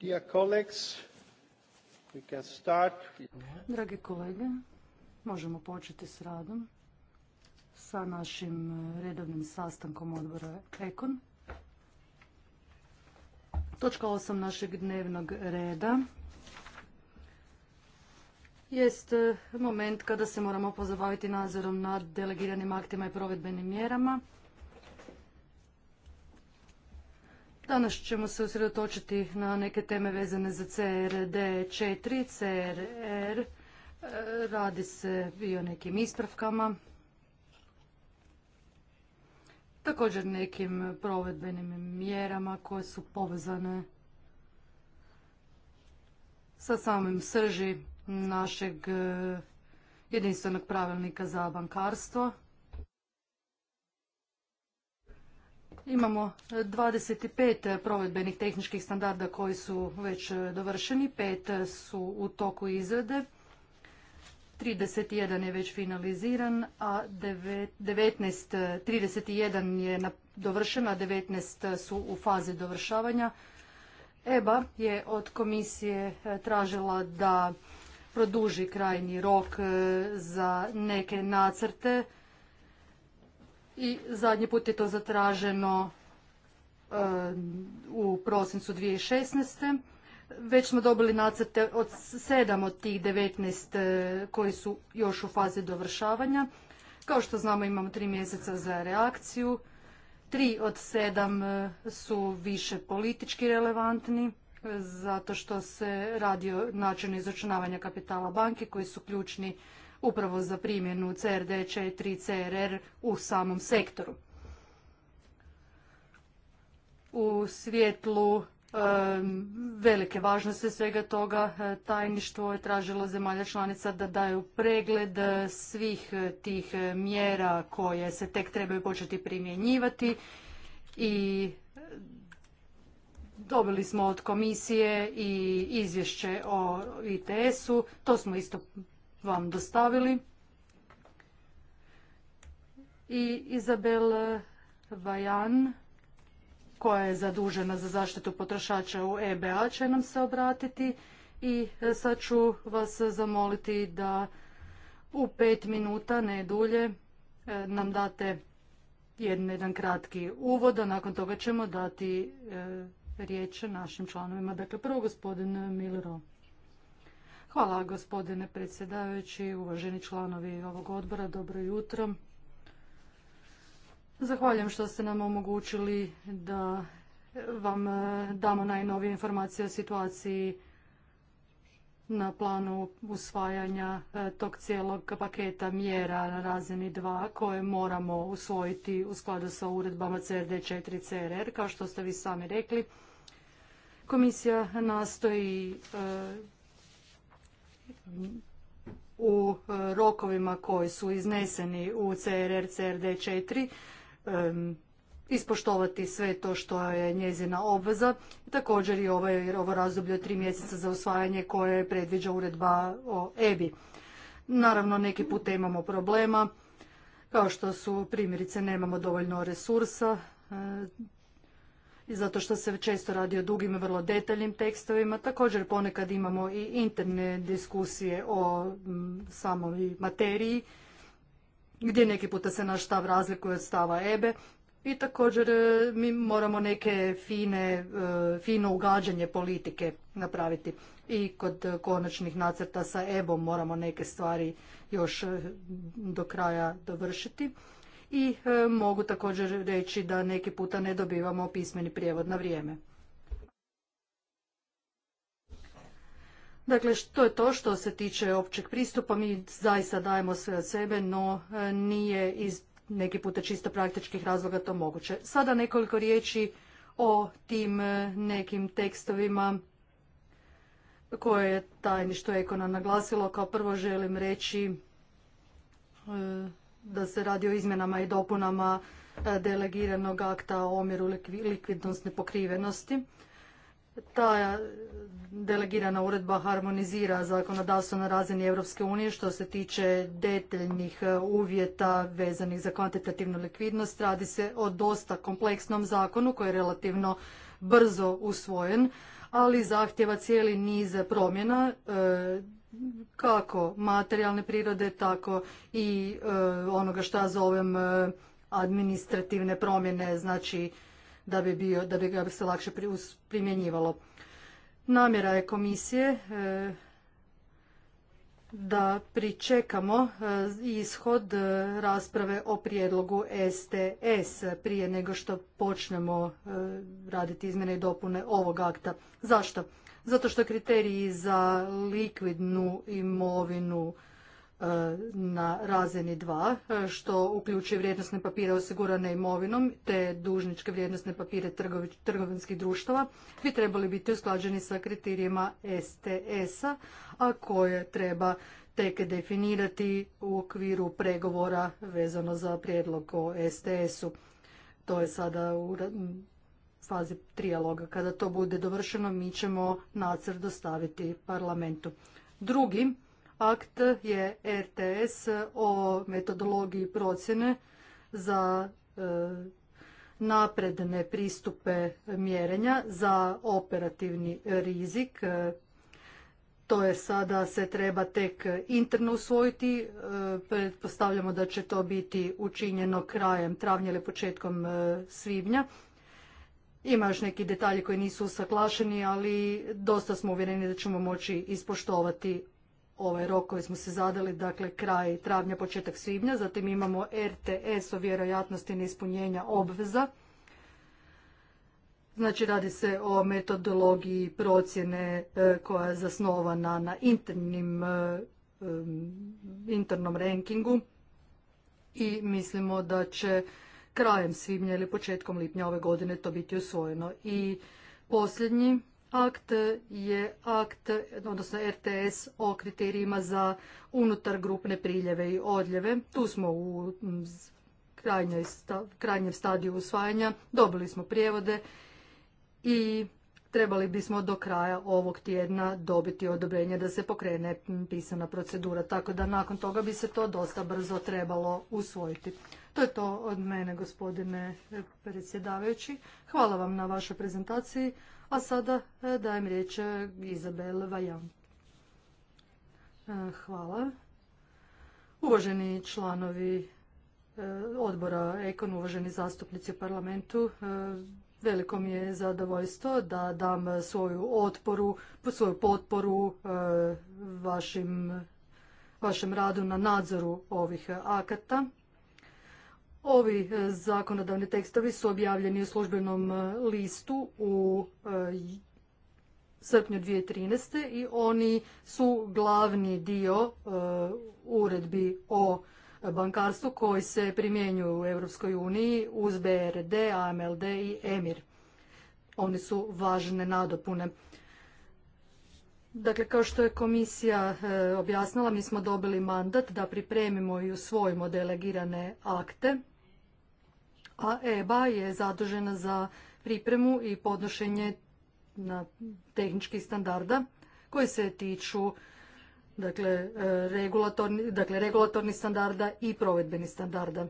Dear Dragi kolege, možemo početi s radom sa našim e, redovnim sastankom odbora Ekon. Točka 8 našeg dnevnog reda jest e, moment kada se moramo pozabaviti nadzorom nad delegiranim aktima i provedbenim mjerama. Danas ćemo se usredotočiti na neke teme vezane za CRD4, CRR, e, radi se i o nekim ispravkama, također nekim provedbenim mjerama koje su povezane sa samim srži našeg e, jedinstvenog pravilnika za bankarstvo. Imamo 25 e, e, provedbenih tehničkih standarda koji su već e, dovršeni, pet su u toku izrade, 31 je već finaliziran, a 19, 31 je dovršen, a 19 su u fazi dovršavanja. EBA je od komisije tražila da produži krajnji rok za neke nacrte i zadnji put je to zatraženo e, u prosincu 2016. Već smo dobili nacrte od sedam od tih 19 e, koji su još u fazi dovršavanja. Kao što znamo imamo tri mjeseca za reakciju. Tri od sedam e, su više politički relevantni zato što se radi o načinu izračunavanja kapitala banke koji su ključni upravo za primjenu CRD4 CRR u samom sektoru. U svjetlu velike važnosti svega toga e, tajništvo je tražilo zemalja članica da daju pregled svih tih mjera koje se tek trebaju početi primjenjivati i dobili smo od komisije i izvješće o ITS-u, to smo isto vam dostavili. I Izabel Vajan, koja je zadužena za zaštitu potrošača u EBA, će nam se obratiti. I e, sad ću vas zamoliti da u pet minuta, ne dulje, e, nam date jedan, kratki uvod, a nakon toga ćemo dati e, riječ našim članovima. Dakle, prvo gospodin Milerov. Hvala gospodine predsjedavajući, uvaženi članovi ovog odbora, dobro jutro. Zahvaljujem što ste nam omogućili da vam damo najnovije informacije o situaciji na planu usvajanja e, tog cijelog paketa mjera na razini 2 koje moramo usvojiti u skladu sa uredbama CRD4 CRR. Kao što ste vi sami rekli, komisija nastoji e, u e, rokovima koji su izneseni u CRR CRD4 e, ispoštovati sve to što je njezina obveza. Također i ovaj, ovo razdoblje tri mjeseca za usvajanje koje predviđa uredba o EBI. Naravno, neki puta imamo problema, kao što su primjerice nemamo dovoljno resursa, e, zato što se često radi o dugim, i vrlo detaljnim tekstovima. Također ponekad imamo i interne diskusije o samoj materiji, gdje neki puta se naš stav razlikuje od stava EBE. I također e, mi moramo neke fine, e, fino ugađanje politike napraviti. I kod konačnih nacrta sa EBOM moramo neke stvari još e, do kraja dovršiti i e, mogu također reći da neki puta ne dobivamo pismeni prijevod na vrijeme. Dakle, to je to što se tiče općeg pristupa. Mi zaista dajemo sve od sebe, no e, nije iz neki puta čisto praktičkih razloga to moguće. Sada nekoliko riječi o tim e, nekim tekstovima koje je tajništvo Ekona naglasilo. Kao prvo želim reći da se radi o izmjenama i dopunama e, delegiranog akta o omjeru likvidnostne pokrivenosti. Ta e, delegirana uredba harmonizira zakonodavstvo na razini Europske unije što se tiče detaljnih e, uvjeta vezanih za kvantitativnu likvidnost. Radi se o dosta kompleksnom zakonu koji je relativno brzo usvojen, ali zahtjeva cijeli niz promjena kako materijalne prirode, tako i e, onoga šta zovem e, administrativne promjene, znači da bi, bio, da bi ga se lakše primjenjivalo. Namjera je komisije e, da pričekamo ishod rasprave o prijedlogu STS prije nego što počnemo raditi izmjene i dopune ovog akta. Zašto? zato što kriteriji za likvidnu imovinu e, na razini 2, e, što uključuje vrijednostne papire osigurane imovinom te dužničke vrijednostne papire trgovinskih društava, bi trebali biti usklađeni sa kriterijima STS-a, a koje treba tek definirati u okviru pregovora vezano za prijedlog o STS-u. To je sada fazi trijaloga. Kada to bude dovršeno, mi ćemo nacrt dostaviti parlamentu. Drugi akt je RTS o metodologiji procjene za e, napredne pristupe mjerenja za operativni rizik. E, to je sada se treba tek interno usvojiti. E, pretpostavljamo da će to biti učinjeno krajem travnja ili početkom svibnja. Ima još neki detalji koji nisu usaklašeni, ali dosta smo uvjereni da ćemo moći ispoštovati ovaj rok koji smo se zadali, dakle kraj travnja, početak svibnja. Zatim imamo RTS o vjerojatnosti neispunjenja obveza. Znači radi se o metodologiji procjene e, koja je zasnovana na internim, e, internom rankingu i mislimo da će krajem svibnja ili početkom lipnja ove godine to biti usvojeno. I posljednji akt je akt, odnosno RTS o kriterijima za unutar grupne priljeve i odljeve. Tu smo u krajnjem stadiju usvajanja, dobili smo prijevode i trebali bismo do kraja ovog tjedna dobiti odobrenje da se pokrene pisana procedura, tako da nakon toga bi se to dosta brzo trebalo usvojiti. To je to od mene, gospodine predsjedavajući. Hvala vam na vašoj prezentaciji, a sada e, dajem riječ e, Izabel Vajan. E, hvala. Uvaženi članovi odbora Ekon, uvaženi zastupnici u parlamentu, Veliko mi je zadovoljstvo da dam svoju otporu, svoju potporu vašem radu na nadzoru ovih akata. Ovi e, zakonodavni tekstovi su objavljeni u službenom e, listu u e, srpnju 2013. i oni su glavni dio uredbi o bankarstvu koji se primjenjuju u Europskoj uniji uz BRD, AMLD i EMIR. Oni su važne nadopune. Dakle, kao što je komisija objasnila, mi smo dobili mandat da pripremimo i usvojimo delegirane akte a EBA je zadužena za pripremu i podnošenje na tehničkih standarda koji se tiču dakle, e, regulatorni, dakle, regulatornih standarda i provedbenih standarda.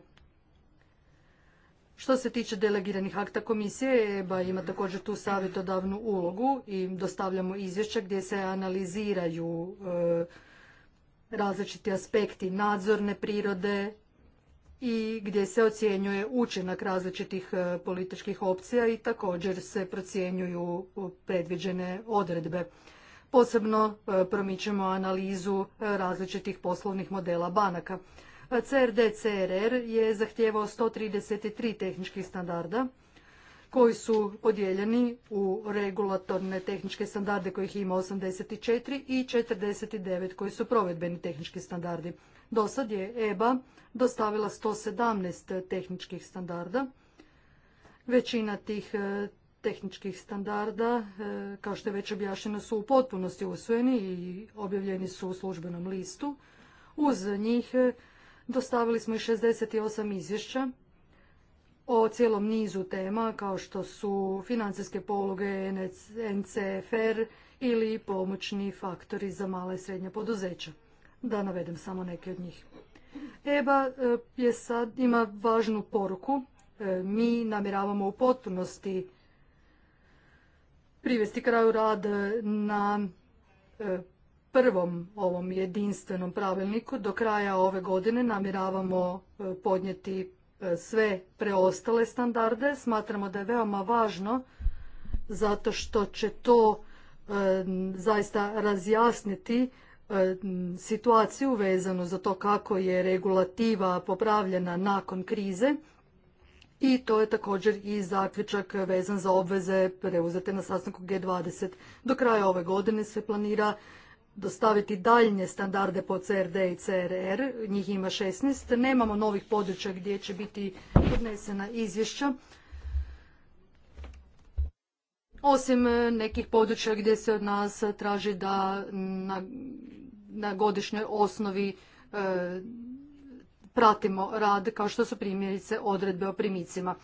Što se tiče delegiranih akta komisije, EBA ima također tu savjetodavnu ulogu i dostavljamo izvješća gdje se analiziraju e, različiti aspekti nadzorne prirode, i gdje se ocjenjuje učinak različitih e, političkih opcija i također se procjenjuju e, predviđene odredbe. Posebno e, promičemo analizu različitih poslovnih modela banaka. CRD-CRR je zahtjevao 133 tehničkih standarda koji su podijeljeni u regulatorne tehničke standarde kojih ima 84 i 49 koji su provedbeni tehnički standardi. Do sad je EBA dostavila 117 tehničkih standarda. Većina tih e, tehničkih standarda, e, kao što je već objašnjeno, su u potpunosti usvojeni i objavljeni su u službenom listu. Uz njih e, dostavili smo i 68 izvješća o cijelom nizu tema kao što su financijske pologe, NCFR ili pomoćni faktori za mala i srednje poduzeća da navedem samo neke od njih. EBA e, je sad, ima važnu poruku. E, mi namjeravamo u potpunosti privesti kraju rad na e, prvom ovom jedinstvenom pravilniku. Do kraja ove godine namjeravamo podnijeti sve preostale standarde. Smatramo da je veoma važno zato što će to zaista razjasniti E, situaciju vezanu za to kako je regulativa popravljena nakon krize i to je također i zaključak vezan za obveze preuzete na sastanku G20. Do kraja ove godine se planira dostaviti daljnje standarde po CRD i CRR, njih ima 16. Nemamo novih područja gdje će biti podnesena izvješća. Osim nekih područja gdje se od nas traži da na godišnjoj osnovi e, pratimo rad kao što su primjerice odredbe o primicima.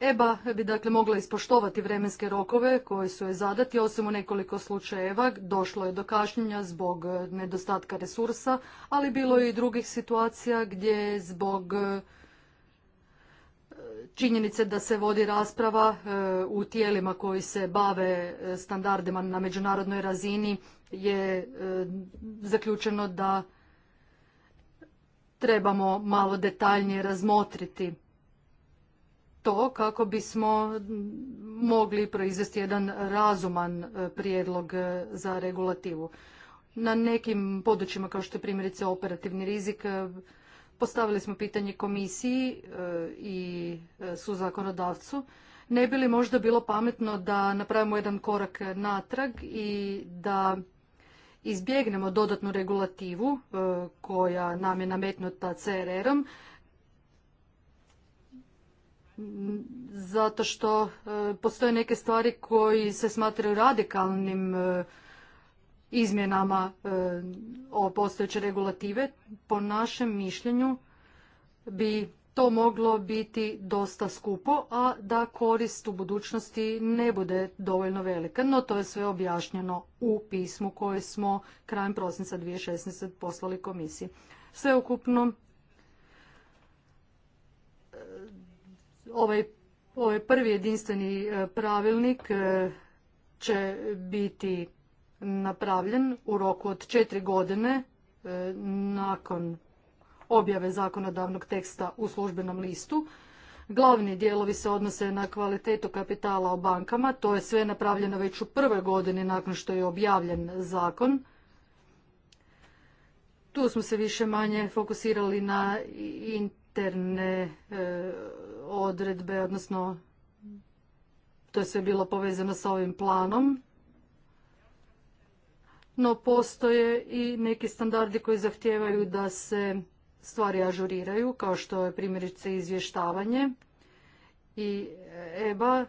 EBA bi dakle mogla ispoštovati vremenske rokove koje su je zadati, osim u nekoliko slučajeva došlo je do kašnjenja zbog nedostatka resursa, ali bilo je i drugih situacija gdje zbog e, činjenice da se vodi rasprava e, u tijelima koji se bave standardima na međunarodnoj razini je e, zaključeno da trebamo malo detaljnije razmotriti to kako bismo mogli proizvesti jedan razuman e, prijedlog e, za regulativu. Na nekim područjima kao što je primjerice operativni rizik postavili smo pitanje komisiji i suzakonodavcu ne bi li možda bilo pametno da napravimo jedan korak natrag i da izbjegnemo dodatnu regulativu e, koja nam je nametnuta CRR-om, zato što e, postoje neke stvari koji se smatraju radikalnim e, izmjenama o postojeće regulative. Po našem mišljenju bi to moglo biti dosta skupo, a da korist u budućnosti ne bude dovoljno velika. No to je sve objašnjeno u pismu koje smo krajem prosinca 2016. poslali komisiji. Sveukupno ovaj, ovaj prvi jedinstveni e, pravilnik e, će biti napravljen u roku od četiri godine e, nakon objave zakonodavnog teksta u službenom listu. Glavni dijelovi se odnose na kvalitetu kapitala o bankama. To je sve napravljeno već u prvoj godini nakon što je objavljen zakon. Tu smo se više manje fokusirali na interne e, odredbe, odnosno to je sve bilo povezano sa ovim planom. No postoje i neki standardi koji zahtijevaju da se stvari ažuriraju, kao što je primjerice izvještavanje i EBA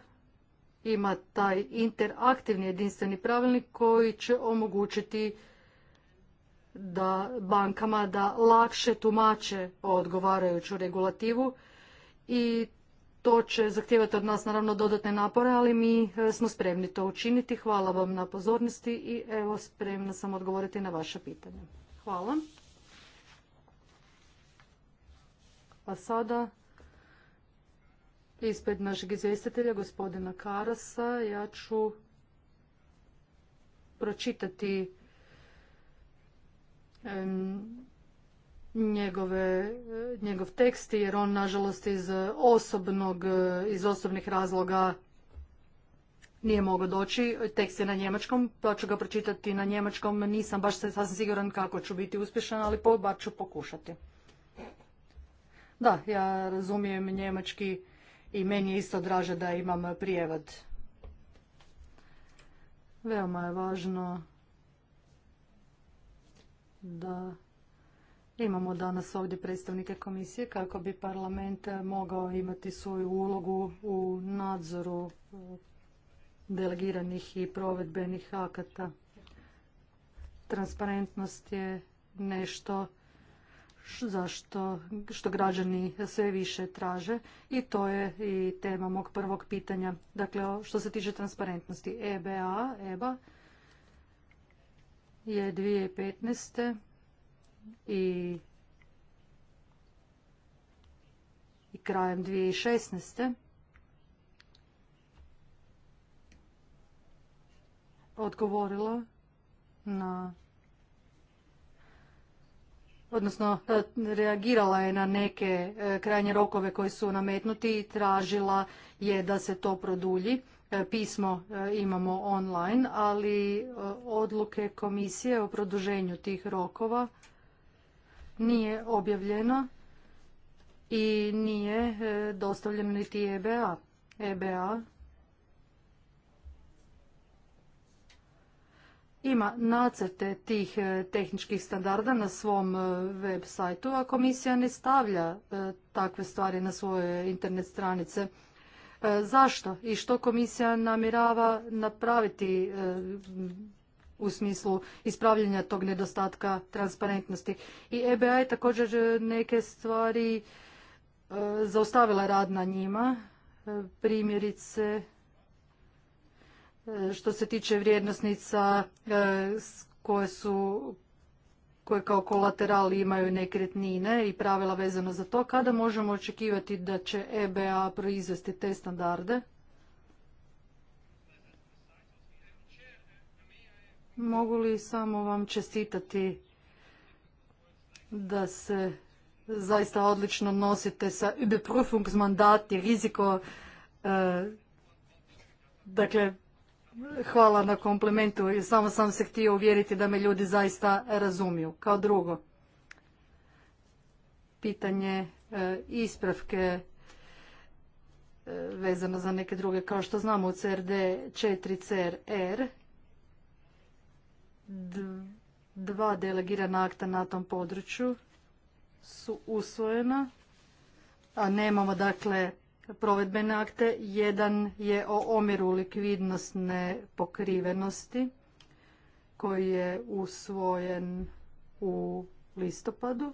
ima taj interaktivni jedinstveni pravilnik koji će omogućiti da bankama da lakše tumače odgovarajuću regulativu i to će zahtijevati od nas naravno dodatne napore, ali mi e, smo spremni to učiniti. Hvala vam na pozornosti i evo spremna sam odgovoriti na vaše pitanje. Hvala. A sada ispred našeg izvjestitelja gospodina Karasa ja ću pročitati njegove, njegov tekst jer on nažalost iz osobnog, iz osobnih razloga nije mogao doći. Tekst je na njemačkom, pa ću ga pročitati na njemačkom. Nisam baš sasvim siguran kako ću biti uspješan, ali bar ću pokušati. Da, ja razumijem njemački i meni je isto draže da imam prijevod. Veoma je važno da imamo danas ovdje predstavnike komisije kako bi parlament mogao imati svoju ulogu u nadzoru delegiranih i provedbenih akata. Transparentnost je nešto zašto što građani sve više traže i to je i tema mog prvog pitanja. Dakle, što se tiče transparentnosti, EBA, EBA je 2015. i i krajem 2016. odgovorila na odnosno e, reagirala je na neke e, krajnje rokove koji su nametnuti i tražila je da se to produlji. E, pismo imamo online, ali odluke komisije o produženju tih rokova nije objavljeno i nije dostavljen niti EBA. EBA ima nacrte tih e, tehničkih standarda na svom e, web sajtu, a komisija ne stavlja e, takve stvari na svoje internet stranice. Zašto i što komisija namjerava napraviti u smislu ispravljanja tog nedostatka transparentnosti? I EBA je također neke stvari zaustavila rad na njima, primjerice što se tiče vrijednosnica e, koje su koje kao kolateral imaju nekretnine i pravila vezano za to, kada možemo očekivati da će EBA proizvesti te standarde? Mogu li samo vam čestitati da se zaista odlično nosite sa Überprüfungsmandat riziko, e, dakle, Hvala na komplimentu samo sam se htio uvjeriti da me ljudi zaista razumiju. Kao drugo, pitanje e, ispravke e, vezano za neke druge. Kao što znamo u CRD 4CRR dva delegirana akta na tom području su usvojena, a nemamo dakle provedbene akte. Jedan je o omjeru likvidnostne pokrivenosti koji je usvojen u listopadu.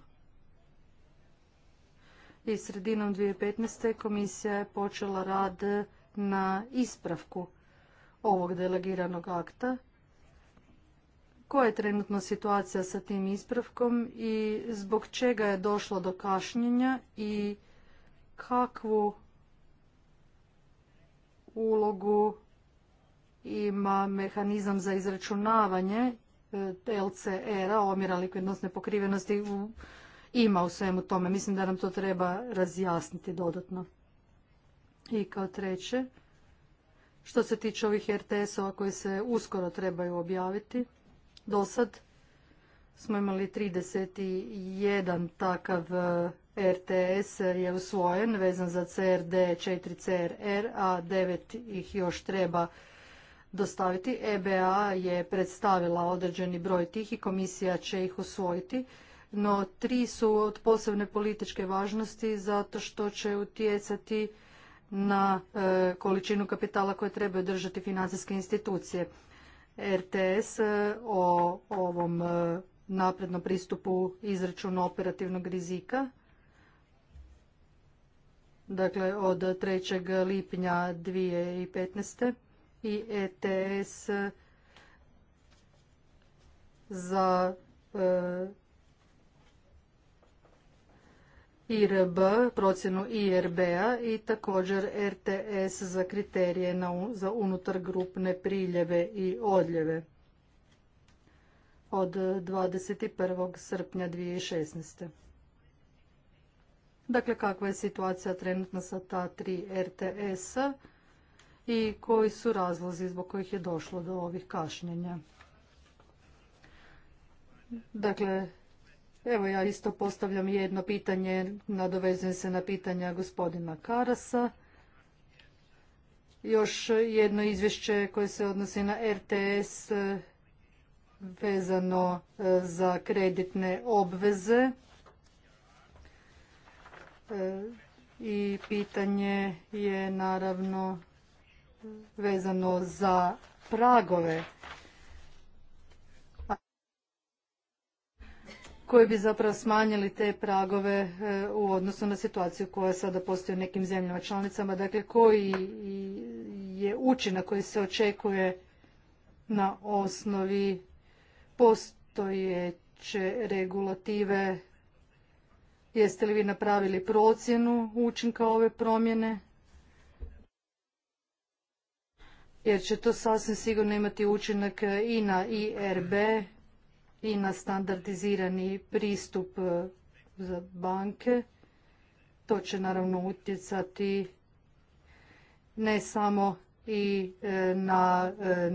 I sredinom 2015. komisija je počela rad na ispravku ovog delegiranog akta. Koja je trenutno situacija sa tim ispravkom i zbog čega je došlo do kašnjenja i kakvu ulogu ima mehanizam za izračunavanje e, LCR-a, omjera likvidnostne pokrivenosti ima u svemu tome. Mislim da nam to treba razjasniti dodatno. I kao treće, što se tiče ovih RTS-ova koji se uskoro trebaju objaviti, do sad smo imali 31 takav e, RTS je usvojen vezan za CRD 4 CRR, a 9 ih još treba dostaviti. EBA je predstavila određeni broj tih i komisija će ih usvojiti, no tri su od posebne političke važnosti zato što će utjecati na e, količinu kapitala koje trebaju držati financijske institucije. RTS e, o ovom e, naprednom pristupu izračunu operativnog rizika dakle od 3. lipnja 2015. i ETS za e, IRB, procjenu IRB-a i također RTS za kriterije za unutar grupne priljeve i odljeve od 21. srpnja 2016. Dakle, kakva je situacija trenutno sa ta tri RTS-a i koji su razlozi zbog kojih je došlo do ovih kašnjenja. Dakle, evo ja isto postavljam jedno pitanje, nadovezujem se na pitanja gospodina Karasa. Još jedno izvješće koje se odnosi na RTS eh, vezano eh, za kreditne obveze E, i pitanje je naravno vezano za pragove koji bi zapravo smanjili te pragove e, u odnosu na situaciju koja sada postoji u nekim zemljama članicama. Dakle, koji je učinak koji se očekuje na osnovi postojeće regulative Jeste li vi napravili procjenu učinka ove promjene? Jer će to sasvim sigurno imati učinak i na IRB i na standardizirani pristup e, za banke. To će naravno utjecati ne samo i e, na e,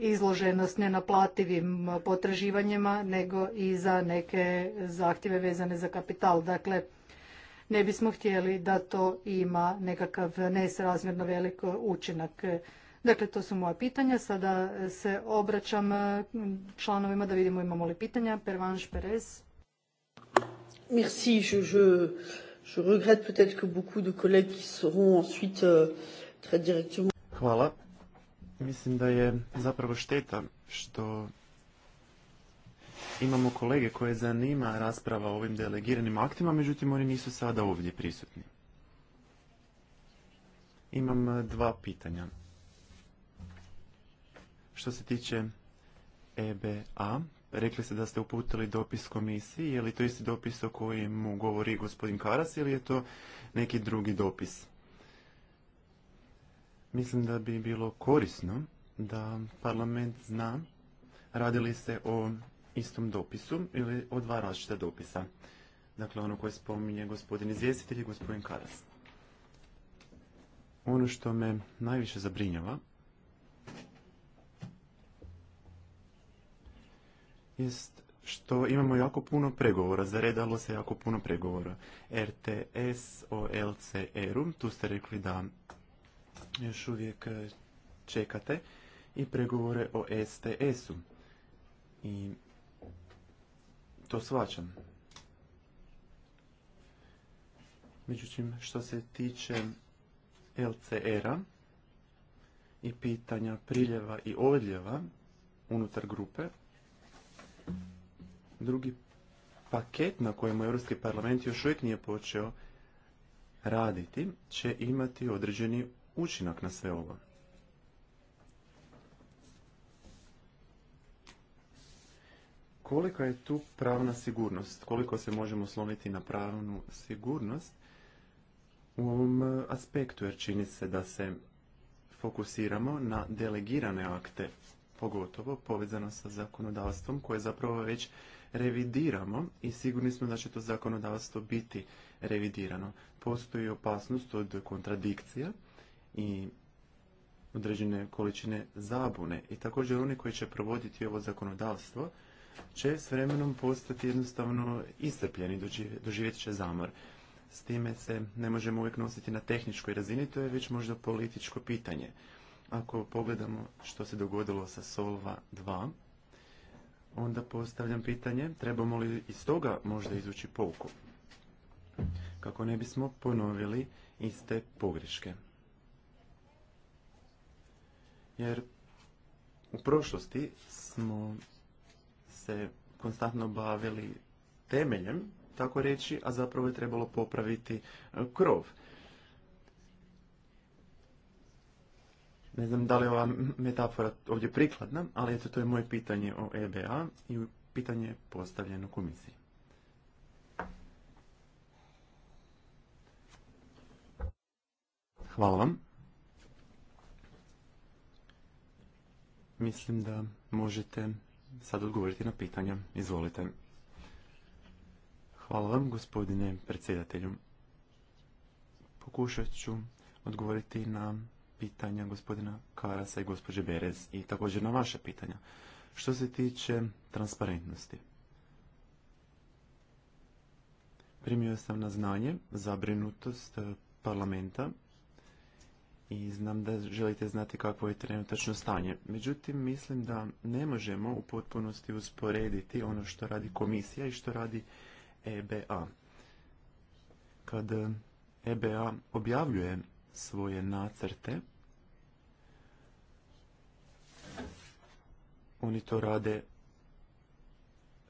izloženost nenaplativim potraživanjima nego i za neke zahtjeve vezane za kapital. Dakle, ne bismo htjeli da to ima nekakav nesrazmjerno velik učinak. Dakle, to su moja pitanja. Sada se obraćam članovima da vidimo imamo li pitanja. Pervanš Perez. Merci, Hvala. Mislim da je zapravo šteta što imamo kolege koje zanima rasprava o ovim delegiranim aktima, međutim oni nisu sada ovdje prisutni. Imam e, dva pitanja. Što se tiče EBA, rekli ste da ste uputili dopis komisiji, je li to isti dopis o kojemu govori gospodin Karas ili je to neki drugi dopis? Mislim da bi bilo korisno da parlament zna radili se o istom dopisu ili o dva različita dopisa. Dakle, ono koje spominje gospodin izvjestitelj i gospodin Karas. Ono što me najviše zabrinjava jest što imamo jako puno pregovora, zaredalo se jako puno pregovora. RTS o LCR-u, e tu ste rekli da još uvijek e, čekate i pregovore o STS-u. I to svačam. Međutim, što se tiče LCR-a i pitanja priljeva i odljeva unutar grupe, drugi paket na kojem Europski parlament još uvijek nije počeo raditi će imati određeni učinak na sve ovo. Kolika je tu pravna sigurnost? Koliko se možemo sloniti na pravnu sigurnost u ovom e, aspektu? Jer čini se da se fokusiramo na delegirane akte, pogotovo povezano sa zakonodavstvom koje zapravo već revidiramo i sigurni smo da će to zakonodavstvo biti revidirano. Postoji opasnost od kontradikcija i određene količine zabune. I također oni koji će provoditi ovo zakonodavstvo će s vremenom postati jednostavno istrpljeni, doživjet će zamor. S time se ne možemo uvijek nositi na tehničkoj razini, to je već možda političko pitanje. Ako pogledamo što se dogodilo sa Solva 2, onda postavljam pitanje, trebamo li iz toga možda izvući pouku? Kako ne bismo ponovili iste pogreške jer u prošlosti smo se konstantno bavili temeljem, tako reći, a zapravo je trebalo popraviti e, krov. Ne znam da li je ova metafora ovdje prikladna, ali eto to je moje pitanje o EBA i pitanje postavljeno komisiji. Hvala vam. Mislim da možete sad odgovoriti na pitanja. Izvolite. Hvala vam, gospodine predsjedatelju. Pokušat ću odgovoriti na pitanja gospodina Karasa i gospođe Berez i također na vaše pitanja. Što se tiče transparentnosti. Primio sam na znanje zabrinutost parlamenta i znam da želite znati kakvo je trenutačno stanje. Međutim, mislim da ne možemo u potpunosti usporediti ono što radi komisija i što radi EBA. Kad EBA objavljuje svoje nacrte, oni to rade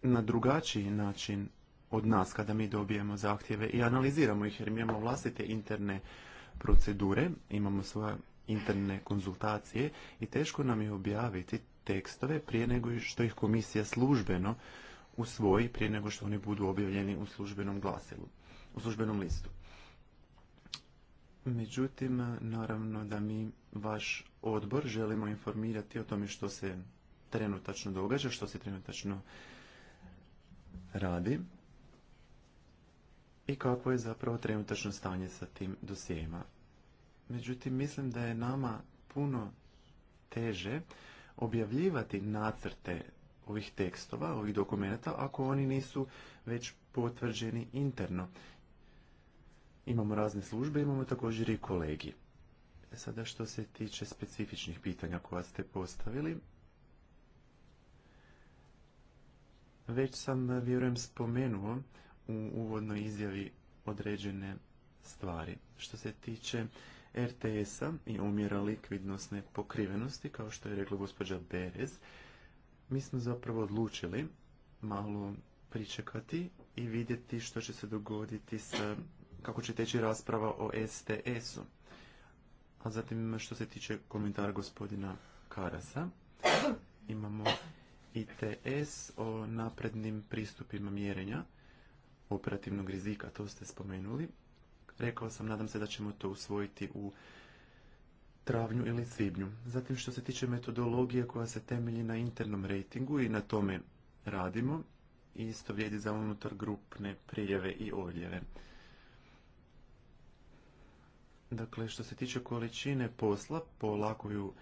na drugačiji način od nas kada mi dobijemo zahtjeve i analiziramo ih jer imamo vlastite interne procedure, imamo svoje interne konzultacije i teško nam je objaviti tekstove prije nego što ih komisija službeno usvoji, prije nego što oni budu objavljeni u službenom glasilu, u službenom listu. Međutim, naravno da mi vaš odbor želimo informirati o tome što se trenutačno događa, što se trenutačno radi i kako je zapravo trenutačno stanje sa tim dosijema. Međutim, mislim da je nama puno teže objavljivati nacrte ovih tekstova, ovih dokumenta, ako oni nisu već potvrđeni interno. Imamo razne službe, imamo također i kolegi. E, sada što se tiče specifičnih pitanja koja ste postavili, već sam, vjerujem, spomenuo u uvodnoj izjavi određene stvari. Što se tiče RTS-a i umjera likvidnosne pokrivenosti, kao što je rekla gospođa Berez, mi smo zapravo odlučili malo pričekati i vidjeti što će se dogoditi s, kako će teći rasprava o STS-u. A zatim što se tiče komentara gospodina Karasa, imamo ITS o naprednim pristupima mjerenja operativnog rizika, to ste spomenuli. Rekao sam, nadam se da ćemo to usvojiti u travnju ili svibnju. Zatim što se tiče metodologije koja se temelji na internom rejtingu i na tome radimo, isto vrijedi za unutar grupne priljeve i odljeve. Dakle, što se tiče količine posla, polako ju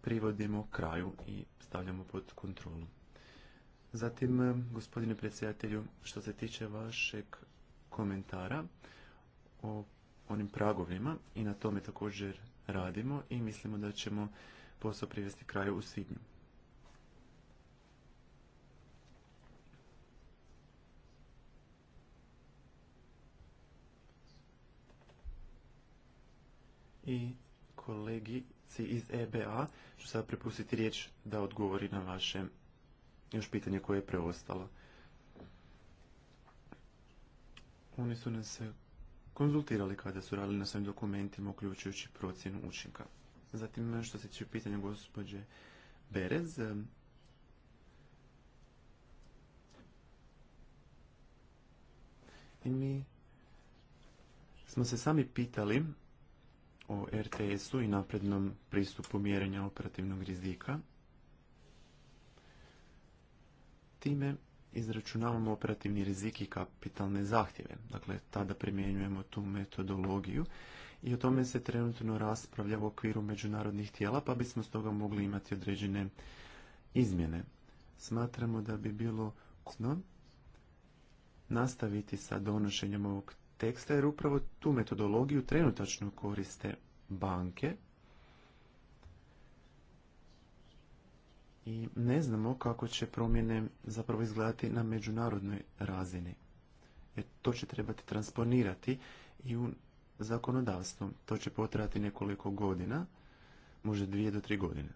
privodimo kraju i stavljamo pod kontrolu. Zatim, e, gospodine predsjedatelju, što se tiče vašeg komentara o onim pragovima i na tome također radimo i mislimo da ćemo posao privesti kraju u svibnju. I kolegici iz EBA ću sada prepustiti riječ da odgovori na vaše još pitanje koje je preostalo. Oni su nas se konzultirali kada su radili na svojim dokumentima, uključujući procjenu učinka. Zatim, što se tiče pitanja gospođe Berez, mi smo se sami pitali o RTS-u i naprednom pristupu mjerenja operativnog rizika. Time izračunavamo operativni rizik i kapitalne zahtjeve. Dakle, tada primjenjujemo tu metodologiju i o tome se trenutno raspravlja u okviru međunarodnih tijela, pa bismo stoga mogli imati određene izmjene. Smatramo da bi bilo kusno nastaviti sa donošenjem ovog teksta, jer upravo tu metodologiju trenutačno koriste banke, i ne znamo kako će promjene zapravo izgledati na međunarodnoj razini. Jer to će trebati transponirati i u zakonodavstvo. To će potrati nekoliko godina, možda dvije do tri godine.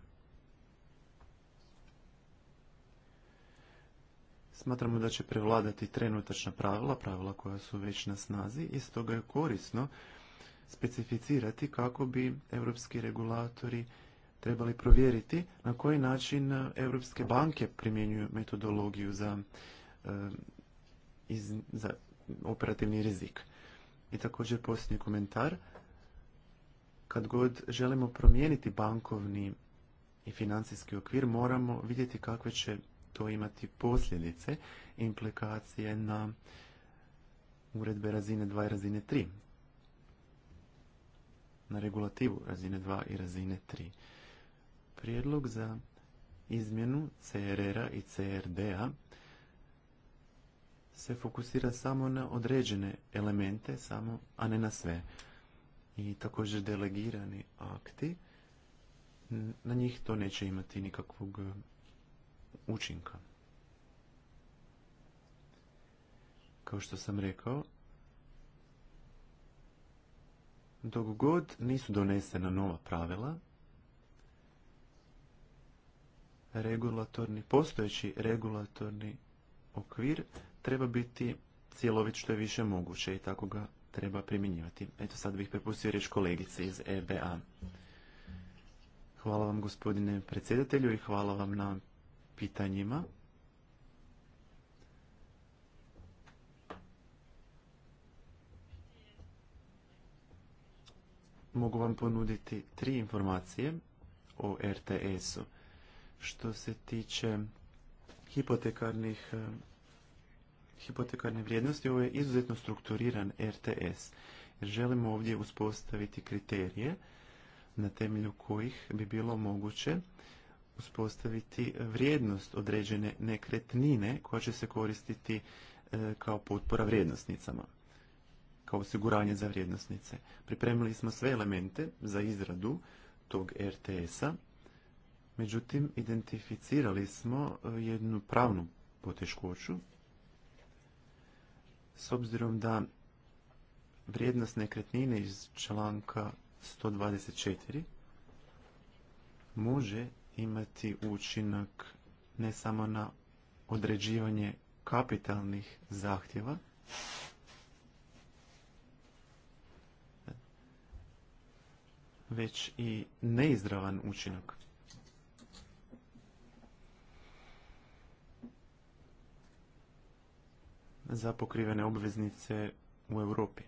Smatramo da će prevladati trenutačna pravila, pravila koja su već na snazi i stoga je korisno specificirati kako bi europski regulatori trebali provjeriti na koji način europske banke primjenjuju metodologiju za, eh, za operativni rizik. I također posljednji komentar. Kad god želimo promijeniti bankovni i financijski okvir, moramo vidjeti kakve će to imati posljedice, implikacije na uredbe razine 2 i razine 3, na regulativu razine 2 i razine 3 prijedlog za izmjenu CRR-a i CRD-a se fokusira samo na određene elemente, samo, a ne na sve. I također delegirani akti, na njih to neće imati nikakvog e, učinka. Kao što sam rekao, dok god nisu donesena nova pravila, regulatorni, postojeći regulatorni okvir treba biti cjelovit što je više moguće i tako ga treba primjenjivati. Eto sad bih prepustio riječ kolegice iz EBA. Hvala vam gospodine predsjedatelju i hvala vam na pitanjima. Mogu vam ponuditi tri informacije o RTS-u što se tiče hipotekarnih eh, hipotekarne vrijednosti, ovo je izuzetno strukturiran RTS. Jer želimo ovdje uspostaviti kriterije na temelju kojih bi bilo moguće uspostaviti vrijednost određene nekretnine koja će se koristiti eh, kao potpora vrijednosnicama, kao osiguranje za vrijednosnice. Pripremili smo sve elemente za izradu tog RTS-a Međutim, identificirali smo e, jednu pravnu poteškoću s obzirom da vrijednost nekretnine iz članka 124 može imati učinak ne samo na određivanje kapitalnih zahtjeva, već i neizdravan učinak. za pokrivene obveznice u Europi.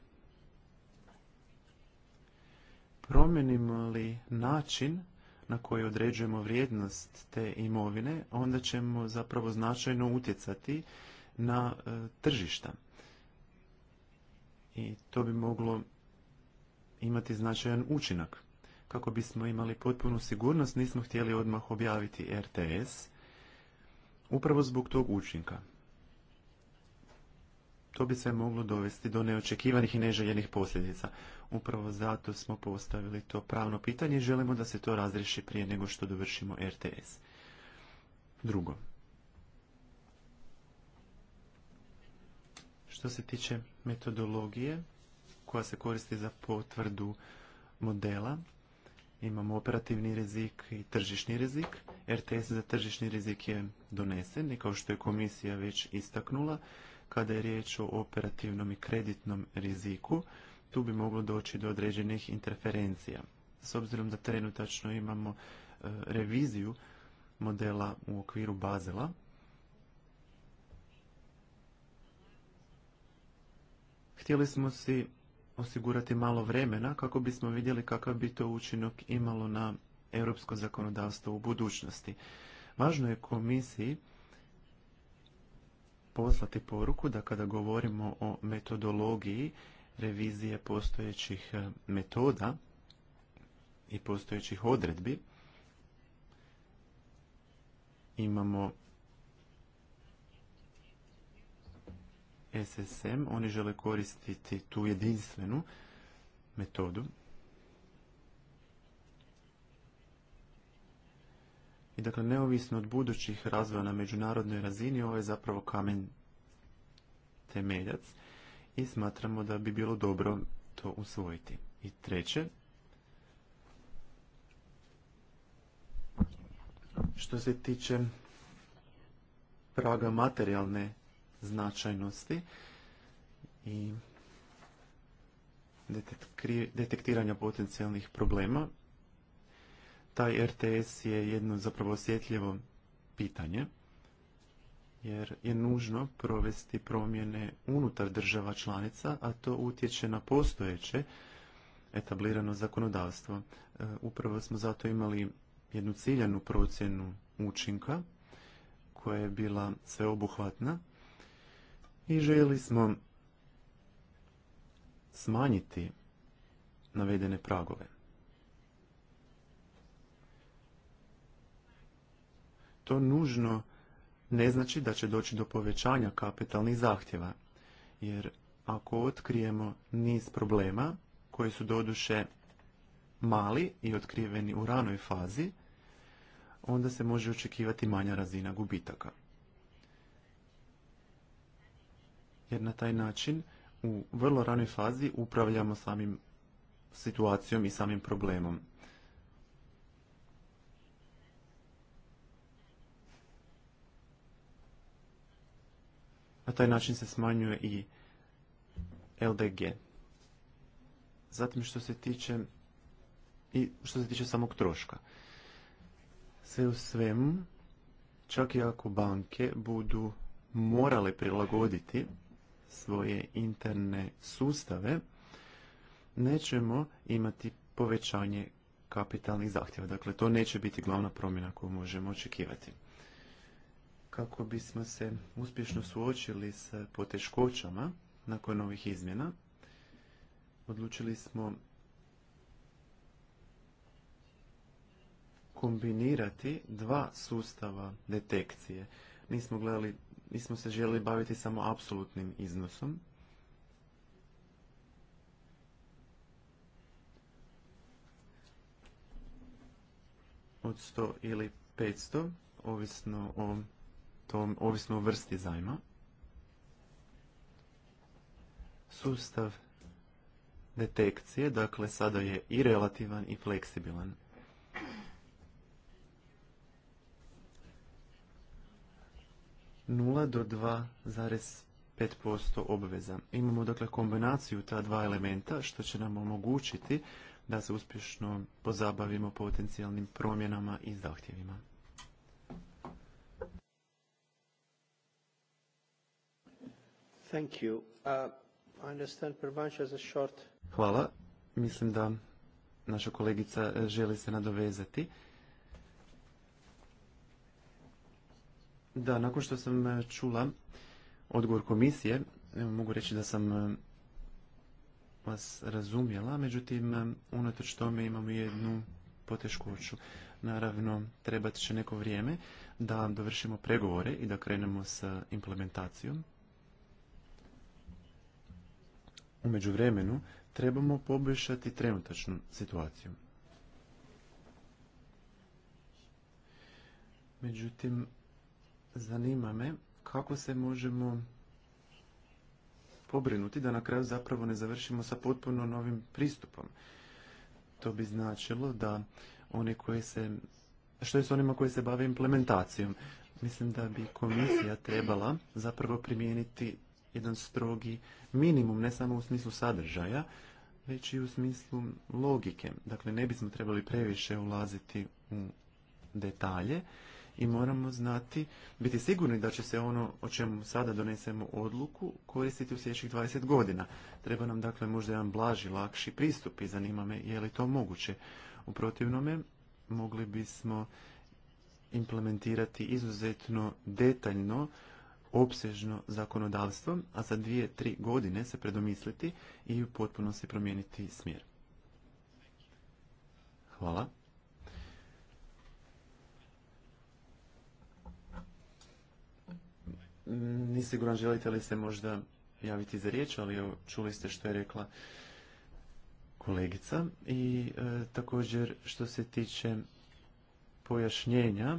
Promjenimo li način na koji određujemo vrijednost te imovine, onda ćemo zapravo značajno utjecati na e, tržišta. I to bi moglo imati značajan učinak. Kako bismo imali potpunu sigurnost, nismo htjeli odmah objaviti RTS, upravo zbog tog učinka to bi sve moglo dovesti do neočekivanih i neželjenih posljedica. Upravo zato smo postavili to pravno pitanje i želimo da se to razriješi prije nego što dovršimo RTS. Drugo. Što se tiče metodologije koja se koristi za potvrdu modela, imamo operativni rizik i tržišni rizik. RTS za tržišni rizik je donesen i kao što je komisija već istaknula, kada je riječ o operativnom i kreditnom riziku. Tu bi moglo doći do određenih interferencija. S obzirom da trenutačno imamo e, reviziju modela u okviru Bazela, htjeli smo si osigurati malo vremena kako bismo vidjeli kakav bi to učinak imalo na europsko zakonodavstvo u budućnosti. Važno je komisiji poslati poruku da kada govorimo o metodologiji revizije postojećih e, metoda i postojećih odredbi, imamo SSM, oni žele koristiti tu jedinstvenu metodu I dakle, neovisno od budućih razvoja na međunarodnoj razini, ovo je zapravo kamen temeljac i smatramo da bi bilo dobro to usvojiti. I treće, što se tiče praga materijalne značajnosti i detektiranja potencijalnih problema, taj RTS je jedno zapravo osjetljivo pitanje, jer je nužno provesti promjene unutar država članica, a to utječe na postojeće etablirano zakonodavstvo. E, upravo smo zato imali jednu ciljanu procjenu učinka koja je bila sveobuhvatna i željeli smo smanjiti navedene pragove. to nužno ne znači da će doći do povećanja kapitalnih zahtjeva. Jer ako otkrijemo niz problema, koji su doduše mali i otkriveni u ranoj fazi, onda se može očekivati manja razina gubitaka. Jer na taj način u vrlo ranoj fazi upravljamo samim situacijom i samim problemom. Na taj način se smanjuje i LDG. Zatim što se tiče i što se tiče samog troška. Sve u svemu, čak i ako banke budu morale prilagoditi svoje interne sustave, nećemo imati povećanje kapitalnih zahtjeva. Dakle, to neće biti glavna promjena koju možemo očekivati kako bismo se uspješno suočili s poteškoćama nakon ovih izmjena, odlučili smo kombinirati dva sustava detekcije. Nismo, gledali, nismo se željeli baviti samo apsolutnim iznosom. Od 100 ili 500, ovisno o to ovisno o vrsti zajma. Sustav detekcije, dakle, sada je i relativan i fleksibilan. Nula do 2,5% obveza. Imamo, dakle, kombinaciju ta dva elementa, što će nam omogućiti da se uspješno pozabavimo potencijalnim promjenama i zahtjevima. Thank uh, Hvala. Mislim da naša kolegica želi se nadovezati. Da, nakon što sam e, čula odgovor komisije, e, mogu reći da sam e, vas razumjela, međutim, unatoč tome imamo jednu poteškoću. Naravno, trebati će neko vrijeme da dovršimo pregovore i da krenemo sa implementacijom. U međuvremenu trebamo poboljšati trenutačnu situaciju. Međutim, zanima me kako se možemo pobrinuti da na kraju zapravo ne završimo sa potpuno novim pristupom. To bi značilo da oni koji se, što je s onima koji se bave implementacijom? Mislim da bi komisija trebala zapravo primijeniti jedan strogi minimum, ne samo u smislu sadržaja, već i u smislu logike. Dakle, ne bismo trebali previše ulaziti u detalje i moramo znati, biti sigurni da će se ono o čemu sada donesemo odluku koristiti u sljedećih 20 godina. Treba nam dakle možda jedan blaži, lakši pristup i zanima me je li to moguće. U protivnome mogli bismo implementirati izuzetno detaljno opsežno zakonodavstvo, a za dvije, tri godine se predomisliti i u se promijeniti smjer. Hvala. Nisiguran želite li se možda javiti za riječ, ali evo, čuli ste što je rekla kolegica. I e, također što se tiče pojašnjenja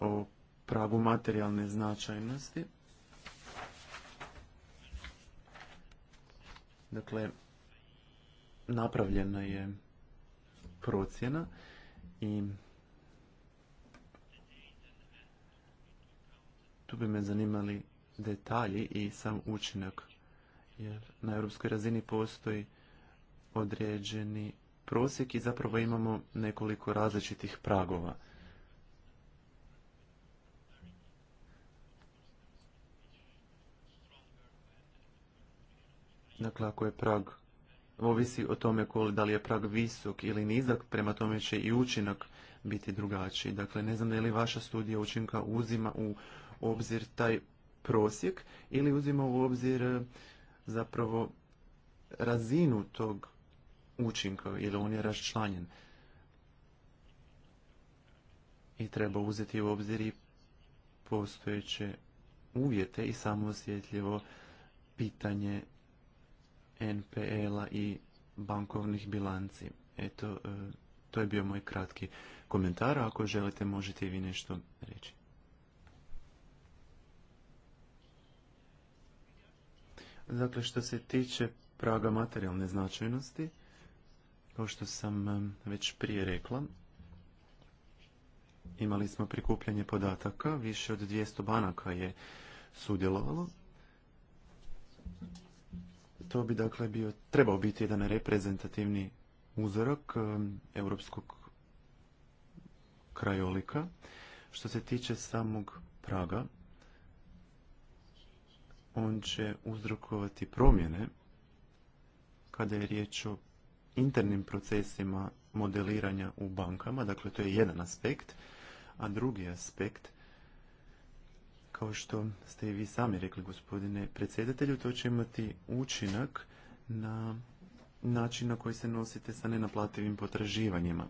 o pragu materijalne značajnosti. Dakle, napravljena je procjena i tu bi me zanimali detalji i sam učinak. Jer na europskoj razini postoji određeni prosjek i zapravo imamo nekoliko različitih pragova. Dakle, ako je prag ovisi o tome da li je prag visok ili nizak, prema tome će i učinak biti drugačiji. Dakle, ne znam da li vaša studija učinka uzima u obzir taj prosjek ili uzima u obzir e, zapravo razinu tog učinka ili on je raščlanjen. I treba uzeti u obzir i postojeće uvjete i samo osjetljivo pitanje NPL-a i bankovnih bilanci. Eto, e, to je bio moj kratki komentar. Ako želite, možete i vi nešto reći. Dakle, što se tiče praga materijalne značajnosti, kao što sam e, već prije rekla, imali smo prikupljanje podataka, više od 200 banaka je sudjelovalo to bi dakle bio, trebao biti jedan reprezentativni uzorak um, europskog krajolika. Što se tiče samog praga, on će uzrokovati promjene kada je riječ o internim procesima modeliranja u bankama, dakle to je jedan aspekt, a drugi aspekt kao što ste i vi sami rekli, gospodine predsjedatelju, to će imati učinak na način na koji se nosite sa nenaplativim potraživanjima.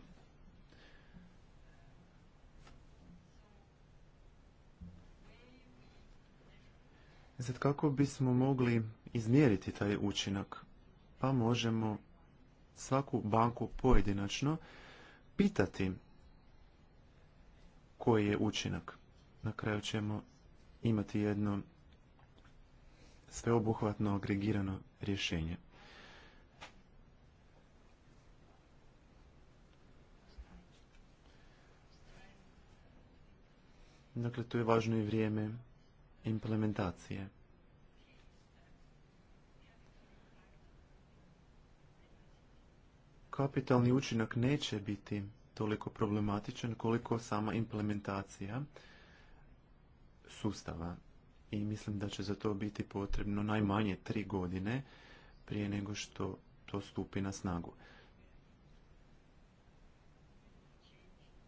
zad kako bismo mogli izmjeriti taj učinak? Pa možemo svaku banku pojedinačno pitati koji je učinak. Na kraju ćemo imati jedno sveobuhvatno agregirano rješenje. Dakle, tu je važno i vrijeme implementacije. Kapitalni učinak neće biti toliko problematičan koliko sama implementacija sustava i mislim da će za to biti potrebno najmanje tri godine prije nego što to stupi na snagu.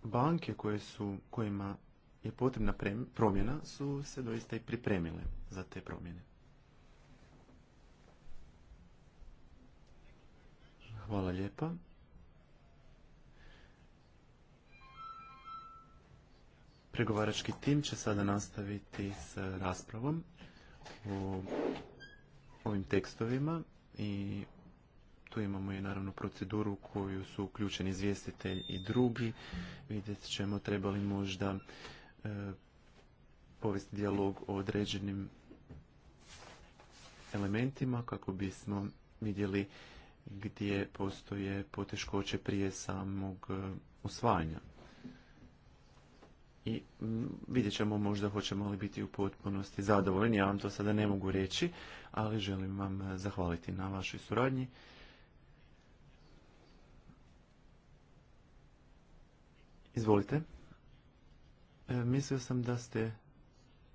Banke koje su, kojima je potrebna promjena su se doista i pripremile za te promjene. Hvala lijepa. Pregovarački tim će sada nastaviti s raspravom o ovim tekstovima i tu imamo i naravno proceduru u koju su uključeni izvjestitelj i drugi. Vidjet ćemo trebali možda e, povesti dijalog o određenim elementima kako bismo vidjeli gdje postoje poteškoće prije samog e, usvajanja i mm, vidjet ćemo možda hoćemo li biti u potpunosti zadovoljni. Ja vam to sada ne mogu reći, ali želim vam e, zahvaliti na vašoj suradnji. Izvolite. E, mislio sam da ste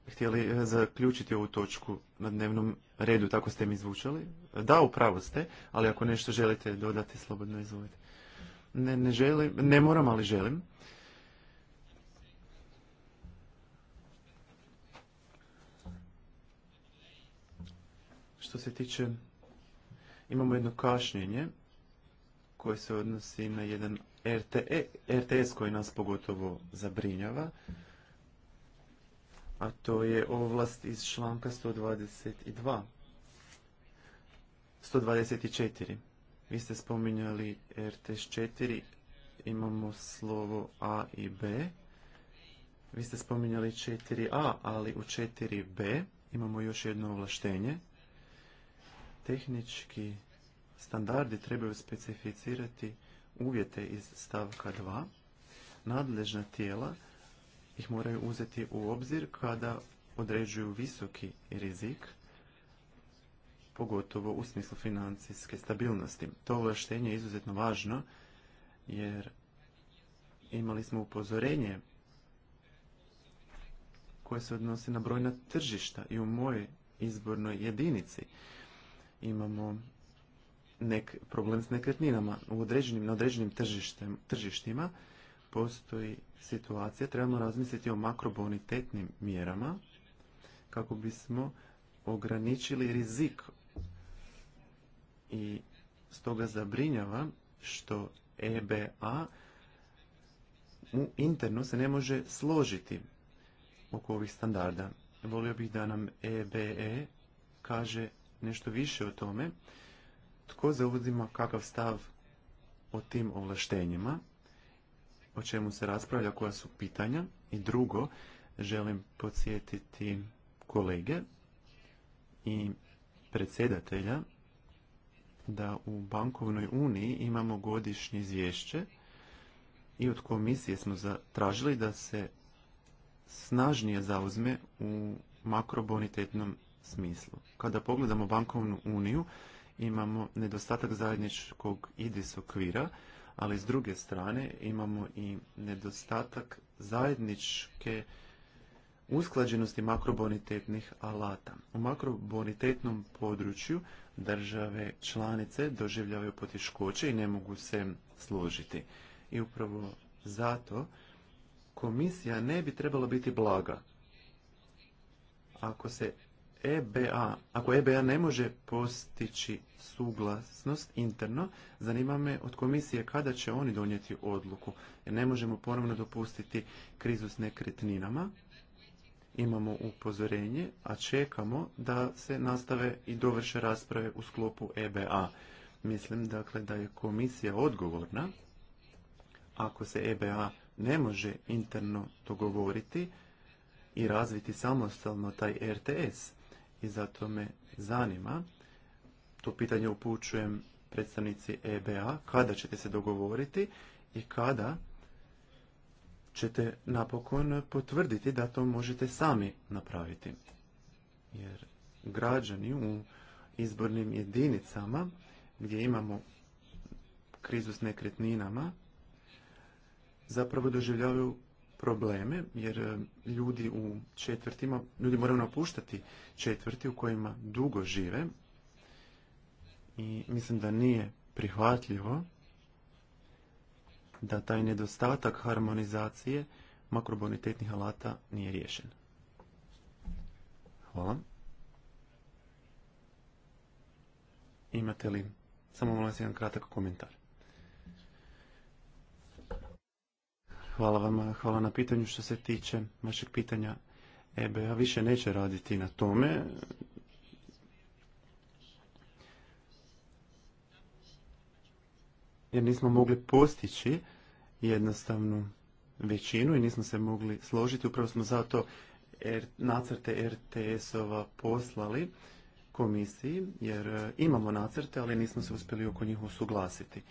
htjeli e, zaključiti ovu točku na dnevnom redu, tako ste mi zvučali. Da, upravo ste, ali ako nešto želite dodati, slobodno izvolite. Ne, ne želim, ne moram, ali želim. Što se tiče, imamo jedno kašnjenje koje se odnosi na jedan RTE, RTS koji nas pogotovo zabrinjava, a to je ovlast iz članka 122. 124. Vi ste spominjali RTS 4, imamo slovo A i B. Vi ste spominjali 4A, ali u 4B imamo još jedno ovlaštenje tehnički standardi trebaju specificirati uvjete iz stavka 2. Nadležna tijela ih moraju uzeti u obzir kada određuju visoki rizik, pogotovo u smislu financijske stabilnosti. To ovlaštenje je izuzetno važno jer imali smo upozorenje koje se odnosi na brojna tržišta i u mojoj izbornoj jedinici imamo nek, problem s nekretninama. U određenim, na određenim tržištima postoji situacija, trebamo razmisliti o makrobonitetnim mjerama kako bismo ograničili rizik i stoga zabrinjava što EBA u interno se ne može složiti oko ovih standarda. Volio bih da nam EBE e kaže nešto više o tome tko zauzima kakav stav o tim ovlaštenjima, o čemu se raspravlja, koja su pitanja. I drugo, želim podsjetiti kolege i predsjedatelja da u Bankovnoj uniji imamo godišnje izvješće i od komisije smo zatražili da se snažnije zauzme u makrobonitetnom smislu. Kada pogledamo bankovnu uniju, imamo nedostatak zajedničkog IDIS okvira, ali s druge strane imamo i nedostatak zajedničke usklađenosti makrobonitetnih alata. U makrobonitetnom području države članice doživljavaju poteškoće i ne mogu se složiti. I upravo zato komisija ne bi trebala biti blaga. Ako se EBA, ako EBA ne može postići suglasnost interno, zanima me od komisije kada će oni donijeti odluku. Jer ne možemo ponovno dopustiti krizu s nekretninama. Imamo upozorenje, a čekamo da se nastave i dovrše rasprave u sklopu EBA. Mislim dakle da je komisija odgovorna ako se EBA ne može interno dogovoriti i razviti samostalno taj RTS i zato me zanima, to pitanje upućujem predstavnici EBA, kada ćete se dogovoriti i kada ćete napokon potvrditi da to možete sami napraviti. Jer građani u izbornim jedinicama gdje imamo krizu s nekretninama zapravo doživljavaju probleme jer e, ljudi u četvrtima, ljudi moraju napuštati četvrti u kojima dugo žive i mislim da nije prihvatljivo da taj nedostatak harmonizacije makrobonitetnih alata nije riješen. Hvala. Imate li, samo molim jedan kratak komentar. Hvala vam, hvala na pitanju što se tiče vašeg pitanja. EBA više neće raditi na tome. Jer nismo mogli postići jednostavnu većinu i nismo se mogli složiti. Upravo smo zato nacrte RTS-ova poslali komisiji, jer e, imamo nacrte, ali nismo se uspjeli oko njih usuglasiti.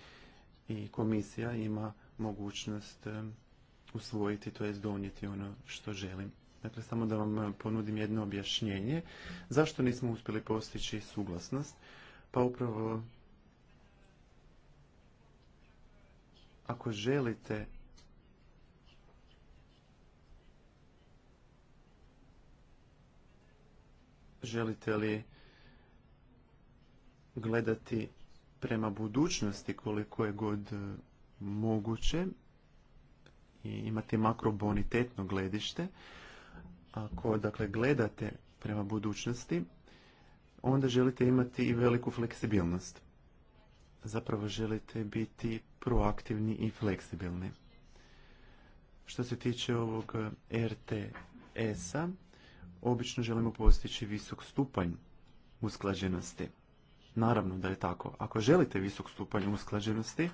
I komisija ima mogućnost e, usvojiti, to je donijeti ono što želim. Dakle, samo da vam ponudim jedno objašnjenje. Zašto nismo uspjeli postići suglasnost? Pa upravo ako želite želite li gledati prema budućnosti koliko je god moguće i imati makrobonitetno gledište, ako dakle gledate prema budućnosti, onda želite imati i veliku fleksibilnost. Zapravo želite biti proaktivni i fleksibilni. Što se tiče ovog RTS-a, obično želimo postići visok stupanj usklađenosti. Naravno da je tako. Ako želite visok stupanj usklađenosti,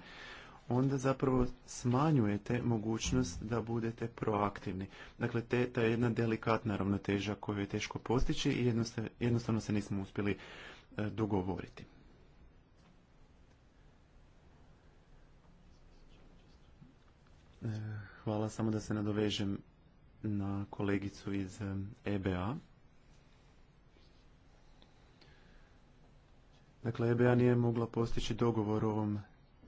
onda zapravo smanjujete mogućnost da budete proaktivni. Dakle, te, ta je jedna delikatna ravnoteža koju je teško postići i jednostavno, jednostavno se nismo uspjeli e, dogovoriti. E, hvala, samo da se nadovežem na kolegicu iz EBA. E dakle, EBA nije mogla postići dogovor o ovom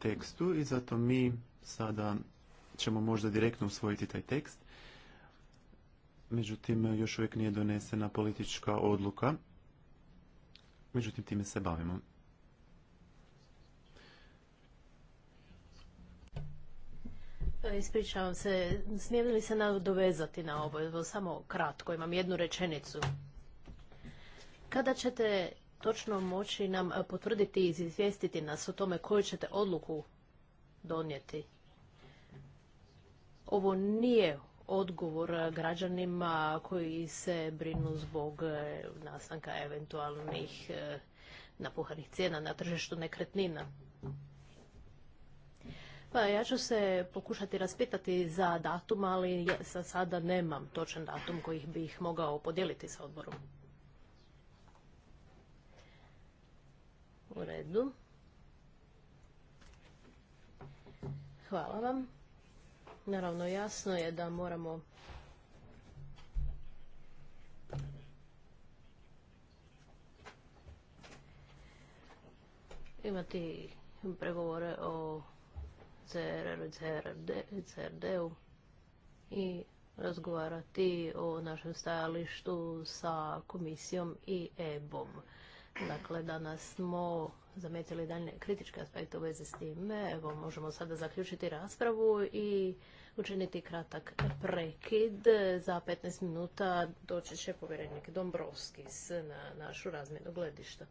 tekstu i zato mi sada ćemo možda direktno usvojiti taj tekst. Međutim, još uvijek nije donesena politička odluka. Međutim, time se bavimo. Pa, ispričavam se, smijem li se nadovezati na ovo? Samo kratko, imam jednu rečenicu. Kada ćete točno moći nam e, potvrditi i izvijestiti nas o tome koju ćete odluku donijeti? Ovo nije odgovor građanima koji se brinu zbog e, nastanka eventualnih e, napuhanih cijena na tržištu nekretnina. Pa ja ću se pokušati raspitati za datum, ali sa sada nemam točan datum koji bih mogao podijeliti sa odborom. U redu. Hvala vam. Naravno, jasno je da moramo imati pregovore o CRR i CRD, u i razgovarati o našem stajalištu sa komisijom i EBOM. Dakle, danas smo zametili dalje kritičke aspekte u vezi s time. Evo, možemo sada zaključiti raspravu i učiniti kratak prekid. Za 15 minuta doći će povjerenik Dombrovskis na našu razmjenu gledišta.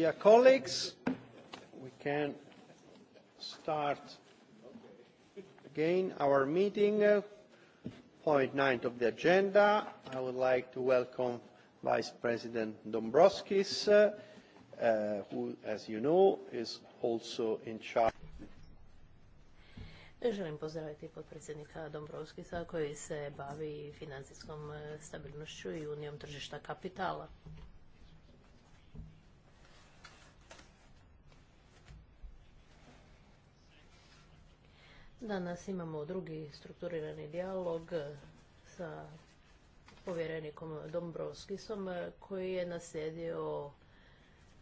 Dear colleagues, we can start again our meeting. Point nine of the agenda. I would like to welcome Vice President Dombrovskis, uh, who, as you know, is also in charge. Želim pozdraviti potpredsjednika Dombrovskisa koji se bavi financijskom uh, stabilnošću i unijom tržišta kapitala. Danas imamo drugi strukturirani dijalog sa povjerenikom Dombrovskisom koji je naslijedio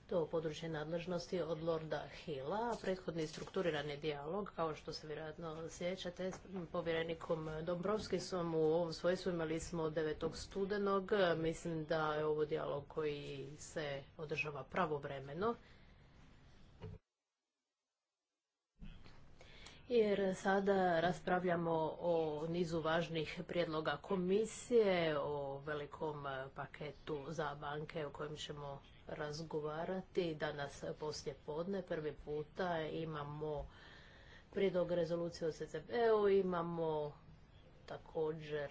to područje nadležnosti od Lorda hila Prethodni strukturirani dijalog, kao što se vjerojatno sjećate, s povjerenikom Dombrovskisom u ovom svojstvu imali smo 9. studenog. Mislim da je ovo dijalog koji se održava pravovremeno. jer sada raspravljamo o nizu važnih prijedloga komisije, o velikom e, paketu za banke o kojem ćemo razgovarati. Danas poslije podne prvi puta imamo prijedlog rezolucije o CCB-u, imamo također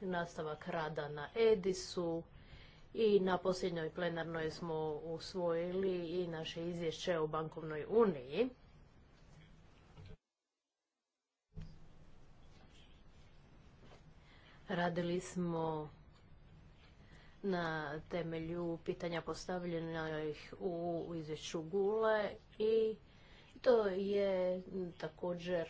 nastavak rada na Edisu i na posljednjoj plenarnoj smo usvojili i naše izvješće o bankovnoj uniji. Radili smo na temelju pitanja postavljenih u izvješću Gule i to je također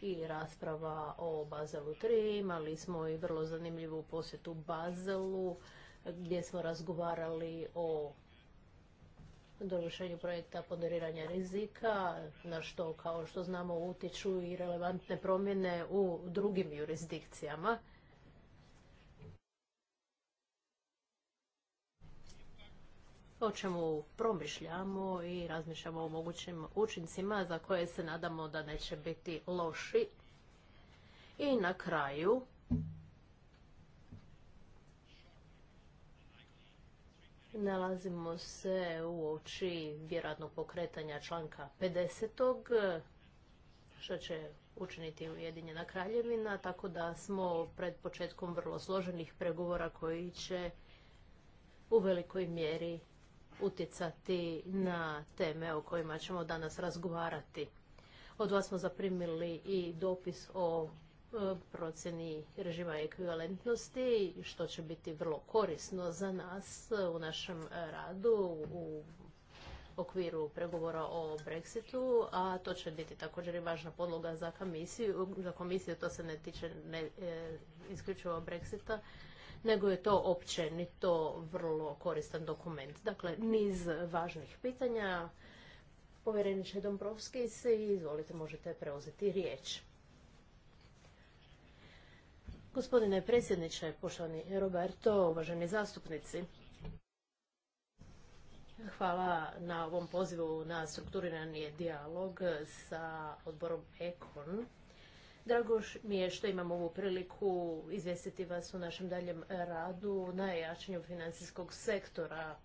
i rasprava o Bazelu 3. Imali smo i vrlo zanimljivu posjetu Bazelu gdje smo razgovarali o dovršenju projekta poderiranja rizika, na što, kao što znamo, utječu i relevantne promjene u drugim jurisdikcijama. o čemu promišljamo i razmišljamo o mogućim učincima za koje se nadamo da neće biti loši. I na kraju nalazimo se u oči vjerojatnog pokretanja članka 50. što će učiniti Ujedinjena kraljevina, tako da smo pred početkom vrlo složenih pregovora koji će u velikoj mjeri utjecati na teme o kojima ćemo danas razgovarati. Od vas smo zaprimili i dopis o e, procjeni režima ekvivalentnosti, što će biti vrlo korisno za nas u našem radu u okviru pregovora o Brexitu, a to će biti također i važna podloga za komisiju. Za komisiju to se ne tiče ne, e, isključivo Brexita, nego je to općenito vrlo koristan dokument. Dakle, niz važnih pitanja. Povjereniče Dombrovski, se izvolite, možete preuzeti riječ. Gospodine predsjedniče, poštovani Roberto, uvaženi zastupnici, Hvala na ovom pozivu na strukturirani dijalog sa odborom EKON Drago mi je što imamo ovu priliku izvestiti vas u našem daljem e, radu na jačanju financijskog sektora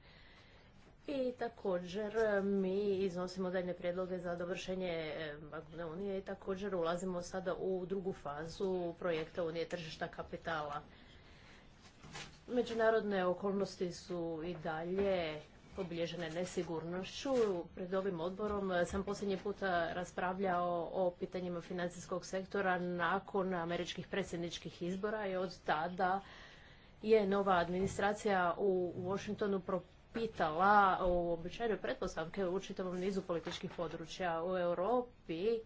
i također e, mi iznosimo daljne prijedloge za dovršenje e, Magne unije i također ulazimo sada u drugu fazu projekta Unije tržišta kapitala. Međunarodne okolnosti su i dalje obilježene nesigurnošću. Pred ovim odborom eh, sam posljednji puta raspravljao o pitanjima financijskog sektora nakon američkih predsjedničkih izbora i od tada je nova administracija u Washingtonu propitala u običajnoj pretpostavke u čitavom nizu političkih područja u Europi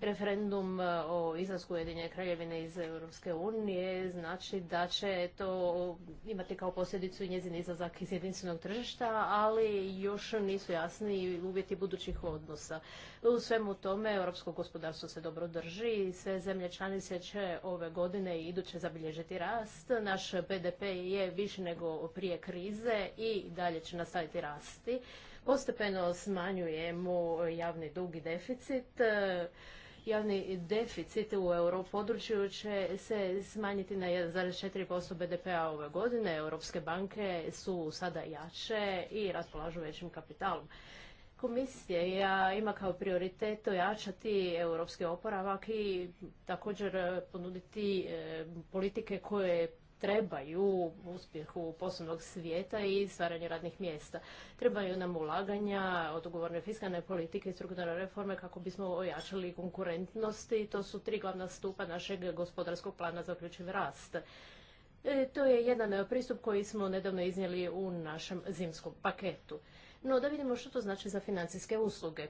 referendum e, o izlasku jedinje kraljevine iz Europske unije znači da će to imati kao posljedicu i njezin izlazak iz jedinstvenog tržišta, ali još nisu jasni uvjeti budućih odnosa. U svemu tome, europsko gospodarstvo se dobro drži i sve zemlje članice će ove godine i iduće zabilježiti rast. Naš BDP je više nego prije krize i dalje će nastaviti rasti. Postepeno smanjujemo javni dug i deficit Javni deficit u europodručju će se smanjiti na 1,4% BDP-a ove godine. Europske banke su sada jače i raspolažu većim kapitalom. Komisija ima kao prioritet ojačati europski oporavak i također ponuditi e, politike koje trebaju uspjehu poslovnog svijeta i stvaranje radnih mjesta. Trebaju nam ulaganja, odgovorne fiskalne politike i strukturalne reforme kako bismo ojačali konkurentnost i to su tri glavna stupa našeg gospodarskog plana za uključiv rast. E, to je jedan pristup koji smo nedavno iznijeli u našem zimskom paketu. No da vidimo što to znači za financijske usluge.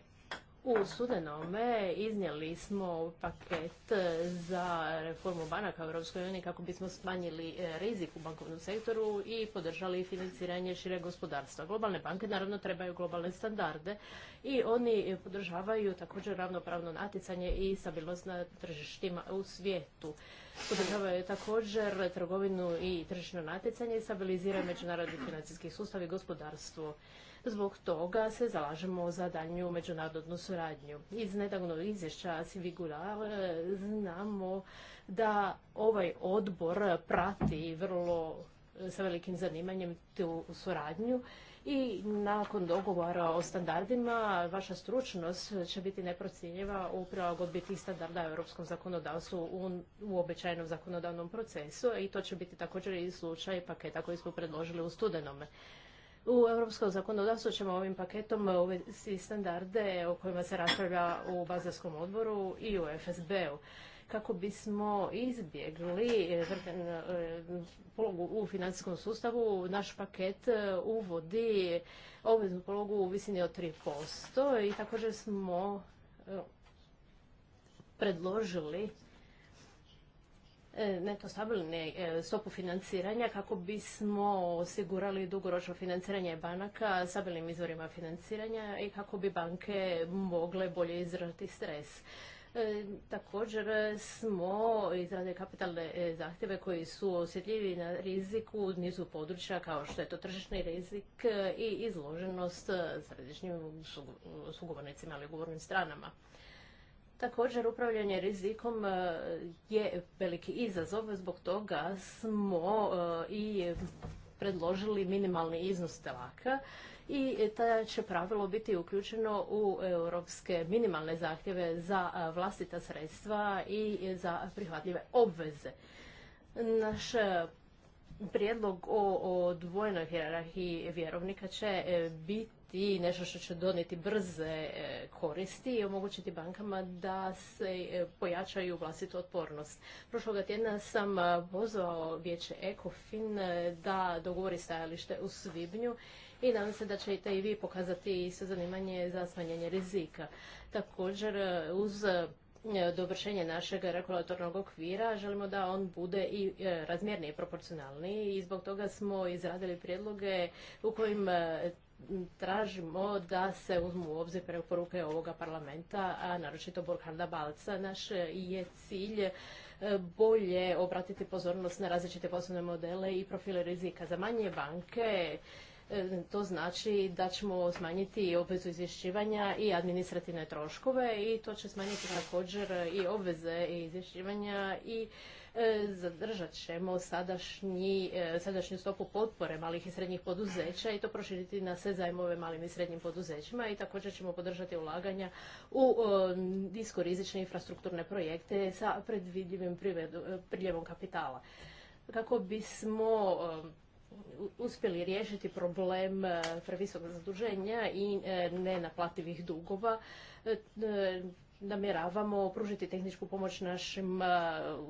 U sudenome iznijeli smo paket za reformu banaka u EU kako bismo smanjili e, rizik u bankovnom sektoru i podržali financiranje šire gospodarstva. Globalne banke naravno trebaju globalne standarde i oni podržavaju također ravnopravno naticanje i stabilnost na tržištima u svijetu. Podržavaju također trgovinu i tržišno natjecanje i stabiliziraju međunarodni financijski sustav i gospodarstvo. Zbog toga se zalažemo za daljnju međunarodnu suradnju. Iz nedavnog izvješća Sivigula e, znamo da ovaj odbor prati vrlo e, sa velikim zanimanjem tu suradnju i nakon dogovora o standardima vaša stručnost će biti neprocjenjiva u prilagodbi tih standarda europskom zakonodavstvu u uobičajenom zakonodavnom procesu i to će biti također i slučaj paketa koji smo predložili u studenome. U europskom zakonodavstvu ćemo ovim paketom uvesti standarde o kojima se raspravlja u Bazarskom odboru i u FSB-u kako bismo izbjegli e, e, pologu u financijskom sustavu, naš paket e, uvodi obveznu pologu u visini od 3% i također smo predložili E, neto stabilni e, stopu financiranja kako bismo osigurali dugoročno financiranje banaka stabilnim izvorima financiranja i kako bi banke mogle bolje izražati stres. E, također smo izradili kapitalne zahtjeve koji su osjetljivi na riziku u nizu područja kao što je to tržišni rizik i izloženost središnjim sugovornicima ili ugovornim stranama. Također, upravljanje rizikom e, je veliki izazov, zbog toga smo e, i predložili minimalni iznos telaka i ta će pravilo biti uključeno u europske minimalne zahtjeve za e, vlastita sredstva i za prihvatljive obveze. Naš prijedlog o, dvojnoj hierarhiji vjerovnika će biti i nešto što će donijeti brze e, koristi i omogućiti bankama da se e, pojačaju vlastitu otpornost. Prošloga tjedna sam e, pozvao vijeće ECOFIN da dogovori stajalište u svibnju i nadam se da ćete i vi pokazati sve zanimanje za smanjenje rizika. Također, uz dovršenje našeg regulatornog okvira, želimo da on bude i razmjerniji i proporcionalniji i zbog toga smo izradili prijedloge u kojim tražimo da se uzmu u obzir preporuke ovoga parlamenta, a naročito Burkharda Balca. Naš je cilj e, bolje obratiti pozornost na različite poslovne modele i profile rizika. Za manje banke e, to znači da ćemo smanjiti obvezu izvješćivanja i administrativne troškove i to će smanjiti također i obveze izvješćivanja i E, zadržat ćemo e, sadašnju stopu potpore malih i srednjih poduzeća i to proširiti na sve zajmove malim i srednjim poduzećima i također ćemo podržati ulaganja u diskorizične e, infrastrukturne projekte sa predvidljivim priljevom kapitala kako bismo uspjeli riješiti problem e, previsog zaduženja i e, nenaplativih dugova, e, namjeravamo pružiti tehničku pomoć našim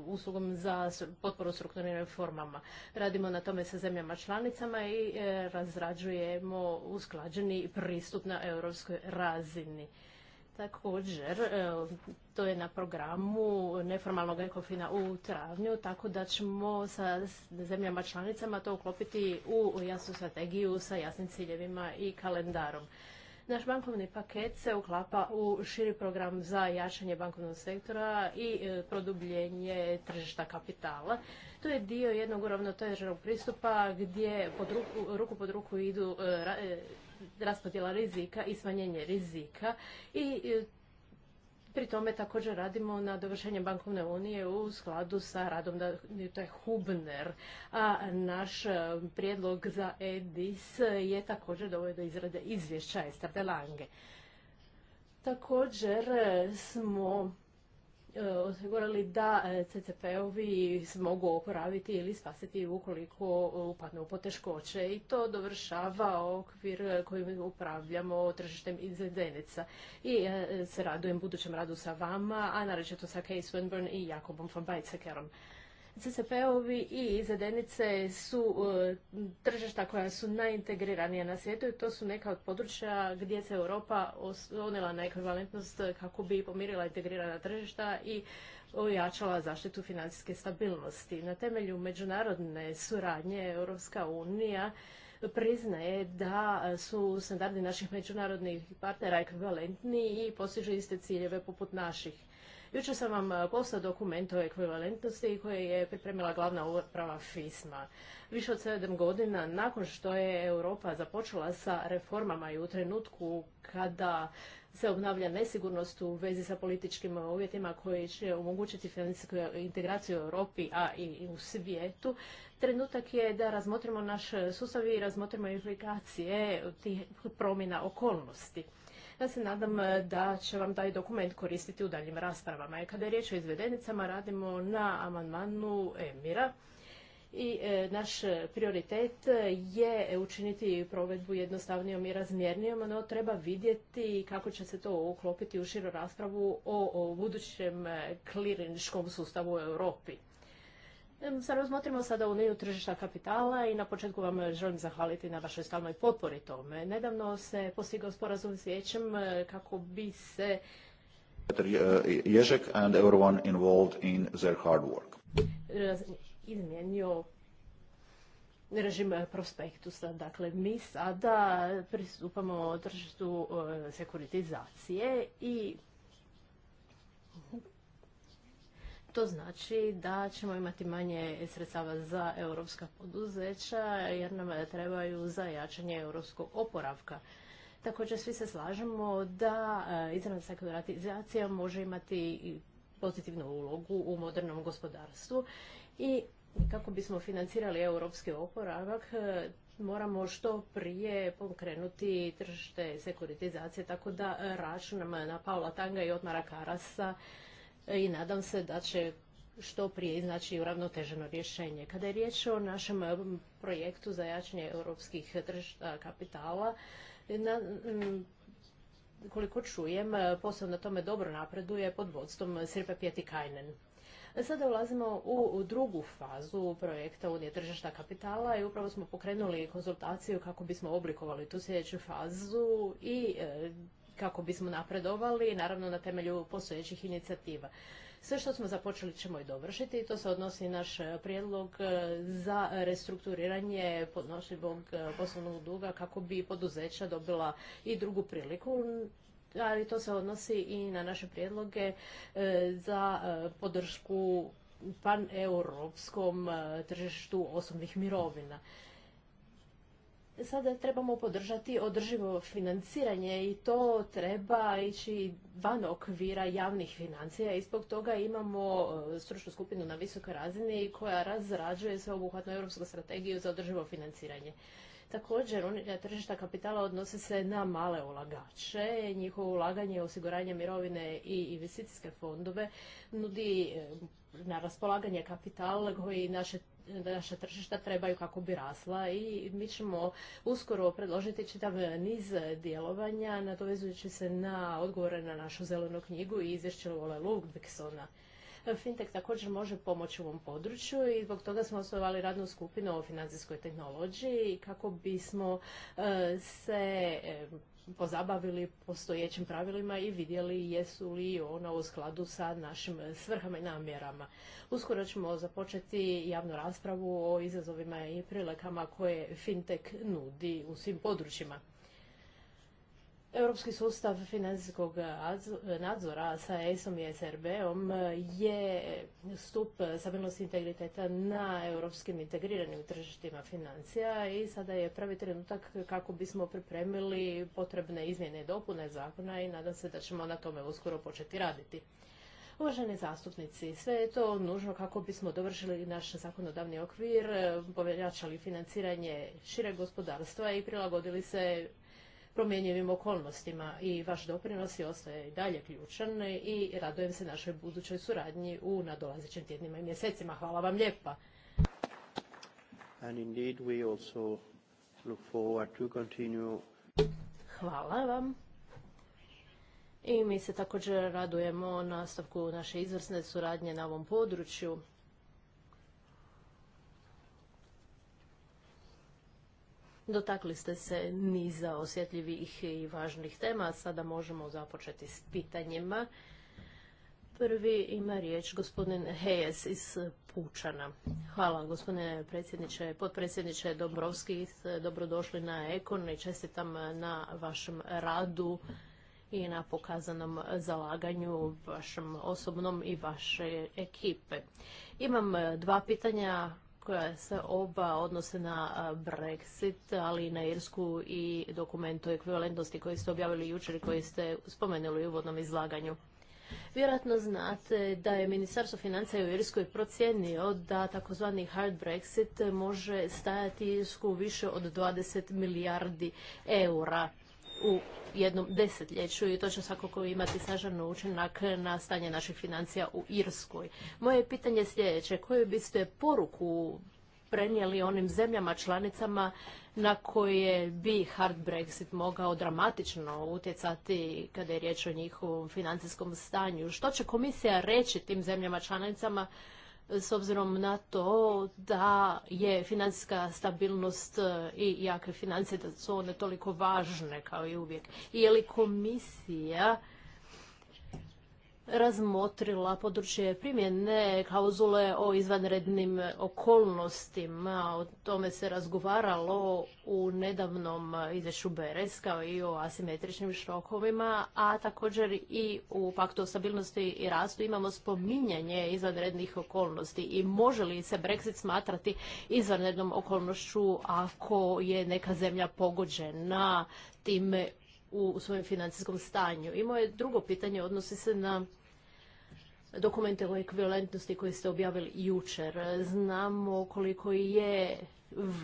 uslugom za potporu strukturnim reformama. Radimo na tome sa zemljama članicama i razrađujemo usklađeni pristup na europskoj razini. Također, e, to je na programu neformalnog ekofina u travnju, tako da ćemo sa zemljama članicama to uklopiti u jasnu strategiju sa jasnim ciljevima i kalendarom. Naš bankovni paket se uklapa u širi program za jačanje bankovnog sektora i e, produbljenje tržišta kapitala. To je dio jednog uravnoteženog pristupa gdje ruku, ruku pod ruku idu e, raspodjela rizika i smanjenje rizika i e, pri tome također radimo na dovršenje bankovne unije u skladu sa radom da to je Hubner. A naš e, prijedlog za EDIS je također dovoljno do izrade izvješća Ester Lange. Također e, smo E, osigurali da e, CCP-ovi mogu oporaviti ili spasiti ukoliko upadne u poteškoće i to dovršava okvir kojim upravljamo tržištem izvedenica. I e, se radujem budućem radu sa vama, a naročito sa Case Winburn i Jakobom von Weizsäckerom. CCP-ovi i izvedenice su e, tržišta koja su najintegriranija na svijetu i to su neka od područja gdje se Europa oslonila na ekvivalentnost kako bi pomirila integrirana tržišta i ojačala zaštitu financijske stabilnosti. Na temelju međunarodne suradnje Europska unija priznaje da su standardi naših međunarodnih partnera ekvivalentni i postižu iste ciljeve poput naših. Jučer sam vam e, poslao dokument o ekvivalentnosti koji je pripremila glavna uprava FISMA. Više od sedam godina nakon što je Europa započela sa reformama i u trenutku kada se obnavlja nesigurnost u vezi sa političkim uvjetima koji će omogućiti financijsku integraciju u Europi, a i u svijetu. Trenutak je da razmotrimo naš sustav i razmotrimo implikacije tih promjena okolnosti. Ja se nadam e, da će vam taj dokument koristiti u daljim raspravama. I e, kada je riječ o izvedenicama, radimo na amandmanu Emira. I e, naš prioritet je učiniti provedbu jednostavnijom i razmjernijom, no treba vidjeti kako će se to uklopiti u širu raspravu o, budućem klirinškom sustavu u Europi sad razmotrimo sada u tržišta kapitala i na početku vam želim zahvaliti na vašoj stalnoj potpori tome. Nedavno se postigao sporazum s vijećem e, kako bi se e, Ježek and everyone involved in their hard work. Izmijenio režim prospektusa. Dakle, mi sada pristupamo tržištu e, sekuritizacije i To znači da ćemo imati manje sredstava za europska poduzeća jer nam trebaju za jačanje europskog oporavka. Također svi se slažemo da e, izravna sekuritizacija može imati pozitivnu ulogu u modernom gospodarstvu i kako bismo financirali europski oporavak e, moramo što prije pokrenuti tržište sekuritizacije tako da e, računamo na Paula Tanga i Otmara Karasa i nadam se da će što prije iznaći uravnoteženo rješenje. Kada je riječ o našem e, projektu za jačanje europskih tržišta kapitala, koliko čujem, e, posao na tome dobro napreduje pod vodstvom Sirpe Pietikainen. Sada ulazimo u drugu fazu projekta Unije tržišta kapitala i upravo smo pokrenuli konzultaciju kako bismo oblikovali tu sljedeću fazu i e, kako bismo napredovali, naravno na temelju postojećih inicijativa. Sve što smo započeli ćemo i dovršiti i to se odnosi naš prijedlog e, za restrukturiranje podnošljivog e, poslovnog duga kako bi poduzeća dobila i drugu priliku ali to se odnosi i na naše prijedloge e, za podršku paneuropskom tržištu osobnih mirovina sada trebamo podržati održivo financiranje i to treba ići van okvira javnih financija i zbog toga imamo e, stručnu skupinu na visokoj razini koja razrađuje sveobuhvatnu europsku strategiju za održivo financiranje. Također, unija tržišta kapitala odnose se na male ulagače. Njihovo ulaganje, osiguranje mirovine i investicijske fondove nudi eh, na raspolaganje kapital koji naše naša tržišta trebaju kako bi rasla i mi ćemo uskoro predložiti čitav niz djelovanja nadovezujući se na odgovore na našu zelenu knjigu i izvješće Ole Ludvigsona. Fintech također može pomoći u ovom području i zbog toga smo osnovali radnu skupinu o financijskoj tehnologiji kako bismo e, se e, pozabavili postojećim pravilima i vidjeli jesu li ona u skladu sa našim svrhama i namjerama. Uskoro ćemo započeti javnu raspravu o izazovima i prilikama koje fintech nudi u svim područjima. Europski sustav financijskog nadzora sa ESom i SRB-om e, je stup stabilnosti integriteta na europskim integriranim tržištima financija i sada je pravi trenutak kako bismo pripremili potrebne izmjene i dopune zakona i nadam se da ćemo na tome uskoro početi raditi. Uvaženi zastupnici, sve je to nužno kako bismo dovršili naš zakonodavni okvir, e, povećali financiranje šire gospodarstva i prilagodili se promjenjivim okolnostima i vaš doprinos je ostaje i dalje ključan i radujem se našoj budućoj suradnji u nadolazećim tjednima i mjesecima. Hvala vam lijepa. Hvala vam. I mi se također radujemo nastavku naše izvrsne suradnje na ovom području. Dotakli ste se niza osjetljivih i važnih tema. Sada možemo započeti s pitanjima. Prvi ima riječ gospodin Hejes iz Pučana. Hvala gospodine predsjedniče, potpredsjedniče Dobrovski, dobrodošli na Ekon i čestitam na vašem radu i na pokazanom zalaganju vašem osobnom i vaše ekipe. Imam dva pitanja koja se oba odnose na Brexit, ali i na Irsku i dokument o ekvivalentnosti koji ste objavili jučer i koji ste spomenuli u uvodnom izlaganju. Vjerojatno znate da je Ministarstvo financija u Irskoj procijenio da takozvani hard Brexit može stajati Irsku više od 20 milijardi eura u jednom desetljeću i to će svakako imati snažan učinak na stanje naših financija u Irskoj. Moje pitanje sljedeće. Koju biste poruku prenijeli onim zemljama članicama na koje bi hard Brexit mogao dramatično utjecati kada je riječ o njihovom financijskom stanju. Što će komisija reći tim zemljama članicama s obzirom na to da je financijska stabilnost e, i jake financije, da su one toliko važne kao i uvijek. I je li komisija razmotrila područje primjene klauzule o izvanrednim okolnostima. O tome se razgovaralo u nedavnom izvješću Beres kao i o asimetričnim šokovima, a također i u paktu o stabilnosti i rastu imamo spominjanje izvanrednih okolnosti i može li se Brexit smatrati izvanrednom okolnošću ako je neka zemlja pogođena time u svojem financijskom stanju. I moje drugo pitanje odnosi se na dokumente o ekvivalentnosti koje ste objavili jučer. Znamo koliko je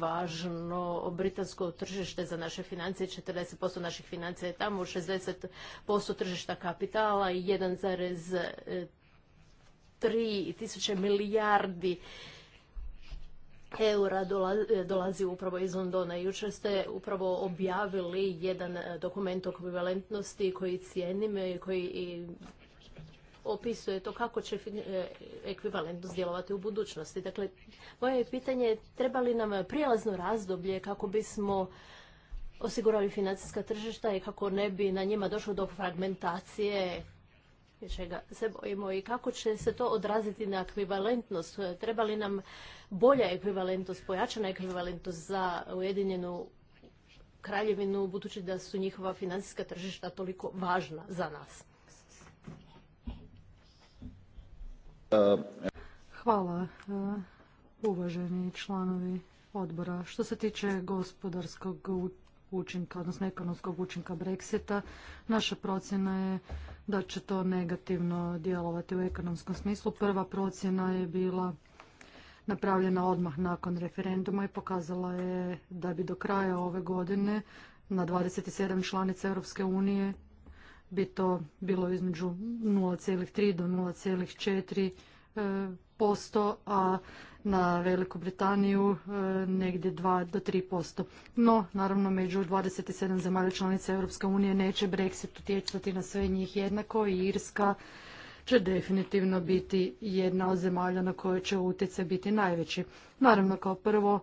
važno britansko tržište za naše financije, 40% naših financija je tamo, 60% tržišta kapitala e, i 1,3 tisuće milijardi eura dolazi upravo iz Londona. Jučer ste upravo objavili jedan e, dokument o ekvivalentnosti koji cijenim i koji opisuje to kako će e, ekvivalentnost djelovati u budućnosti. Dakle, moje pitanje je treba li nam prijelazno razdoblje kako bismo osigurali financijska tržišta i kako ne bi na njima došlo do fragmentacije čega se bojimo i kako će se to odraziti na ekvivalentnost. Treba li nam bolja ekvivalentnost, pojačana ekvivalentnost za Ujedinjenu kraljevinu, budući da su njihova financijska tržišta toliko važna za nas? Hvala, e, uvaženi članovi odbora. Što se tiče gospodarskog učinka, odnosno ekonomskog učinka Brexita, naša procjena je da će to negativno djelovati u ekonomskom smislu. Prva procjena je bila napravljena odmah nakon referenduma i pokazala je da bi do kraja ove godine na 27 članica Europske unije bi to bilo između 0,3 do 0,4 e, posto, a na Veliku Britaniju e, negdje 2 do 3 posto. No, naravno, među 27 zemalja članica Europske unije neće Brexit utjecati na sve njih jednako i Irska će definitivno biti jedna od zemalja na koje će utjecaj biti najveći. Naravno, kao prvo,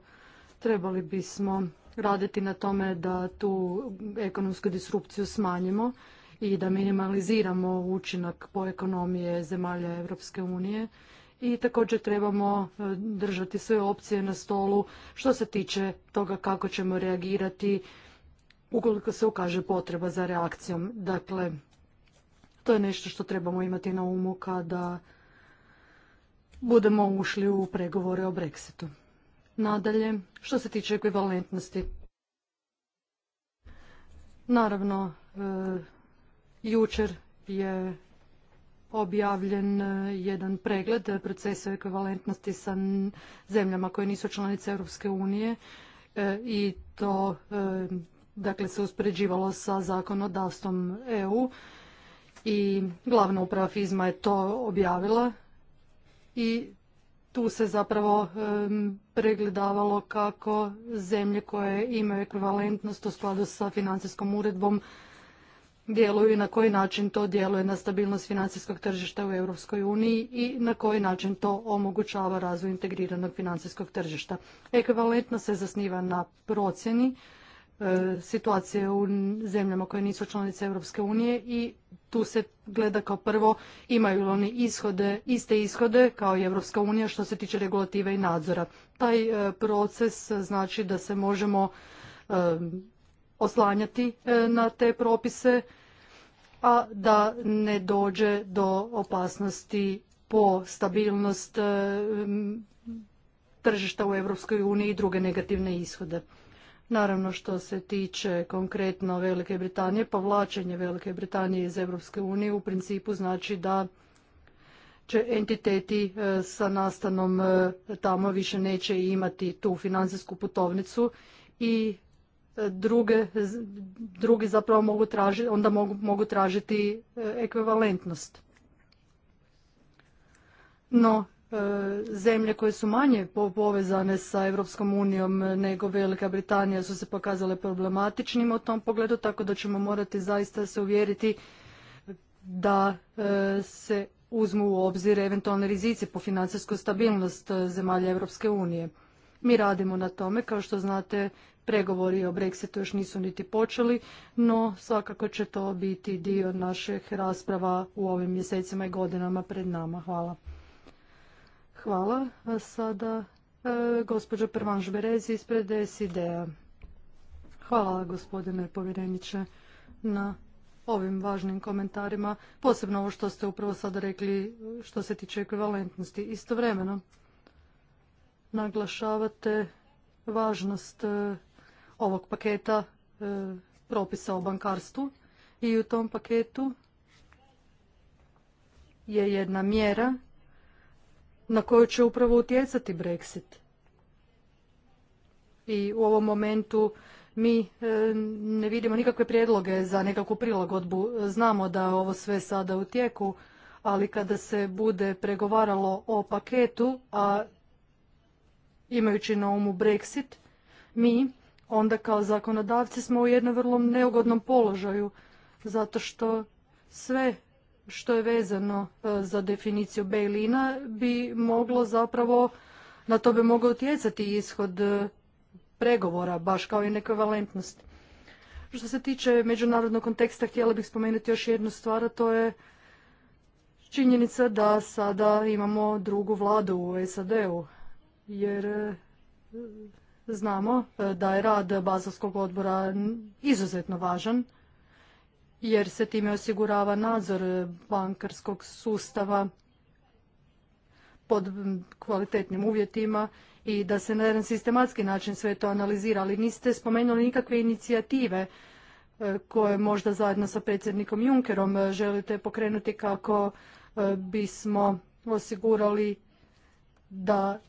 trebali bismo raditi na tome da tu ekonomsku disrupciju smanjimo i da minimaliziramo učinak po ekonomije zemalja Europske unije i također trebamo e, držati sve opcije na stolu što se tiče toga kako ćemo reagirati ukoliko se ukaže potreba za reakcijom. Dakle, to je nešto što trebamo imati na umu kada budemo ušli u pregovore o Brexitu. Nadalje, što se tiče ekvivalentnosti. Naravno, e, Jučer je objavljen e, jedan pregled procesa ekvivalentnosti sa zemljama koje nisu članice Europske unije e, i to e, dakle se uspoređivalo sa zakonodavstvom EU i glavna uprava FIZMA je to objavila i tu se zapravo pregledavalo kako zemlje koje imaju ekvivalentnost u skladu sa financijskom uredbom djeluju i na koji način to djeluje na stabilnost financijskog tržišta u Europskoj uniji i na koji način to omogućava razvoj integriranog financijskog tržišta. Ekvivalentno se zasniva na procjeni e, situacije u zemljama koje nisu članice Europske unije i tu se gleda kao prvo imaju li oni ishode, iste ishode kao i Europska unija što se tiče regulative i nadzora. Taj e, proces znači da se možemo e, oslanjati e, na te propise, a da ne dođe do opasnosti po stabilnost e, tržišta u Europskoj uniji i druge negativne ishode. Naravno što se tiče konkretno Velike Britanije, povlačenje Velike Britanije iz Europske unije u principu znači da će entiteti e, sa nastanom tamo više neće imati tu financijsku putovnicu i druge, drugi zapravo mogu tražiti, onda mogu, mogu tražiti e, ekvivalentnost. No, e, zemlje koje su manje povezane sa Europskom unijom nego Velika Britanija su se pokazale problematičnim u tom pogledu, tako da ćemo morati zaista se uvjeriti da e, se uzmu u obzir eventualne rizici po financijsku stabilnost zemalja Europske unije. Mi radimo na tome, kao što znate, pregovori o Brexitu još nisu niti počeli, no svakako će to biti dio naših rasprava u ovim mjesecima i godinama pred nama. Hvala. Hvala. A sada e, gospođa Prvanž Berezi ispred SID-a. Hvala gospodine povjereniče na ovim važnim komentarima, posebno ovo što ste upravo sada rekli što se tiče ekvivalentnosti. Istovremeno naglašavate važnost e, ovog paketa e, propisa o bankarstvu i u tom paketu je jedna mjera na koju će upravo utjecati Brexit. I u ovom momentu mi e, ne vidimo nikakve prijedloge za nekakvu prilagodbu. Znamo da je ovo sve sada u tijeku, ali kada se bude pregovaralo o paketu, a imajući na umu Brexit, mi onda kao zakonodavci smo u jednom vrlo neugodnom položaju, zato što sve što je vezano e, za definiciju bailina bi moglo zapravo, na to bi mogao utjecati ishod e, pregovora, baš kao i nekvivalentnost. Što se tiče međunarodnog konteksta, htjela bih spomenuti još jednu stvar, a to je činjenica da sada imamo drugu vladu u SAD-u, jer e, Znamo e, da je rad Bazovskog odbora izuzetno važan jer se time osigurava nadzor e, bankarskog sustava pod kvalitetnim uvjetima i da se na jedan sistematski način sve to analizira, ali niste spomenuli nikakve inicijative e, koje možda zajedno sa predsjednikom Junckerom želite pokrenuti kako bismo osigurali da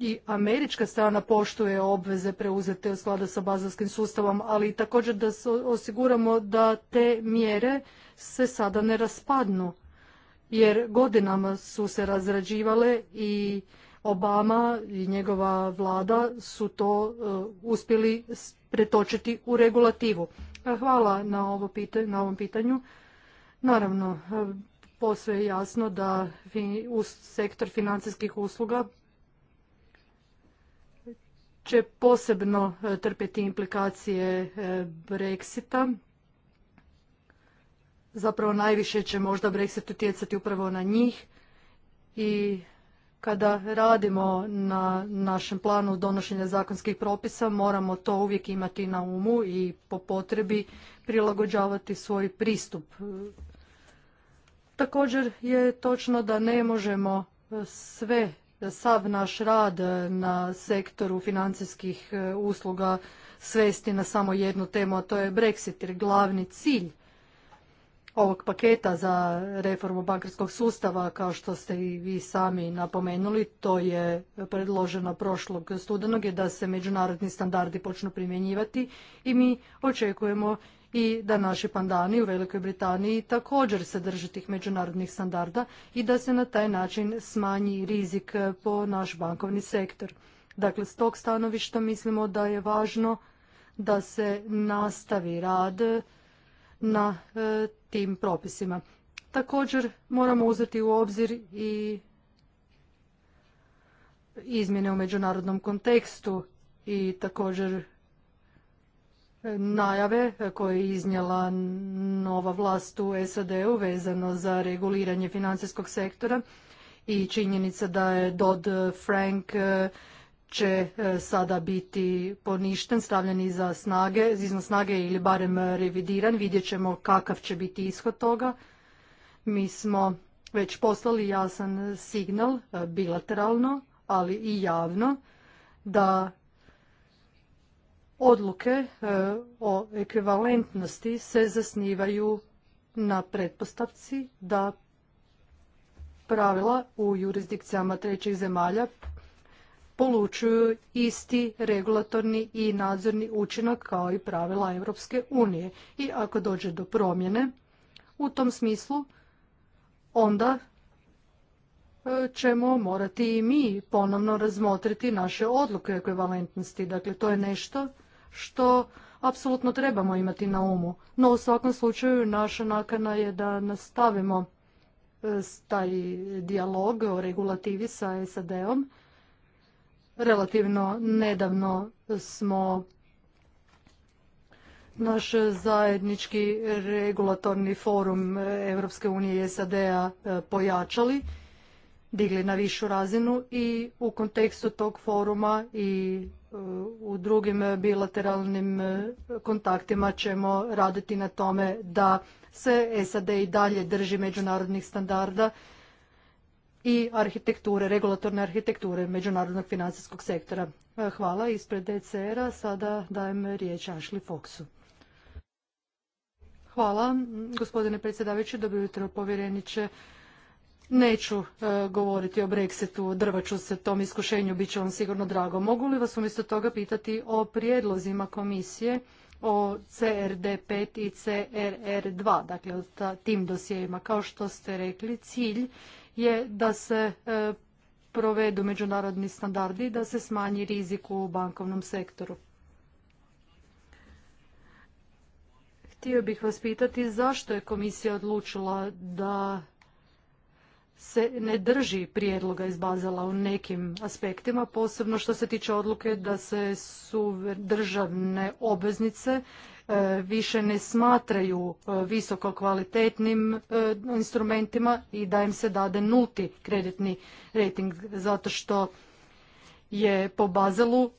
i američka strana poštuje obveze preuzete u skladu sa bazarskim sustavom, ali također da osiguramo da te mjere se sada ne raspadnu, jer godinama su se razrađivale i Obama i njegova vlada su to uh, uspjeli pretočiti u regulativu. Hvala na, ovom pitanju. Naravno, uh, posve je jasno da sektor financijskih usluga će posebno e, trpjeti implikacije e, Brexita. Zapravo najviše će možda Brexit utjecati upravo na njih i kada radimo na našem planu donošenja zakonskih propisa moramo to uvijek imati na umu i po potrebi prilagođavati svoj pristup. E, također je točno da ne možemo sve sav naš rad e, na sektoru financijskih e, usluga svesti na samo jednu temu, a to je Brexit, jer glavni cilj ovog paketa za reformu bankarskog sustava, kao što ste i vi sami napomenuli, to je predloženo prošlog studenog, je da se međunarodni standardi počnu primjenjivati i mi očekujemo i da naši pandani u Velikoj Britaniji također se drže tih međunarodnih standarda i da se na taj način smanji rizik e, po naš bankovni sektor. Dakle, s tog stanovišta mislimo da je važno da se nastavi rad na e, tim propisima. Također moramo uzeti u obzir i izmjene u međunarodnom kontekstu i također najave koje je iznijela nova vlast u SAD-u vezano za reguliranje financijskog sektora i činjenica da je Dodd Frank e, će e, sada biti poništen, stavljen za snage, iznad snage ili barem revidiran. Vidjet ćemo kakav će biti ishod toga. Mi smo već poslali jasan signal e, bilateralno, ali i javno da odluke e, o ekvivalentnosti se zasnivaju na pretpostavci da pravila u jurisdikcijama trećih zemalja polučuju isti regulatorni i nadzorni učinak kao i pravila Europske unije. I ako dođe do promjene u tom smislu, onda e, ćemo morati i mi ponovno razmotriti naše odluke ekvivalentnosti. Dakle, to je nešto što apsolutno trebamo imati na umu. No u svakom slučaju naša nakana je da nastavimo e, taj dijalog o regulativi sa SAD-om. Relativno nedavno smo naš zajednički regulatorni forum Europske unije i SAD-a e, pojačali, digli na višu razinu i u kontekstu tog foruma i u drugim bilateralnim e, kontaktima ćemo raditi na tome da se SAD i dalje drži međunarodnih standarda i arhitekture, regulatorne arhitekture međunarodnog financijskog sektora. E, hvala. Ispred DCR-a sada dajem riječ Ashley Foxu. Hvala, gospodine predsjedavajući, dobro jutro povjereniče. Neću e, govoriti o Brexitu, drvaću se tom iskušenju, bit će vam sigurno drago. Mogu li vas umjesto toga pitati o prijedlozima komisije o CRD5 i CRR2, dakle o tim dosijevima. Kao što ste rekli, cilj je da se e, provedu međunarodni standardi i da se smanji rizik u bankovnom sektoru. Htio bih vas pitati zašto je komisija odlučila da se ne drži prijedloga iz Bazela u nekim aspektima, posebno što se tiče odluke da se su državne obveznice e, više ne smatraju e, visoko kvalitetnim e, instrumentima i da im se dade nulti kreditni rating zato što je po Bazelu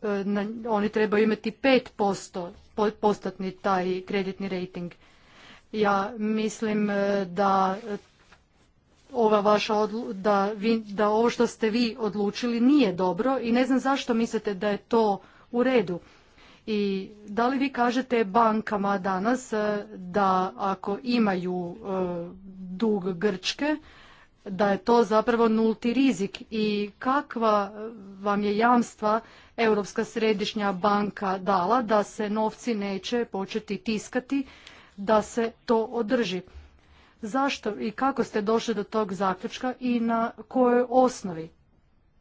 oni trebaju imati 5% postatni taj kreditni rating. Ja mislim da ova vaša odluka da, da ovo što ste vi odlučili nije dobro i ne znam zašto mislite da je to u redu. I da li vi kažete bankama danas e, da ako imaju e, dug Grčke, da je to zapravo nulti rizik i kakva vam je jamstva Europska središnja banka dala da se novci neće početi tiskati, da se to održi zašto i kako ste došli do tog zaključka i na kojoj osnovi?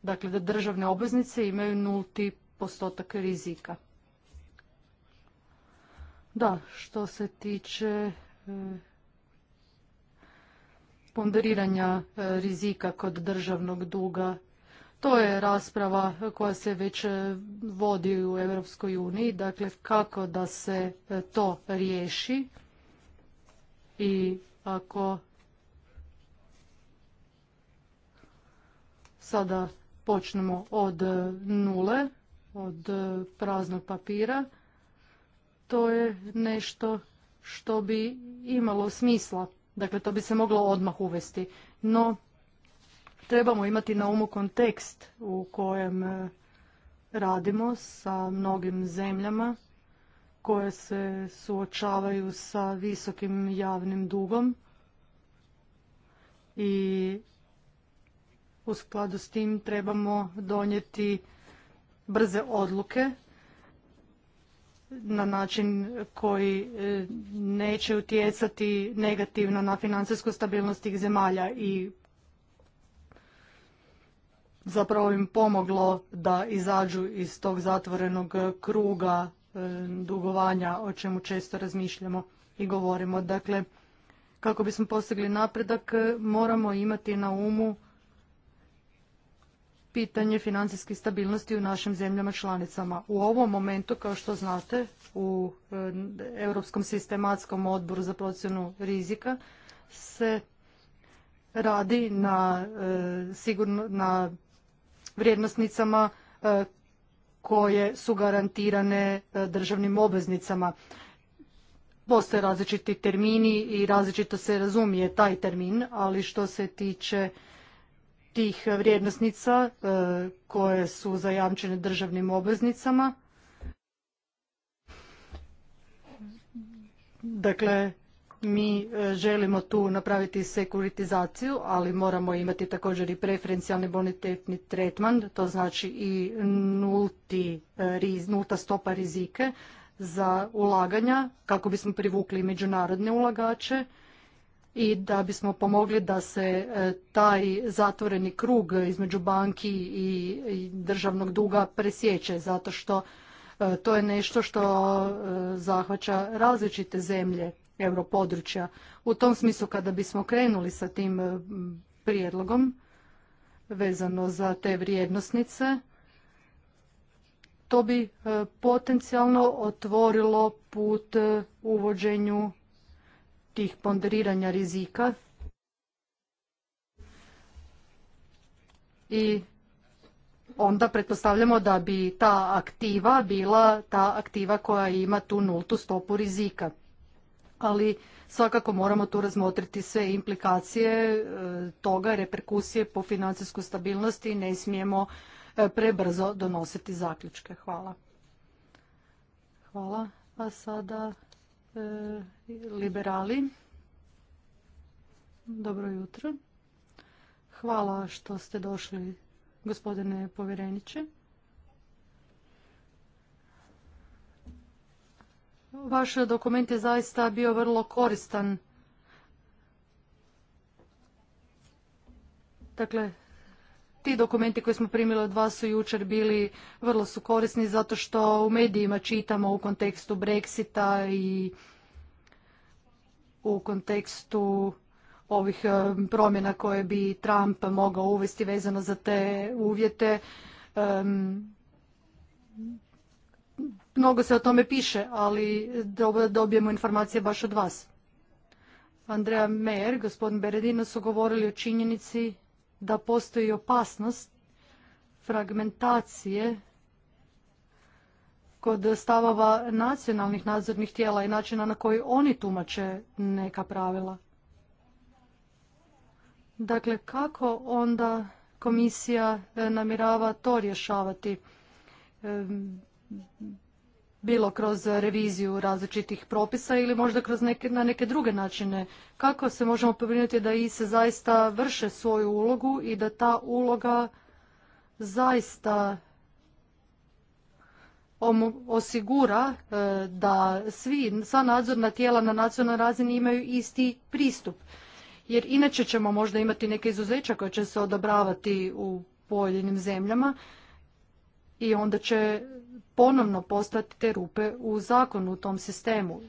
Dakle, da državne obveznice imaju nulti postotak rizika. Da, što se tiče e, ponderiranja e, rizika kod državnog duga, to je rasprava koja se već e, vodi u Europskoj uniji, dakle kako da se to riješi i ako sada počnemo od nule, od praznog papira, to je nešto što bi imalo smisla. Dakle, to bi se moglo odmah uvesti. No, trebamo imati na umu kontekst u kojem eh, radimo sa mnogim zemljama koje se suočavaju sa visokim javnim dugom i u skladu s tim trebamo donijeti brze odluke na način koji e, neće utjecati negativno na financijsku stabilnost tih zemalja i zapravo im pomoglo da izađu iz tog zatvorenog kruga E, dugovanja o čemu često razmišljamo i govorimo. Dakle, kako bismo postigli napredak e, moramo imati na umu pitanje financijske stabilnosti u našim zemljama članicama. U ovom momentu, kao što znate, u e, Europskom sistematskom odboru za procjenu rizika se radi na, sigurno, na vrijednostnicama koje su garantirane e, državnim obveznicama. Postoje različiti termini i različito se razumije taj termin, ali što se tiče tih vrijednosnica e, koje su zajamčene državnim obveznicama, dakle mi e, želimo tu napraviti sekuritizaciju, ali moramo imati također i preferencijalni bonitetni tretman, to znači i nulti, e, nulta stopa rizike za ulaganja kako bismo privukli međunarodne ulagače i da bismo pomogli da se e, taj zatvoreni krug između banki i državnog duga presjeće zato što to je nešto što zahvaća različite zemlje europodručja. U tom smislu kada bismo krenuli sa tim eh, prijedlogom vezano za te vrijednosnice, to bi eh, potencijalno otvorilo put eh, uvođenju tih ponderiranja rizika i onda pretpostavljamo da bi ta aktiva bila ta aktiva koja ima tu nultu stopu rizika ali svakako moramo tu razmotriti sve implikacije e, toga, reperkusije po financijsku stabilnost i ne smijemo e, prebrzo donositi zaključke. Hvala. Hvala. A sada e, liberali. Dobro jutro. Hvala što ste došli, gospodine povjereniče. Vaš dokument je zaista bio vrlo koristan. Dakle, ti dokumenti koje smo primili od vas su jučer bili vrlo su korisni zato što u medijima čitamo u kontekstu Brexita i u kontekstu ovih e, promjena koje bi Trump mogao uvesti vezano za te uvjete. Mnogo se o tome piše, ali dobijemo informacije baš od vas. Andreja Meyer, gospodin Beredino su govorili o činjenici da postoji opasnost fragmentacije kod stavova nacionalnih nadzornih tijela i načina na koji oni tumače neka pravila. Dakle, kako onda komisija e, namirava to rješavati? bilo kroz reviziju različitih propisa ili možda kroz neke, na neke druge načine. Kako se možemo pobrinuti da i se zaista vrše svoju ulogu i da ta uloga zaista osigura e, da svi, sva nadzorna tijela na nacionalnoj razini imaju isti pristup. Jer inače ćemo možda imati neke izuzeća koje će se odobravati u pojedinim zemljama i onda će ponovno postati te rupe u zakonu u tom sistemu.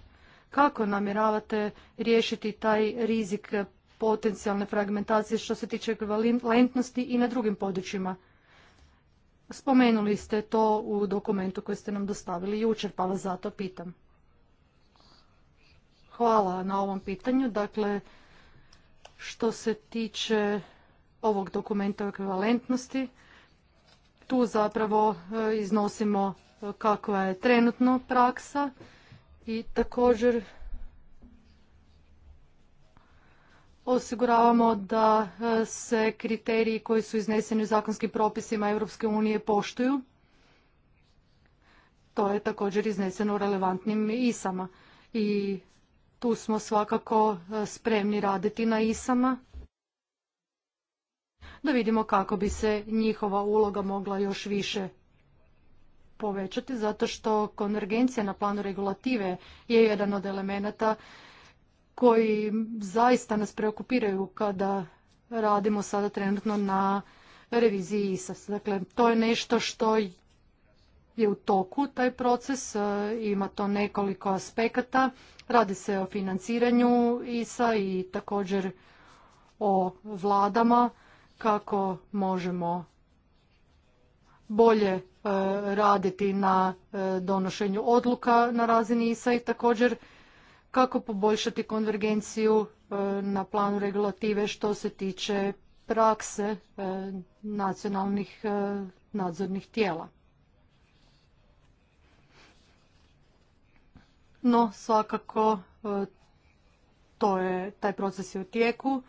Kako namjeravate riješiti taj rizik potencijalne fragmentacije što se tiče ekvivalentnosti i na drugim područjima? Spomenuli ste to u dokumentu koji ste nam dostavili jučer, pa vas zato pitam. Hvala na ovom pitanju. Dakle, što se tiče ovog dokumenta o ekvivalentnosti, tu zapravo e, iznosimo e, kakva je trenutno praksa i također osiguravamo da e, se kriteriji koji su izneseni u zakonskim propisima Europske unije poštuju. To je također izneseno u relevantnim isama i tu smo svakako spremni raditi na isama da vidimo kako bi se njihova uloga mogla još više povećati zato što konvergencija na planu regulative je jedan od elemenata koji zaista nas preokupiraju kada radimo sada trenutno na reviziji ISAS. Dakle, to je nešto što je u toku taj proces, e, ima to nekoliko aspekata. Radi se o financiranju ISA i također o vladama kako možemo bolje e, raditi na e, donošenju odluka na razini ISA i također kako poboljšati konvergenciju e, na planu regulative što se tiče prakse nacionalnih nadzornih tijela. No, svakako to je, taj proces je u tijeku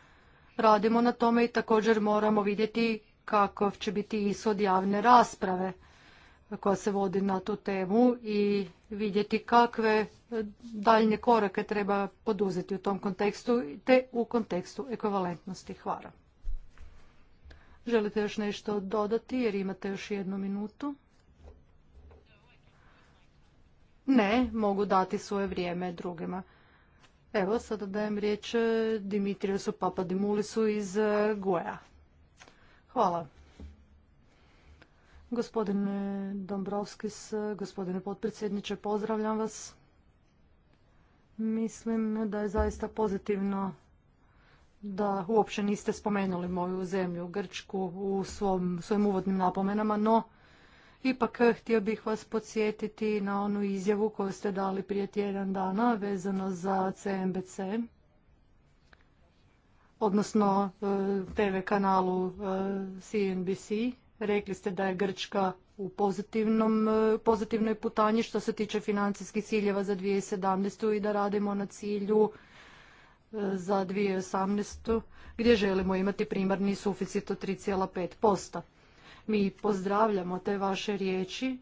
radimo na tome i također moramo vidjeti kakav će biti ishod javne rasprave koja se vodi na tu temu i vidjeti kakve daljnje korake treba poduzeti u tom kontekstu te u kontekstu ekvivalentnosti. hvara. Želite još nešto dodati jer imate još jednu minutu? Ne, mogu dati svoje vrijeme drugima. Evo, sada dajem riječ e, Dimitrijusu Papadimulisu iz e, Goja. Hvala. Gospodine Dombrovskis, e, gospodine potpredsjedniče, pozdravljam vas. Mislim da je zaista pozitivno da uopće niste spomenuli moju zemlju, Grčku, u svojim uvodnim napomenama, no Ipak eh, htio bih vas podsjetiti na onu izjavu koju ste dali prije tjedan dana vezano za CNBC, odnosno eh, TV kanalu CNBC. Eh, Rekli ste da je Grčka u pozitivnoj putanji što se tiče financijskih ciljeva za 2017. i da radimo na cilju za 2018. gdje želimo imati primarni suficit od 3,5%. Mi pozdravljamo te vaše riječi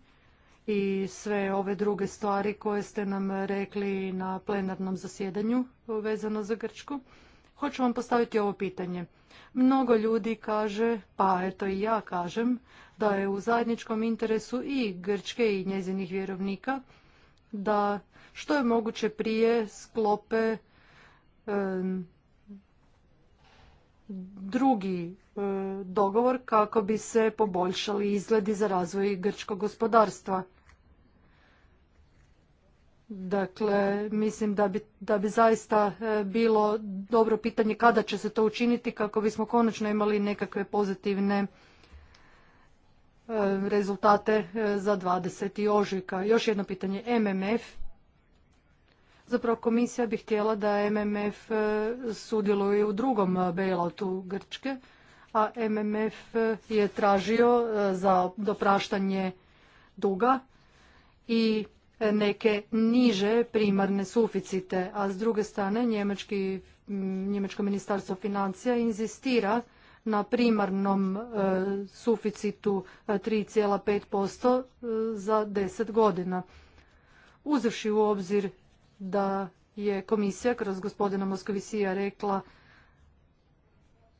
i sve ove druge stvari koje ste nam rekli na plenarnom zasjedanju vezano za Grčku. Hoću vam postaviti ovo pitanje. Mnogo ljudi kaže, pa eto i ja kažem, da je u zajedničkom interesu i Grčke i njezinih vjerovnika da što je moguće prije sklope drugi E, dogovor kako bi se poboljšali izgledi za razvoj grčkog gospodarstva. Dakle, mislim da bi, da bi zaista e, bilo dobro pitanje kada će se to učiniti kako bismo konačno imali nekakve pozitivne e, rezultate za 20. ožujka. Još jedno pitanje, MMF. Zapravo komisija bi htjela da MMF sudjeluje u drugom bailoutu Grčke a MMF je tražio e, za dopraštanje duga i e, neke niže primarne suficite, a s druge strane njemački, njemačko ministarstvo financija inzistira na primarnom e, suficitu 3,5% za 10 godina. Uzevši u obzir da je komisija kroz gospodina Moskovisija rekla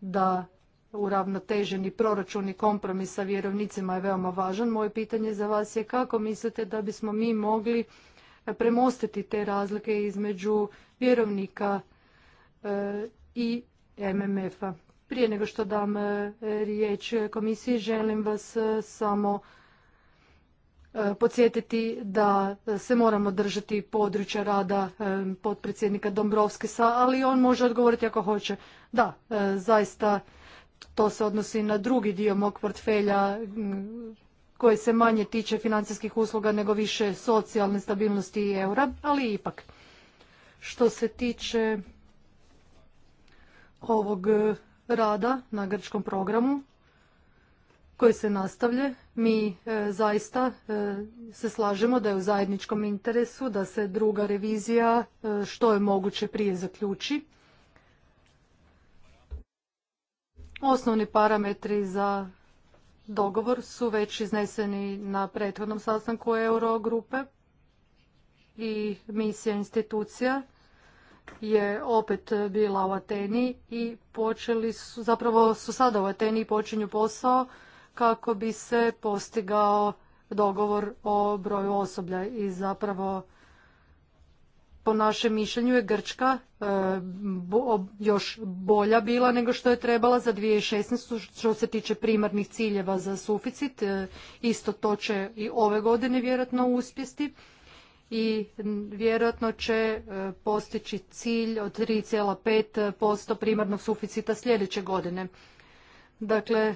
da uravnoteženi proračun i kompromis sa vjerovnicima je veoma važan. Moje pitanje za vas je kako mislite da bismo mi mogli premostiti te razlike između vjerovnika e, i MMF-a. Prije nego što dam e, riječ komisiji, želim vas e, samo podsjetiti da se moramo držati područja rada potpredsjednika Dombrovskisa, ali on može odgovoriti ako hoće. Da, zaista to se odnosi na drugi dio mog portfelja koji se manje tiče financijskih usluga nego više socijalne stabilnosti i eura, ali ipak. Što se tiče ovog rada na grčkom programu koji se nastavlja, mi e, zaista e, se slažemo da je u zajedničkom interesu da se druga revizija e, što je moguće prije zaključi Osnovni parametri za dogovor su već izneseni na prethodnom sastanku Eurogrupe i misija institucija je opet bila u Ateni i počeli su, zapravo su sada u Ateni i počinju posao kako bi se postigao dogovor o broju osoblja i zapravo po našem mišljenju je Grčka e, još bolja bila nego što je trebala za 2016. što se tiče primarnih ciljeva za suficit. E, isto to će i ove godine vjerojatno uspjesti i vjerojatno će e, postići cilj od 3,5% primarnog suficita sljedeće godine. Dakle,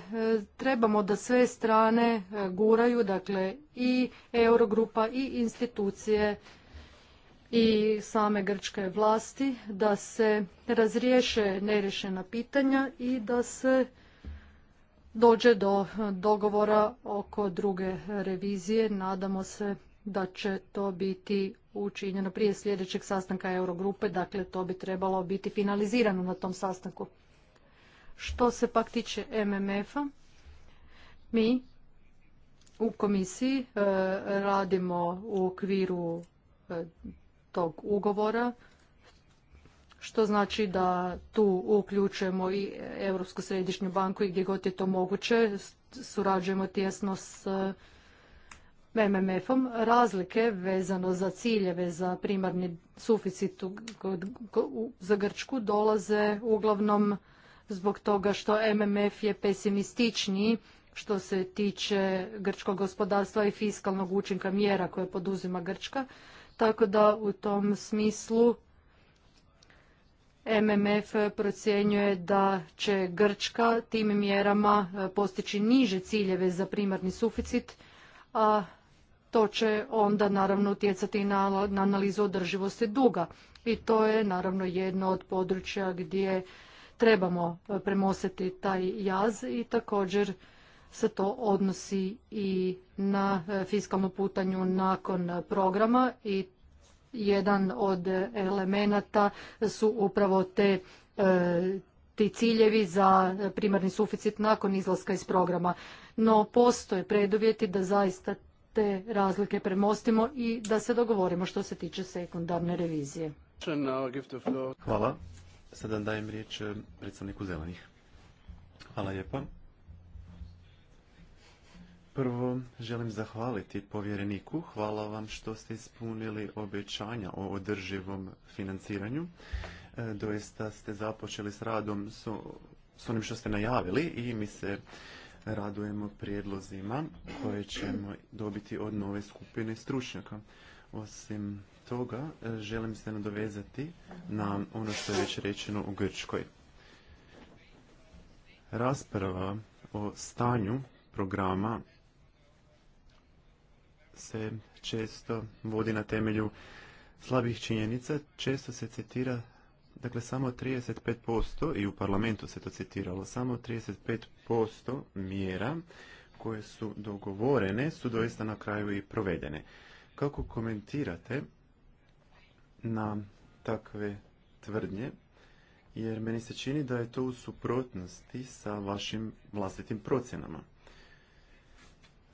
trebamo da sve strane guraju, dakle i Eurogrupa i institucije i same grčke vlasti da se razriješe neriješena pitanja i da se dođe do dogovora oko druge revizije. Nadamo se da će to biti učinjeno prije sljedećeg sastanka Eurogrupe, dakle to bi trebalo biti finalizirano na tom sastanku. Što se pak tiče MMF-a, mi u komisiji e, radimo u okviru e, tog ugovora, što znači da tu uključujemo i Europsku središnju banku i gdje god je to moguće, surađujemo tjesno s eh, MMF-om. Razlike vezano za ciljeve za primarni suficit za Grčku dolaze uglavnom zbog toga što MMF je pesimističniji što se tiče grčkog gospodarstva i fiskalnog učinka mjera koje poduzima Grčka tako da u tom smislu MMF procjenjuje da će Grčka tim mjerama e, postići niže ciljeve za primarni suficit, a to će onda naravno utjecati na analizu održivosti duga. I to je naravno jedno od područja gdje trebamo e, premostiti taj jaz i također se to odnosi i na e, fiskalnu putanju nakon programa i jedan od elemenata su upravo te e, ti ciljevi za primarni suficit nakon izlaska iz programa. No postoje preduvjeti da zaista te razlike premostimo i da se dogovorimo što se tiče sekundarne revizije. Hvala. Sada dajem riječ e, predstavniku zelenih. Hvala lijepa. Prvo želim zahvaliti povjereniku. Hvala vam što ste ispunili obećanja o održivom financiranju. E, doista ste započeli s radom s, s onim što ste najavili i mi se radujemo prijedlozima koje ćemo dobiti od nove skupine stručnjaka. Osim toga, e, želim se nadovezati na ono što je već rečeno u Grčkoj. Rasprava o stanju programa se često vodi na temelju slabih činjenica, često se citira dakle samo 35% i u parlamentu se to citiralo, samo 35% mjera koje su dogovorene su doista na kraju i provedene. Kako komentirate na takve tvrdnje? Jer meni se čini da je to u suprotnosti sa vašim vlastitim procjenama.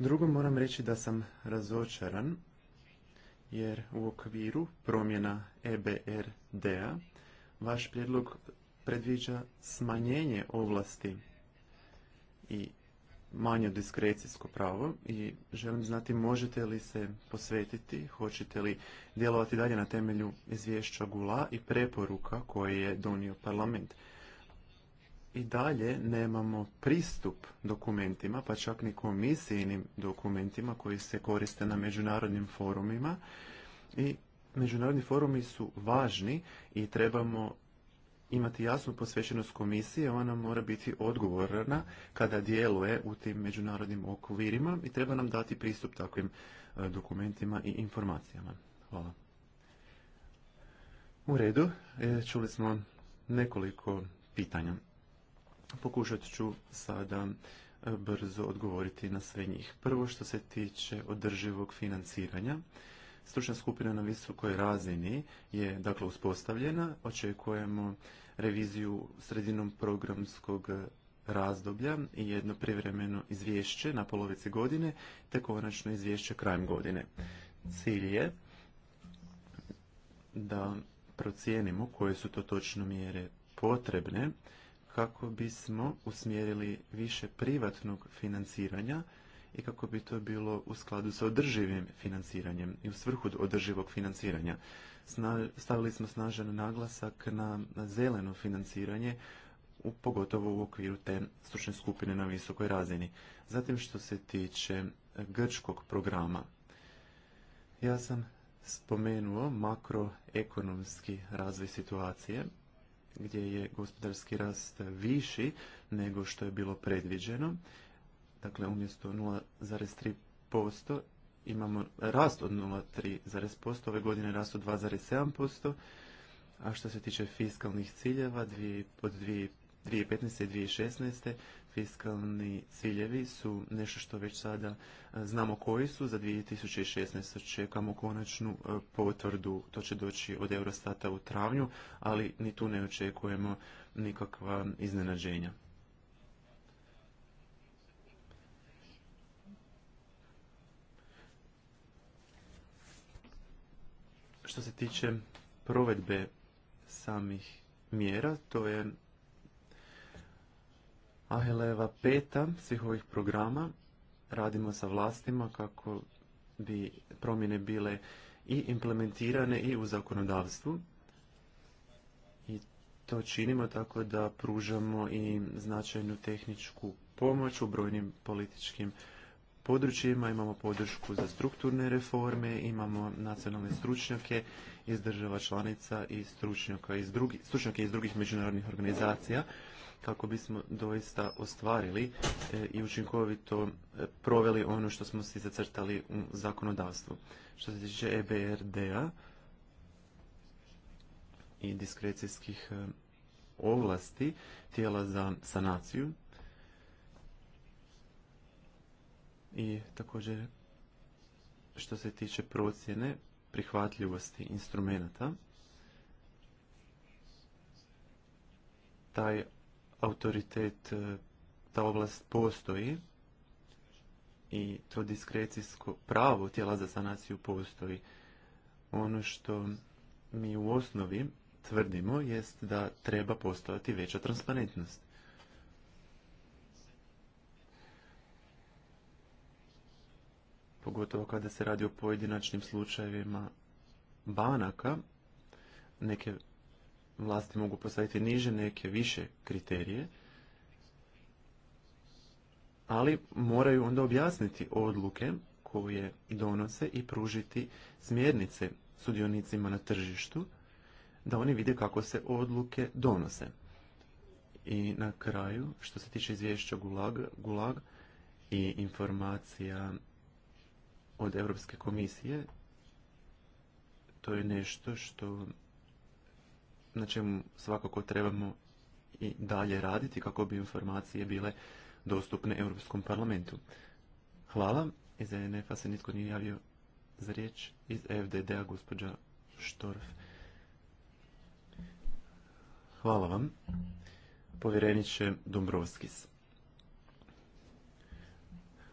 Drugo moram reći da sam razočaran jer u okviru promjena EBRD-a vaš prijedlog predviđa smanjenje ovlasti i manje diskrecijsko pravo i želim znati možete li se posvetiti, hoćete li djelovati dalje na temelju izvješća Gula i preporuka koje je donio parlament i dalje nemamo pristup dokumentima, pa čak ni komisijnim dokumentima koji se koriste na međunarodnim forumima. I međunarodni forumi su važni i trebamo imati jasnu posvećenost komisije, ona mora biti odgovorna kada djeluje u tim međunarodnim okvirima i treba nam dati pristup takvim e, dokumentima i informacijama. Hvala. U redu, e, čuli smo nekoliko pitanja. Pokušat ću sada e, brzo odgovoriti na sve njih. Prvo što se tiče održivog financiranja, stručna skupina na visokoj razini je dakle uspostavljena. Očekujemo reviziju sredinom programskog razdoblja i jedno privremeno izvješće na polovici godine te konačno izvješće krajem godine. Cilj je da procijenimo koje su to točno mjere potrebne kako bismo usmjerili više privatnog financiranja i kako bi to bilo u skladu sa održivim financiranjem i u svrhu održivog financiranja. Stavili smo snažan naglasak na zeleno financiranje, pogotovo u okviru te stručne skupine na visokoj razini. Zatim što se tiče grčkog programa, ja sam spomenuo makroekonomski razvoj situacije gdje je gospodarski rast viši nego što je bilo predviđeno. Dakle, umjesto 0,3% imamo rast od 0,3%, ove godine rast od 2,7%, a što se tiče fiskalnih ciljeva od 2015. i 2016 fiskalni ciljevi su nešto što već sada e, znamo koji su. Za 2016. čekamo konačnu e, potvrdu, to će doći od Eurostata u travnju, ali ni tu ne očekujemo nikakva iznenađenja. Što se tiče provedbe samih mjera, to je Aheleva peta svih ovih programa radimo sa vlastima kako bi promjene bile i implementirane i u zakonodavstvu. I to činimo tako da pružamo i značajnu tehničku pomoć u brojnim političkim područjima. Imamo podršku za strukturne reforme, imamo nacionalne stručnjake iz država članica i stručnjaka stručnjake iz drugih međunarodnih organizacija kako bismo doista ostvarili e, i učinkovito e, proveli ono što smo si zacrtali u zakonodavstvu. Što se tiče EBRD-a i diskrecijskih e, ovlasti tijela za sanaciju i također što se tiče procjene prihvatljivosti instrumenta taj autoritet, e, ta oblast postoji i to diskrecijsko pravo tijela za sanaciju postoji. Ono što mi u osnovi tvrdimo jest da treba postojati veća transparentnost. Pogotovo kada se radi o pojedinačnim slučajevima banaka, neke vlasti mogu postaviti niže, neke više kriterije, ali moraju onda objasniti odluke koje donose i pružiti smjernice sudionicima na tržištu, da oni vide kako se odluke donose. I na kraju, što se tiče izvješća Gulag, Gulag i informacija od Europske komisije, to je nešto što na čemu svakako trebamo i dalje raditi kako bi informacije bile dostupne Europskom parlamentu. Hvala. Iz enf se nitko nije javio za riječ. Iz FDD-a gospođa Štorf. Hvala vam. Povjereniće Dombrovskis.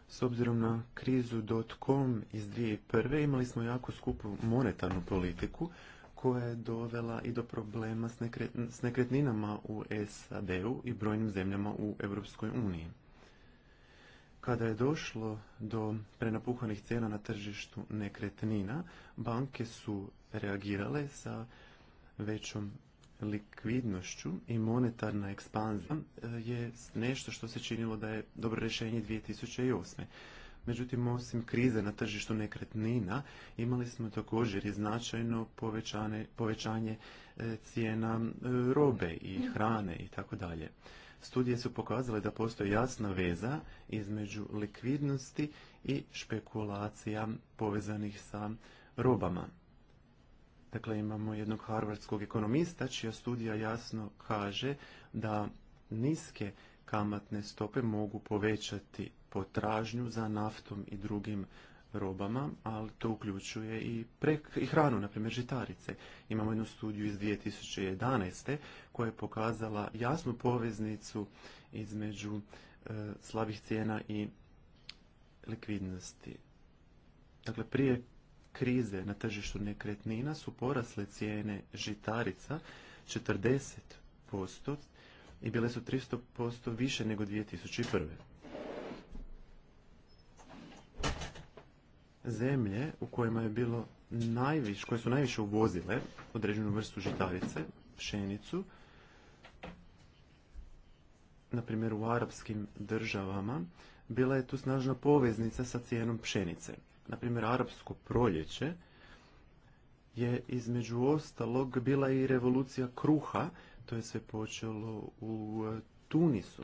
S obzirom na krizu dot.com iz 2001. imali smo jako skupu monetarnu politiku koja je dovela i do problema s nekretninama u SAD-u i brojnim zemljama u Europskoj uniji. Kada je došlo do prenapuhanih cena na tržištu nekretnina, banke su reagirale sa većom likvidnošću i monetarna ekspanzija e, je nešto što se činilo da je dobro rješenje 2008. Međutim, osim krize na tržištu nekretnina, imali smo također i značajno povećanje e, cijena e, robe i hrane i tako dalje. Studije su pokazale da postoji jasna veza između likvidnosti i špekulacija povezanih sa robama. Dakle, imamo jednog harvardskog ekonomista čija studija jasno kaže da niske kamatne stope mogu povećati potražnju za naftom i drugim robama, ali to uključuje i, prek, i hranu, na primjer žitarice. Imamo jednu studiju iz 2011. koja je pokazala jasnu poveznicu između e, slabih cijena i likvidnosti. Dakle, prije krize na tržištu nekretnina su porasle cijene žitarica 40% i bile su 300% više nego 2001. zemlje u kojima je bilo najviše, koje su najviše uvozile određenu vrstu žitarice, pšenicu, na primjer u arapskim državama, bila je tu snažna poveznica sa cijenom pšenice. Na primjer, arapsko proljeće je između ostalog bila i revolucija kruha, to je sve počelo u e, Tunisu.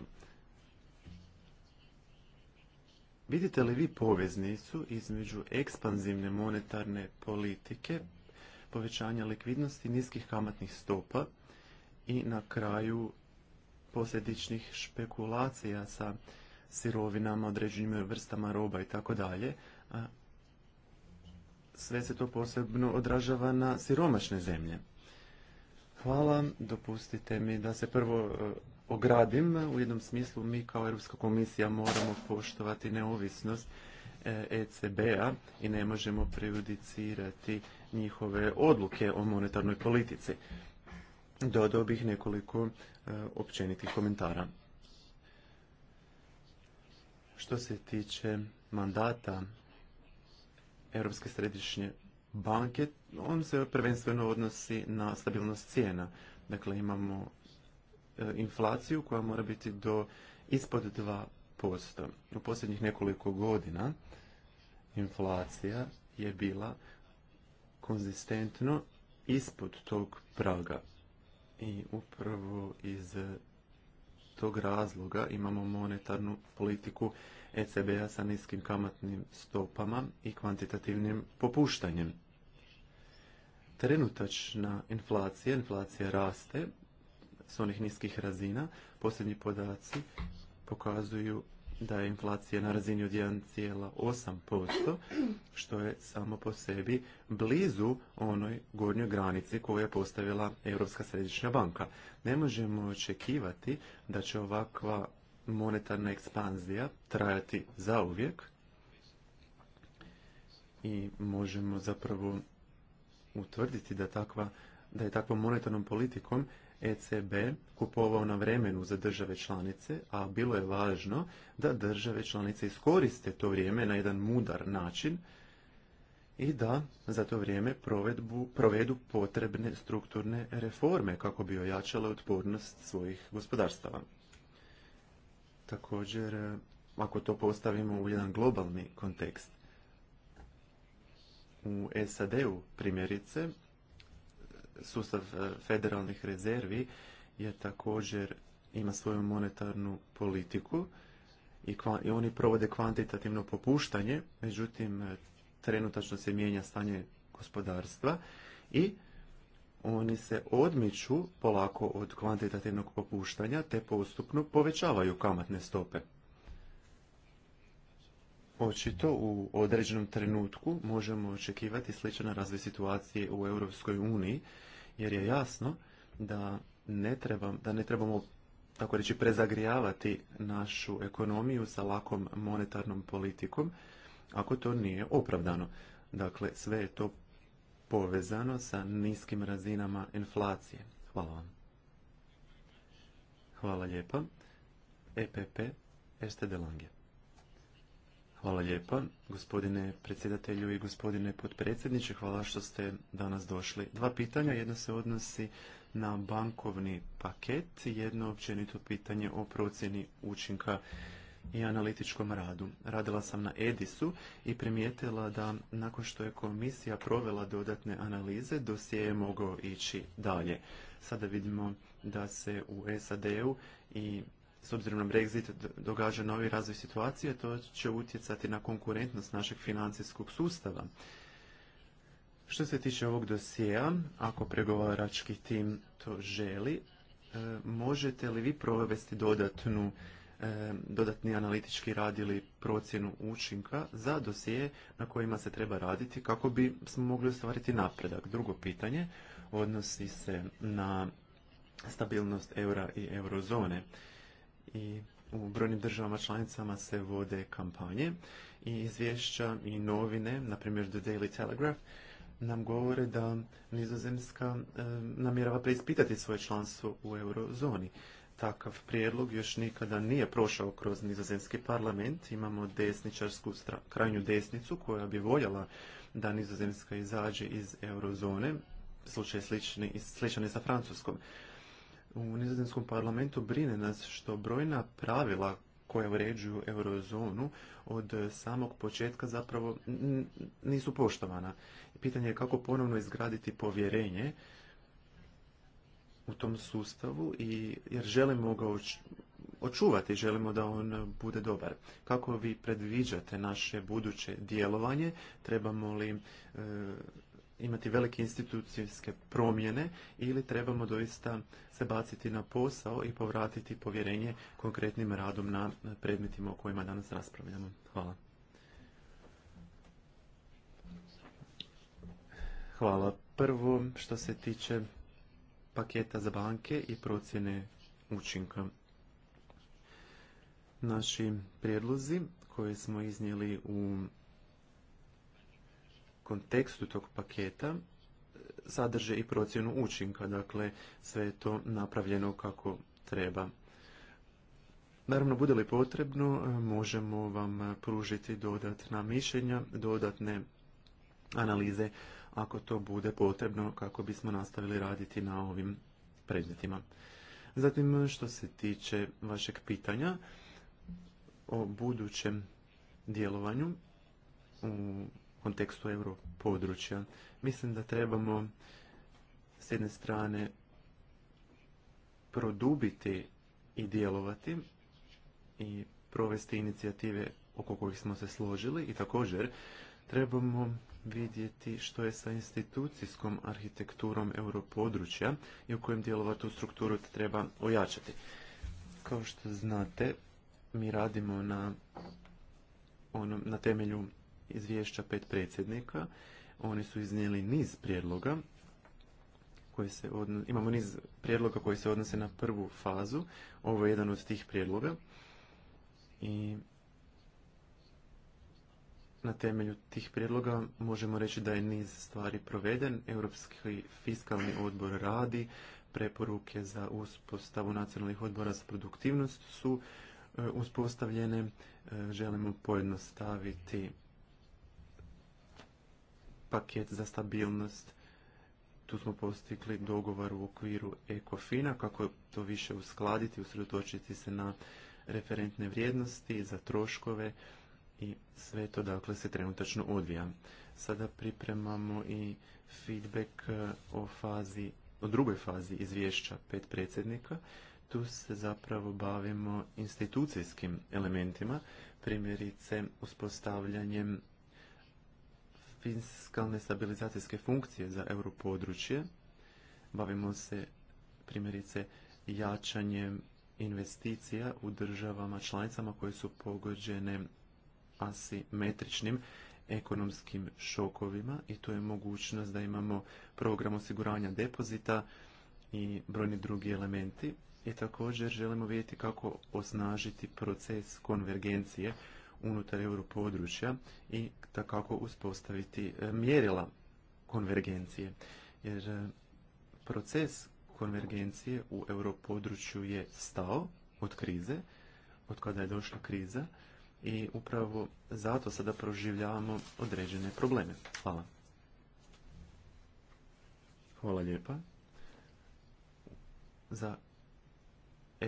Vidite li vi poveznicu između ekspanzivne monetarne politike, povećanja likvidnosti, niskih kamatnih stopa i na kraju posljedičnih špekulacija sa sirovinama, određenim vrstama roba i tako dalje. Sve se to posebno odražava na siromašne zemlje. Hvala, dopustite mi da se prvo ogradim. U jednom smislu mi kao Europska komisija moramo poštovati neovisnost ECB-a e i ne možemo prejudicirati njihove odluke o monetarnoj politici. Dodao bih nekoliko e, općenitih komentara. Što se tiče mandata Europske središnje banke, on se prvenstveno odnosi na stabilnost cijena. Dakle, imamo E, inflaciju koja mora biti do ispod 2%. U posljednjih nekoliko godina inflacija je bila konzistentno ispod tog praga. I upravo iz tog razloga imamo monetarnu politiku ECB-a sa niskim kamatnim stopama i kvantitativnim popuštanjem. Trenutačna inflacija, inflacija raste s onih niskih razina. Posljednji podaci pokazuju da je inflacija na razini od 1,8%, što je samo po sebi blizu onoj gornjoj granici koju je postavila Europska središnja banka. Ne možemo očekivati da će ovakva monetarna ekspanzija trajati zauvijek i možemo zapravo utvrditi da, takva, da je takvom monetarnom politikom ECB kupovao na vremenu za države članice, a bilo je važno da države članice iskoriste to vrijeme na jedan mudar način i da za to vrijeme provedu potrebne strukturne reforme kako bi ojačala otpornost svojih gospodarstava. Također, e, ako to postavimo u jedan globalni kontekst, u SAD-u primjerice sustav e, federalnih rezervi je također ima svoju monetarnu politiku i, i oni provode kvantitativno popuštanje, međutim e, trenutačno se mijenja stanje gospodarstva i oni se odmiču polako od kvantitativnog popuštanja te postupno povećavaju kamatne stope. Očito u određenom trenutku možemo očekivati slične razve situacije u Europskoj uniji, jer je jasno da ne, da ne trebamo tako reći prezagrijavati našu ekonomiju sa lakom monetarnom politikom ako to nije opravdano. Dakle, sve je to povezano sa niskim razinama inflacije. Hvala vam. Hvala lijepa. EPP, Este de Lange. Hvala lijepa, gospodine predsjedatelju i gospodine potpredsjedniče. Hvala što ste danas došli. Dva pitanja, jedno se odnosi na bankovni paket, jedno općenito pitanje o procjeni učinka i analitičkom radu. Radila sam na Edisu i primijetila da nakon što je komisija provela dodatne analize, dosije je mogao ići dalje. Sada vidimo da se u SAD-u i s obzirom na Brexit događa novi razvoj situacije, to će utjecati na konkurentnost našeg financijskog sustava. Što se tiče ovog dosjea, ako pregovarački tim to želi, e, možete li vi provesti dodatnu e, dodatni analitički rad ili procjenu učinka za dosije na kojima se treba raditi kako bi smo mogli ostvariti napredak. Drugo pitanje odnosi se na stabilnost eura i eurozone i u brojnim državama članicama se vode kampanje i izvješća i novine, na primjer The Daily Telegraph, nam govore da Nizozemska e, namjerava preispitati svoje članstvo u eurozoni. Takav prijedlog još nikada nije prošao kroz nizozemski parlament. Imamo desničarsku krajnju desnicu koja bi voljela da Nizozemska izađe iz eurozone. Slučaj slični, sličan je sa Francuskom u nizozemskom parlamentu brine nas što brojna pravila koja uređuju eurozonu od samog početka zapravo nisu poštovana. Pitanje je kako ponovno izgraditi povjerenje u tom sustavu i jer želimo ga očuvati, želimo da on bude dobar. Kako vi predviđate naše buduće djelovanje, trebamo li e, imati velike institucijske promjene ili trebamo doista se baciti na posao i povratiti povjerenje konkretnim radom na predmetima o kojima danas raspravljamo. Hvala. Hvala. Prvo što se tiče paketa za banke i procjene učinka. Naši prijedlozi koje smo iznijeli u kontekstu tog paketa e, sadrže i procjenu učinka, dakle sve je to napravljeno kako treba. Naravno, bude li potrebno, e, možemo vam pružiti dodatna mišljenja, dodatne analize, ako to bude potrebno, kako bismo nastavili raditi na ovim predmetima. Zatim, što se tiče vašeg pitanja o budućem djelovanju u kontekstu europodručja. Mislim da trebamo s jedne strane produbiti i djelovati i provesti inicijative oko kojih smo se složili i također trebamo vidjeti što je sa institucijskom arhitekturom europodručja i u kojem djelovati tu strukturu treba ojačati. Kao što znate, mi radimo na, onom, na temelju izvješća pet predsjednika. Oni su iznijeli niz prijedloga koji se odno... imamo niz prijedloga koji se odnose na prvu fazu. Ovo je jedan od tih prijedloga. I na temelju tih prijedloga možemo reći da je niz stvari proveden. Europski fiskalni odbor radi, preporuke za uspostavu nacionalnih odbora za produktivnost su e, uspostavljene. E, želimo pojednostaviti paket za stabilnost. Tu smo postigli dogovor u okviru ECOFINA kako to više uskladiti, usredotočiti se na referentne vrijednosti za troškove i sve to dakle se trenutačno odvija. Sada pripremamo i feedback e, o fazi, o drugoj fazi izvješća pet predsjednika. Tu se zapravo bavimo institucijskim elementima, primjerice uspostavljanjem fiskalne stabilizacijske funkcije za europodručje. Bavimo se primjerice jačanjem investicija u državama članicama koje su pogođene asimetričnim ekonomskim šokovima i to je mogućnost da imamo program osiguranja depozita i brojni drugi elementi. I također želimo vidjeti kako osnažiti proces konvergencije unutar europodručja i takako uspostaviti e, mjerila konvergencije. Jer e, proces konvergencije u europodručju je stao od krize, od kada je došla kriza i upravo zato sada proživljavamo određene probleme. Hvala. Hvala lijepa. Za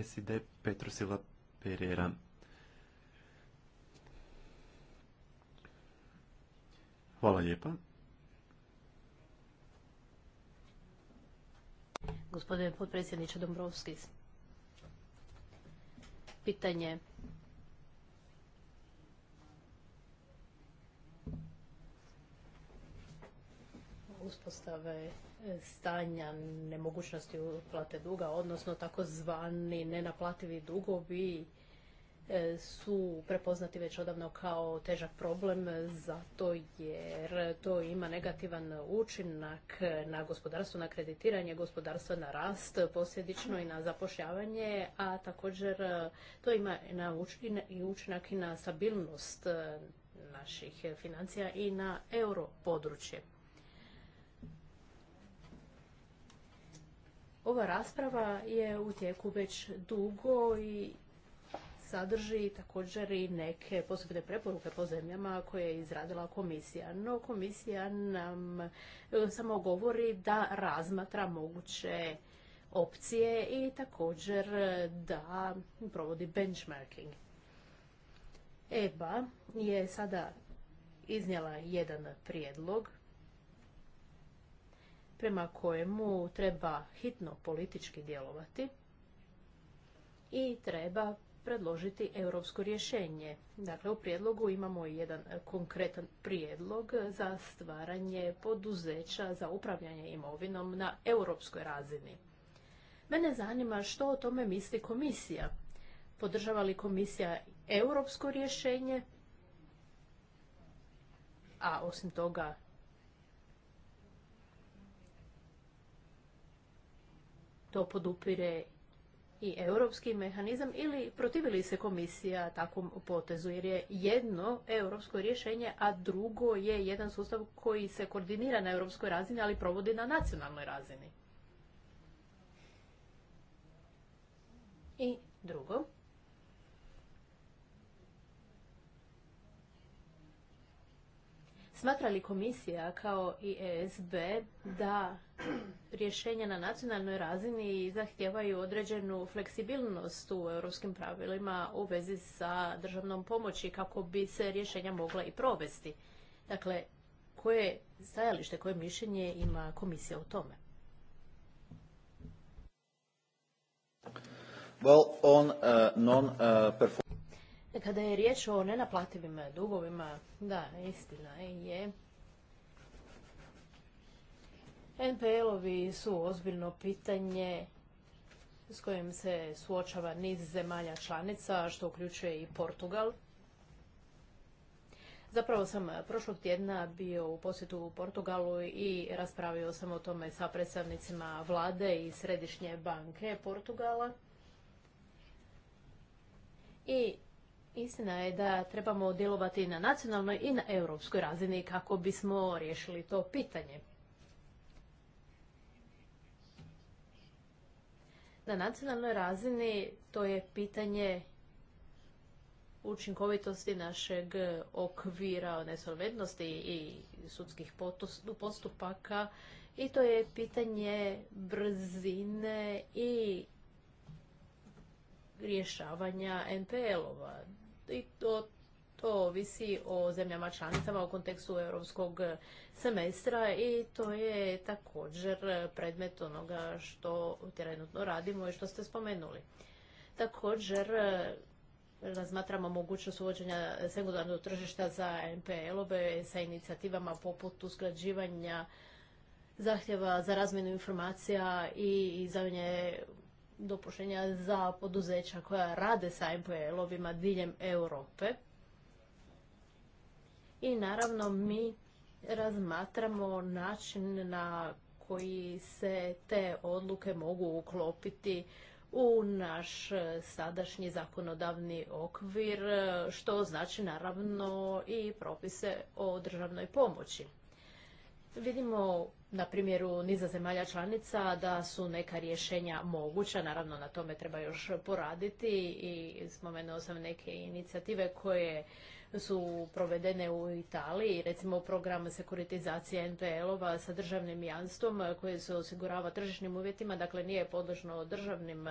SID Petrosila Pereira. Hvala lijepa. Gospodine potpredsjedniče Dombrovski, pitanje uspostave e, stanja nemogućnosti uplate duga, odnosno takozvani nenaplativi dugovi E, su prepoznati već odavno kao težak problem zato jer to ima negativan učinak na gospodarstvo, na kreditiranje gospodarstva, na rast, posljedično i na zapošljavanje, a također e, to ima na učinak i na stabilnost e, naših financija i na euro područje. Ova rasprava je u tijeku već dugo i sadrži također i neke posebne preporuke po zemljama koje je izradila komisija. No komisija nam e, samo govori da razmatra moguće opcije i također da provodi benchmarking. EBA je sada iznijela jedan prijedlog prema kojemu treba hitno politički djelovati i treba predložiti europsko rješenje. Dakle, u prijedlogu imamo jedan konkretan prijedlog za stvaranje poduzeća za upravljanje imovinom na europskoj razini. Mene zanima što o tome misli komisija. Podržava li komisija europsko rješenje? A osim toga, to podupire i europski mehanizam ili li se komisija takvom potezu jer je jedno europsko rješenje, a drugo je jedan sustav koji se koordinira na europskoj razini, ali provodi na nacionalnoj razini. I drugo, Smatra li komisija kao i ESB da rješenja na nacionalnoj razini zahtijevaju određenu fleksibilnost u europskim pravilima u vezi sa državnom pomoći kako bi se rješenja mogla i provesti? Dakle, koje stajalište, koje mišljenje ima komisija o tome? Well, on, uh, non, uh, kada je riječ o nenaplativim dugovima, da, istina je. NPL-ovi su ozbiljno pitanje s kojim se suočava niz zemalja članica, što uključuje i Portugal. Zapravo sam prošlog tjedna bio u posjetu u Portugalu i raspravio sam o tome sa predstavnicima vlade i Središnje banke Portugala. I Istina je da trebamo djelovati na nacionalnoj i na europskoj razini kako bismo riješili to pitanje. Na nacionalnoj razini to je pitanje učinkovitosti našeg okvira o nesolventnosti i sudskih postupaka i to je pitanje brzine i rješavanja NPL-ova i to, to ovisi o zemljama članicama u kontekstu europskog semestra i to je također predmet onoga što trenutno radimo i što ste spomenuli. Također razmatramo mogućnost uvođenja sekundarnog tržišta za NPL-ove sa inicijativama poput usklađivanja zahtjeva za razmjenu informacija i izdavanje dopuštenja za poduzeća koja rade sa MPL-ovima diljem Europe. I naravno mi razmatramo način na koji se te odluke mogu uklopiti u naš sadašnji zakonodavni okvir, što znači naravno i propise o državnoj pomoći. Vidimo na primjeru niza zemalja članica da su neka rješenja moguća, naravno na tome treba još poraditi i spomenuo sam neke inicijative koje su provedene u Italiji, recimo program sekuritizacije NPL-ova sa državnim jamstvom koje se osigurava tržišnim uvjetima, dakle nije podložno državnim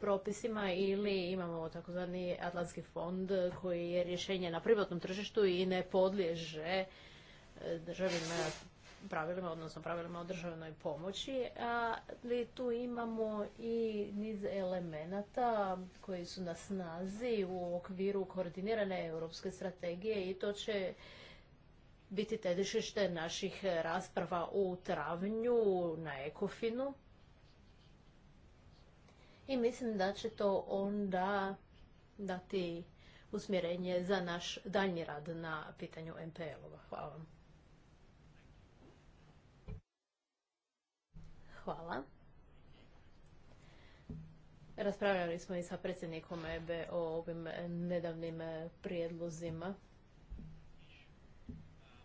propisima ili imamo takozvani Atlantski fond koji je rješenje na privatnom tržištu i ne podliježe e, državnim pravilima, odnosno pravilima o državnoj pomoći, ali tu imamo i niz elemenata koji su na snazi u okviru koordinirane europske strategije i to će biti tedišište naših rasprava u travnju na Ekofinu. I mislim da će to onda dati usmjerenje za naš daljnji rad na pitanju MPL-ova. Hvala vam. Hvala. Raspravljali smo i sa predsjednikom EBE o ovim nedavnim e, prijedlozima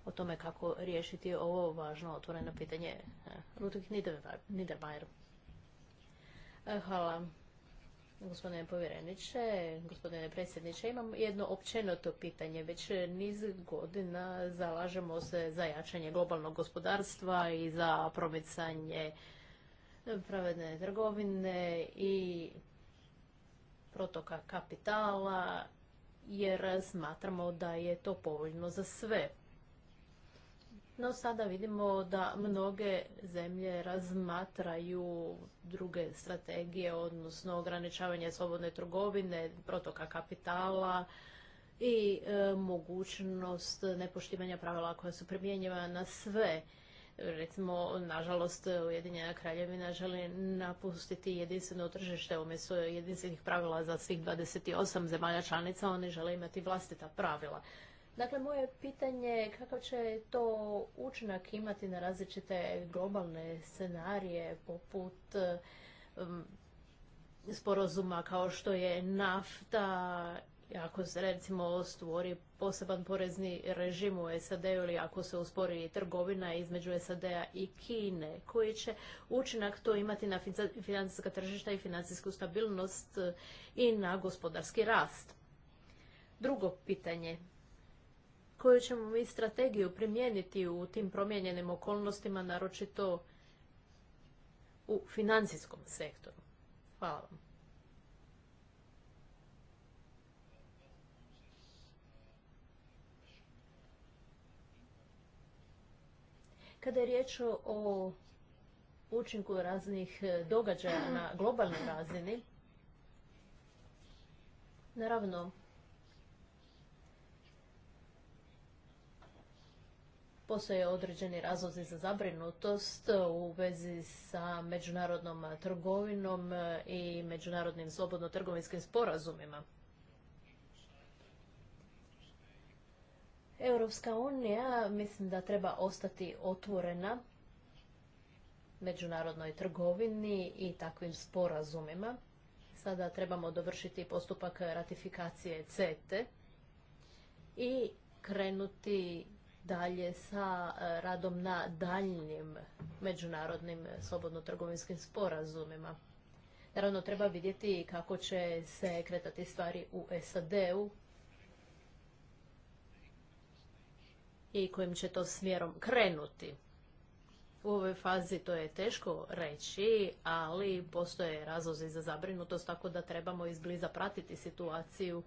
o tome kako riješiti ovo važno otvoreno pitanje. E, Ludwig Niedermayer. E, hvala. Gospodine povjereniče, gospodine predsjedniče, imam jedno općenito pitanje. Već niz godina zalažemo se za jačanje globalnog gospodarstva i za promicanje pravedne trgovine i protoka kapitala, jer smatramo da je to povoljno za sve. No sada vidimo da mnoge zemlje razmatraju druge strategije, odnosno ograničavanje slobodne trgovine, protoka kapitala i e, mogućnost nepoštivanja pravila koja su primjenjiva na sve. Recimo, nažalost, Ujedinjena kraljevina želi napustiti jedinstveno tržište umjesto jedinstvenih pravila za svih 28 zemalja članica, oni žele imati vlastita pravila. Dakle, moje pitanje je kako će to učinak imati na različite globalne scenarije poput sporazuma sporozuma kao što je nafta, ako se recimo stvori poseban porezni režim u sad ili ako se uspori trgovina između SAD-a i Kine, koji će učinak to imati na financijska tržišta i financijsku stabilnost e, i na gospodarski rast. Drugo pitanje. Koju ćemo mi strategiju primijeniti u tim promijenjenim okolnostima, naročito u financijskom sektoru? Hvala vam. Kada je riječ o učinku raznih e, događaja na globalnoj razini, naravno, postoje određeni razlozi za zabrinutost u vezi sa međunarodnom e, trgovinom e, i međunarodnim slobodno-trgovinskim sporazumima. Europska unija mislim da treba ostati otvorena međunarodnoj trgovini i takvim sporazumima. Sada trebamo dovršiti postupak ratifikacije CETE i krenuti dalje sa e, radom na daljnim međunarodnim slobodno-trgovinskim sporazumima. Naravno, treba vidjeti kako će se kretati stvari u SAD-u i kojim će to smjerom krenuti. U ovoj fazi to je teško reći, ali postoje razlozi za zabrinutost, tako da trebamo izbliza pratiti situaciju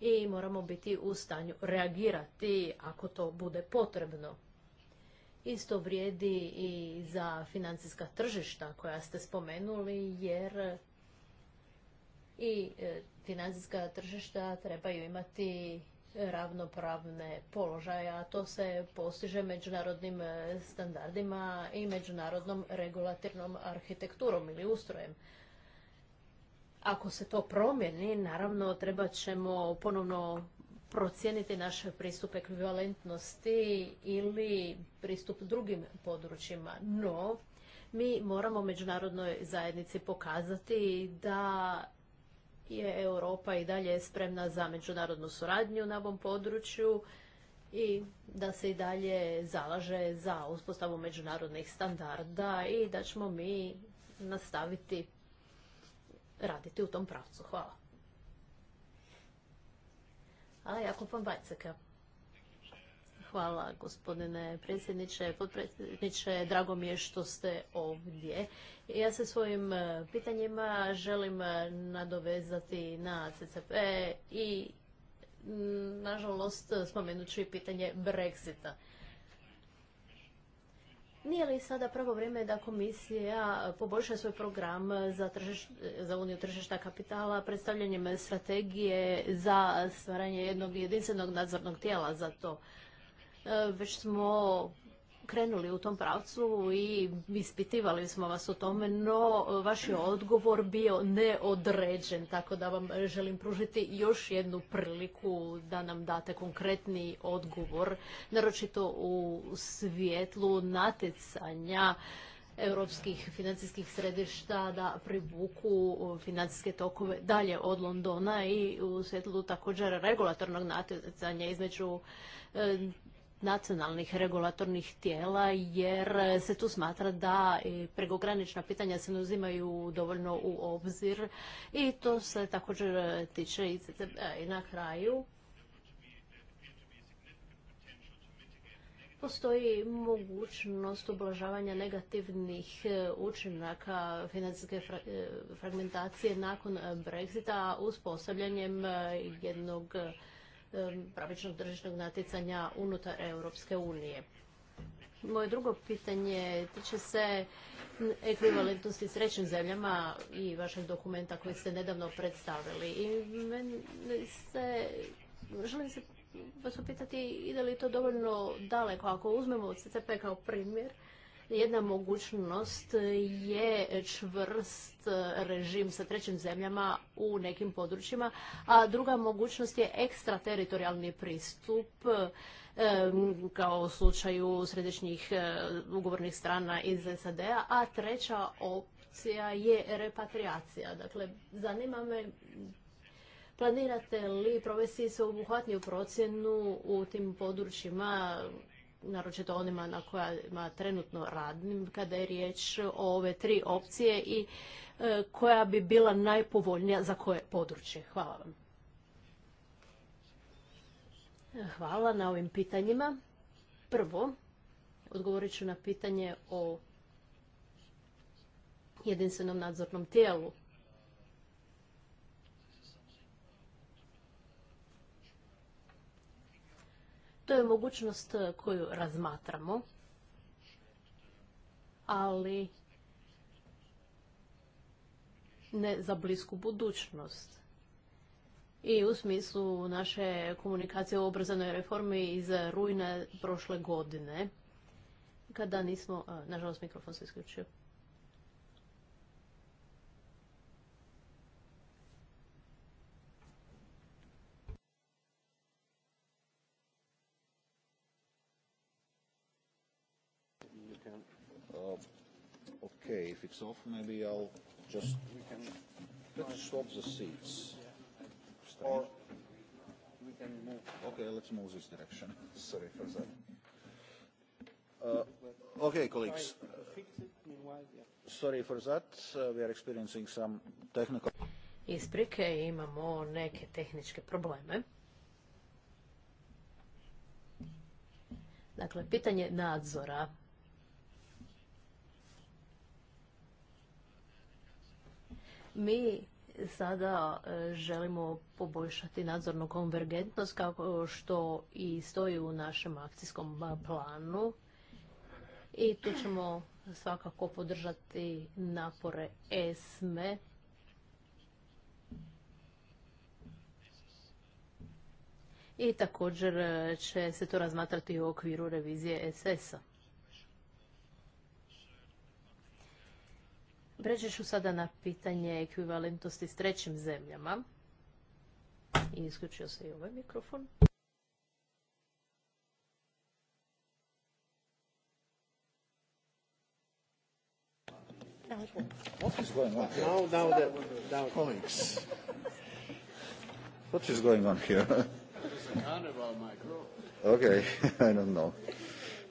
i moramo biti u stanju reagirati ako to bude potrebno. Isto vrijedi i za financijska tržišta koja ste spomenuli, jer i e, financijska tržišta trebaju imati ravnopravne položaje, a to se postiže međunarodnim e, standardima i međunarodnom regulatornom arhitekturom ili ustrojem. Ako se to promjeni, naravno treba ćemo ponovno procijeniti naš pristup ekvivalentnosti ili pristup drugim područjima. No, mi moramo međunarodnoj zajednici pokazati da je Europa i dalje spremna za međunarodnu suradnju na ovom području i da se i dalje zalaže za uspostavu međunarodnih standarda i da ćemo mi nastaviti raditi u tom pravcu. Hvala. A Bajceka. Hvala gospodine predsjedniče, potpredsjedniče. Drago mi je što ste ovdje ja se svojim e, pitanjima želim e, nadovezati na CCP i nažalost i pitanje Brexita. Nije li sada pravo vrijeme da komisija poboljša svoj program za, za uniju tržišta kapitala predstavljanjem strategije za stvaranje jednog jedinstvenog nadzornog tijela za to? E, već smo krenuli u tom pravcu i ispitivali smo vas o tome, no vaš je odgovor bio neodređen, tako da vam želim pružiti još jednu priliku da nam date konkretni odgovor, naročito u svijetlu natjecanja europskih financijskih središta da privuku financijske tokove dalje od Londona i u svjetlu također regulatornog natjecanja između e, nacionalnih regulatornih tijela jer se tu smatra da pregogranična pitanja se ne uzimaju dovoljno u obzir i to se također tiče i p-a. I na kraju postoji mogućnost ublažavanja negativnih učinaka financijske e, fragmentacije nakon Brexita uspostavljanjem jednog pravičnog tržišnog natjecanja unutar Europske unije. Moje drugo pitanje tiče se ekvivalentnosti s trećim zemljama i vašeg dokumenta koji ste nedavno predstavili. I meni se, želim se vas upitati ide li to dovoljno daleko. Ako uzmemo CCP kao primjer, jedna mogućnost je čvrst režim sa trećim zemljama u nekim područjima, a druga mogućnost je ekstrateritorijalni pristup kao u slučaju središnjih e, ugovornih strana iz SAD-a, a treća opcija je repatriacija. Dakle, zanima me planirate li provesti sveobuhvatniju procjenu u tim područjima naročito onima na kojima trenutno radim, kada je riječ o ove tri opcije i e, koja bi bila najpovoljnija za koje područje. Hvala vam. Hvala na ovim pitanjima. Prvo, odgovorit ću na pitanje o jedinstvenom nadzornom tijelu. To je mogućnost e, koju razmatramo, ali ne za blisku budućnost. I u smislu naše komunikacije o obrazanoj reformi iz rujna prošle godine, kada nismo, e, nažalost mikrofon se isključio. topics off, maybe I'll just we can let's swap the seats. Yeah. Or we can move. Okay, let's move this direction. Sorry for that. Uh, okay, colleagues. Uh, Sorry for that. Uh, we are experiencing some technical. Isprike, imamo neke tehničke probleme. Dakle, pitanje nadzora Mi sada e, želimo poboljšati nadzornu konvergentnost kako što i stoji u našem akcijskom planu i tu ćemo svakako podržati napore ESME i također e, će se to razmatrati u okviru revizije SS-a. Pređe ću sada na pitanje ekvivalentnosti s trećim zemljama. I isključio se i ovaj mikrofon. What is going on Now, now now What is going on here? okay, I don't know.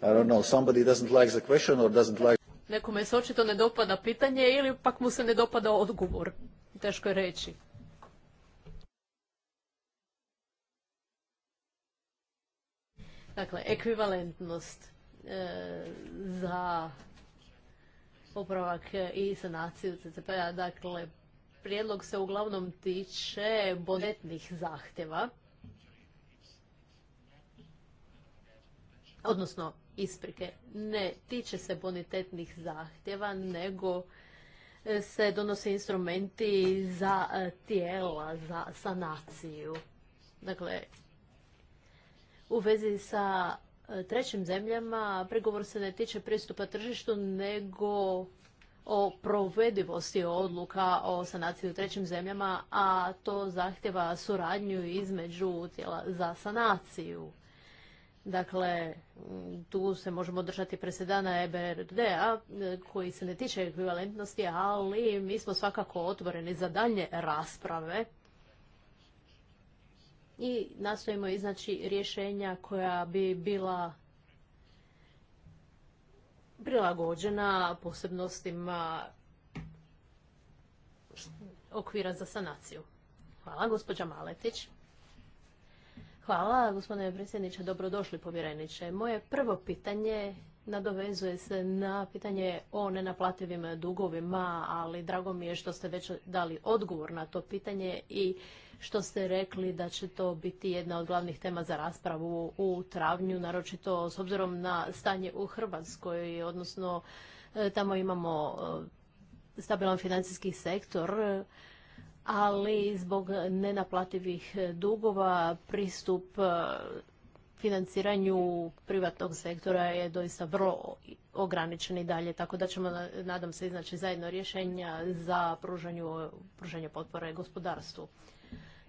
I don't know. Somebody doesn't like the question or doesn't like Nekome se očito ne dopada pitanje ili pak mu se ne dopada odgovor. Teško je reći. Dakle, ekvivalentnost e, za popravak i sanaciju CCP-a. Dakle, prijedlog se uglavnom tiče bonetnih zahtjeva. Odnosno, isprike ne tiče se bonitetnih zahtjeva, nego e, se donose instrumenti za e, tijela, za sanaciju. Dakle, u vezi sa e, trećim zemljama pregovor se ne tiče pristupa tržištu, nego o provedivosti odluka o sanaciji u trećim zemljama, a to zahtjeva suradnju između tijela za sanaciju. Dakle, tu se možemo držati presedana EBRD-a e, koji se ne tiče ekvivalentnosti, ali mi smo svakako otvoreni za dalje rasprave i nastojimo iznaći rješenja koja bi bila prilagođena posebnostima okvira za sanaciju. Hvala, gospođa Maletić. Hvala, gospodine predsjedniče. Dobrodošli, povjereniče. Moje prvo pitanje nadovezuje se na pitanje o nenaplativim dugovima, ali drago mi je što ste već dali odgovor na to pitanje i što ste rekli da će to biti jedna od glavnih tema za raspravu u travnju, naročito s obzirom na stanje u Hrvatskoj, odnosno e, tamo imamo e, stabilan financijski sektor ali zbog nenaplativih dugova pristup e, financiranju privatnog sektora je doista vrlo ograničen i dalje, tako da ćemo, nadam se, iznaći zajedno rješenja za pružanju, pružanje potpore gospodarstvu.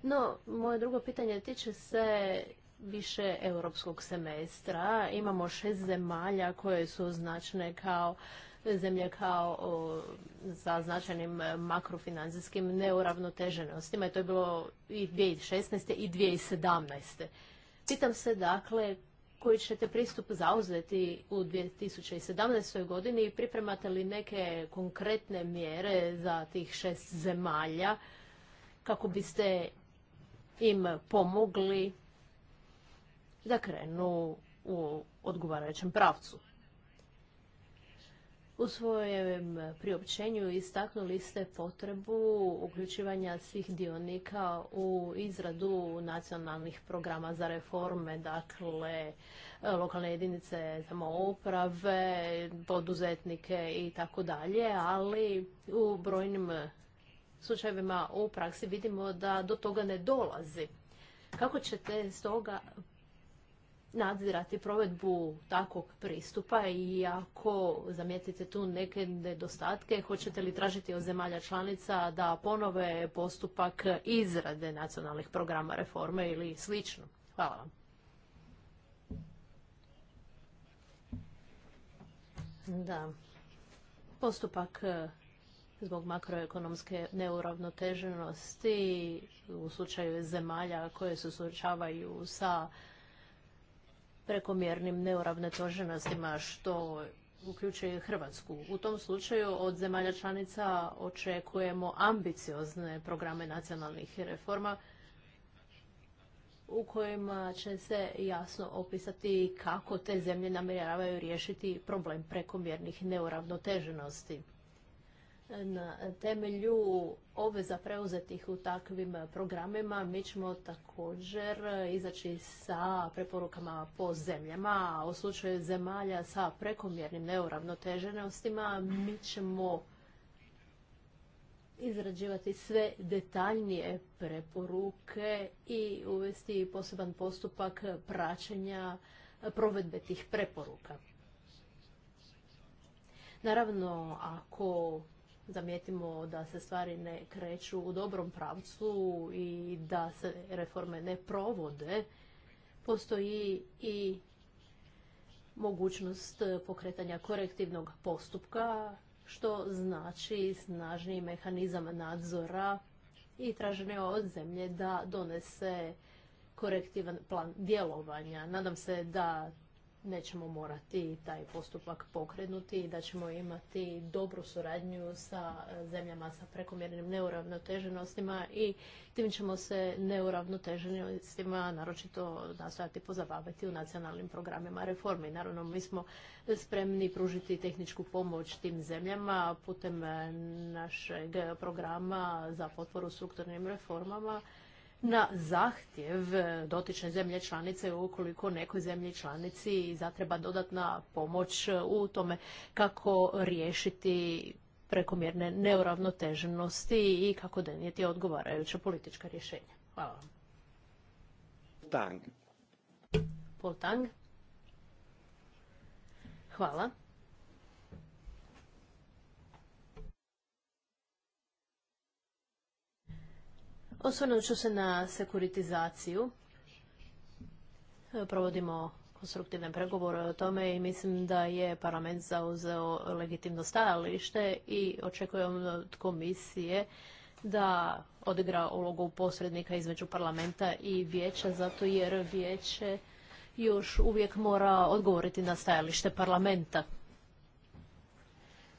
No, moje drugo pitanje tiče se više europskog semestra. Imamo šest zemalja koje su značne kao zemlje kao sa značajnim e, makrofinancijskim neuravnoteženostima i to je bilo i 2016. i 2017. Pitam se dakle koji ćete pristup zauzeti u 2017. godini i pripremate li neke konkretne mjere za tih šest zemalja kako biste im pomogli da krenu u odgovarajućem pravcu. U svojem priopćenju istaknuli ste potrebu uključivanja svih dionika u izradu nacionalnih programa za reforme, dakle lokalne jedinice samouprave, poduzetnike i tako dalje, ali u brojnim slučajevima u praksi vidimo da do toga ne dolazi. Kako ćete stoga nadzirati provedbu takvog pristupa i ako zamijetite tu neke nedostatke, hoćete li tražiti od zemalja članica da ponove postupak izrade nacionalnih programa reforme ili slično? Hvala vam. Da. Postupak eh, zbog makroekonomske neuravnoteženosti u slučaju zemalja koje se suočavaju sa prekomjernim neuravnoteženostima što uključuje Hrvatsku. U tom slučaju od zemalja članica očekujemo ambiciozne programe nacionalnih reforma u kojima će se jasno opisati kako te zemlje namjeravaju riješiti problem prekomjernih neuravnoteženosti na temelju obveza preuzetih u takvim programima mi ćemo također izaći sa preporukama po zemljama, u slučaju zemalja sa prekomjernim neuravnoteženostima mi ćemo izrađivati sve detaljnije preporuke i uvesti poseban postupak praćenja provedbe tih preporuka. Naravno, ako zamijetimo da se stvari ne kreću u dobrom pravcu i da se reforme ne provode, postoji i mogućnost pokretanja korektivnog postupka, što znači snažniji mehanizam nadzora i traženje od zemlje da donese korektivan plan djelovanja. Nadam se da nećemo morati taj postupak pokrenuti i da ćemo imati dobru suradnju sa e, zemljama sa prekomjernim neuravnoteženostima i tim ćemo se neuravnoteženostima naročito nastojati pozabaviti u nacionalnim programima reformi. Naravno, mi smo spremni pružiti tehničku pomoć tim zemljama putem e, našeg programa za potporu strukturnim reformama na zahtjev dotične zemlje članice ukoliko nekoj zemlji članici zatreba dodatna pomoć u tome kako riješiti prekomjerne neuravnoteženosti i kako donijeti odgovarajuća politička rješenja. Hvala vam. Tang. Hvala. Osvrnut ću se na sekuritizaciju. Provodimo konstruktivne pregovore o tome i mislim da je parlament zauzeo legitimno stajalište i očekujem od komisije da odigra ulogu posrednika između parlamenta i vijeća, zato jer vijeće još uvijek mora odgovoriti na stajalište parlamenta.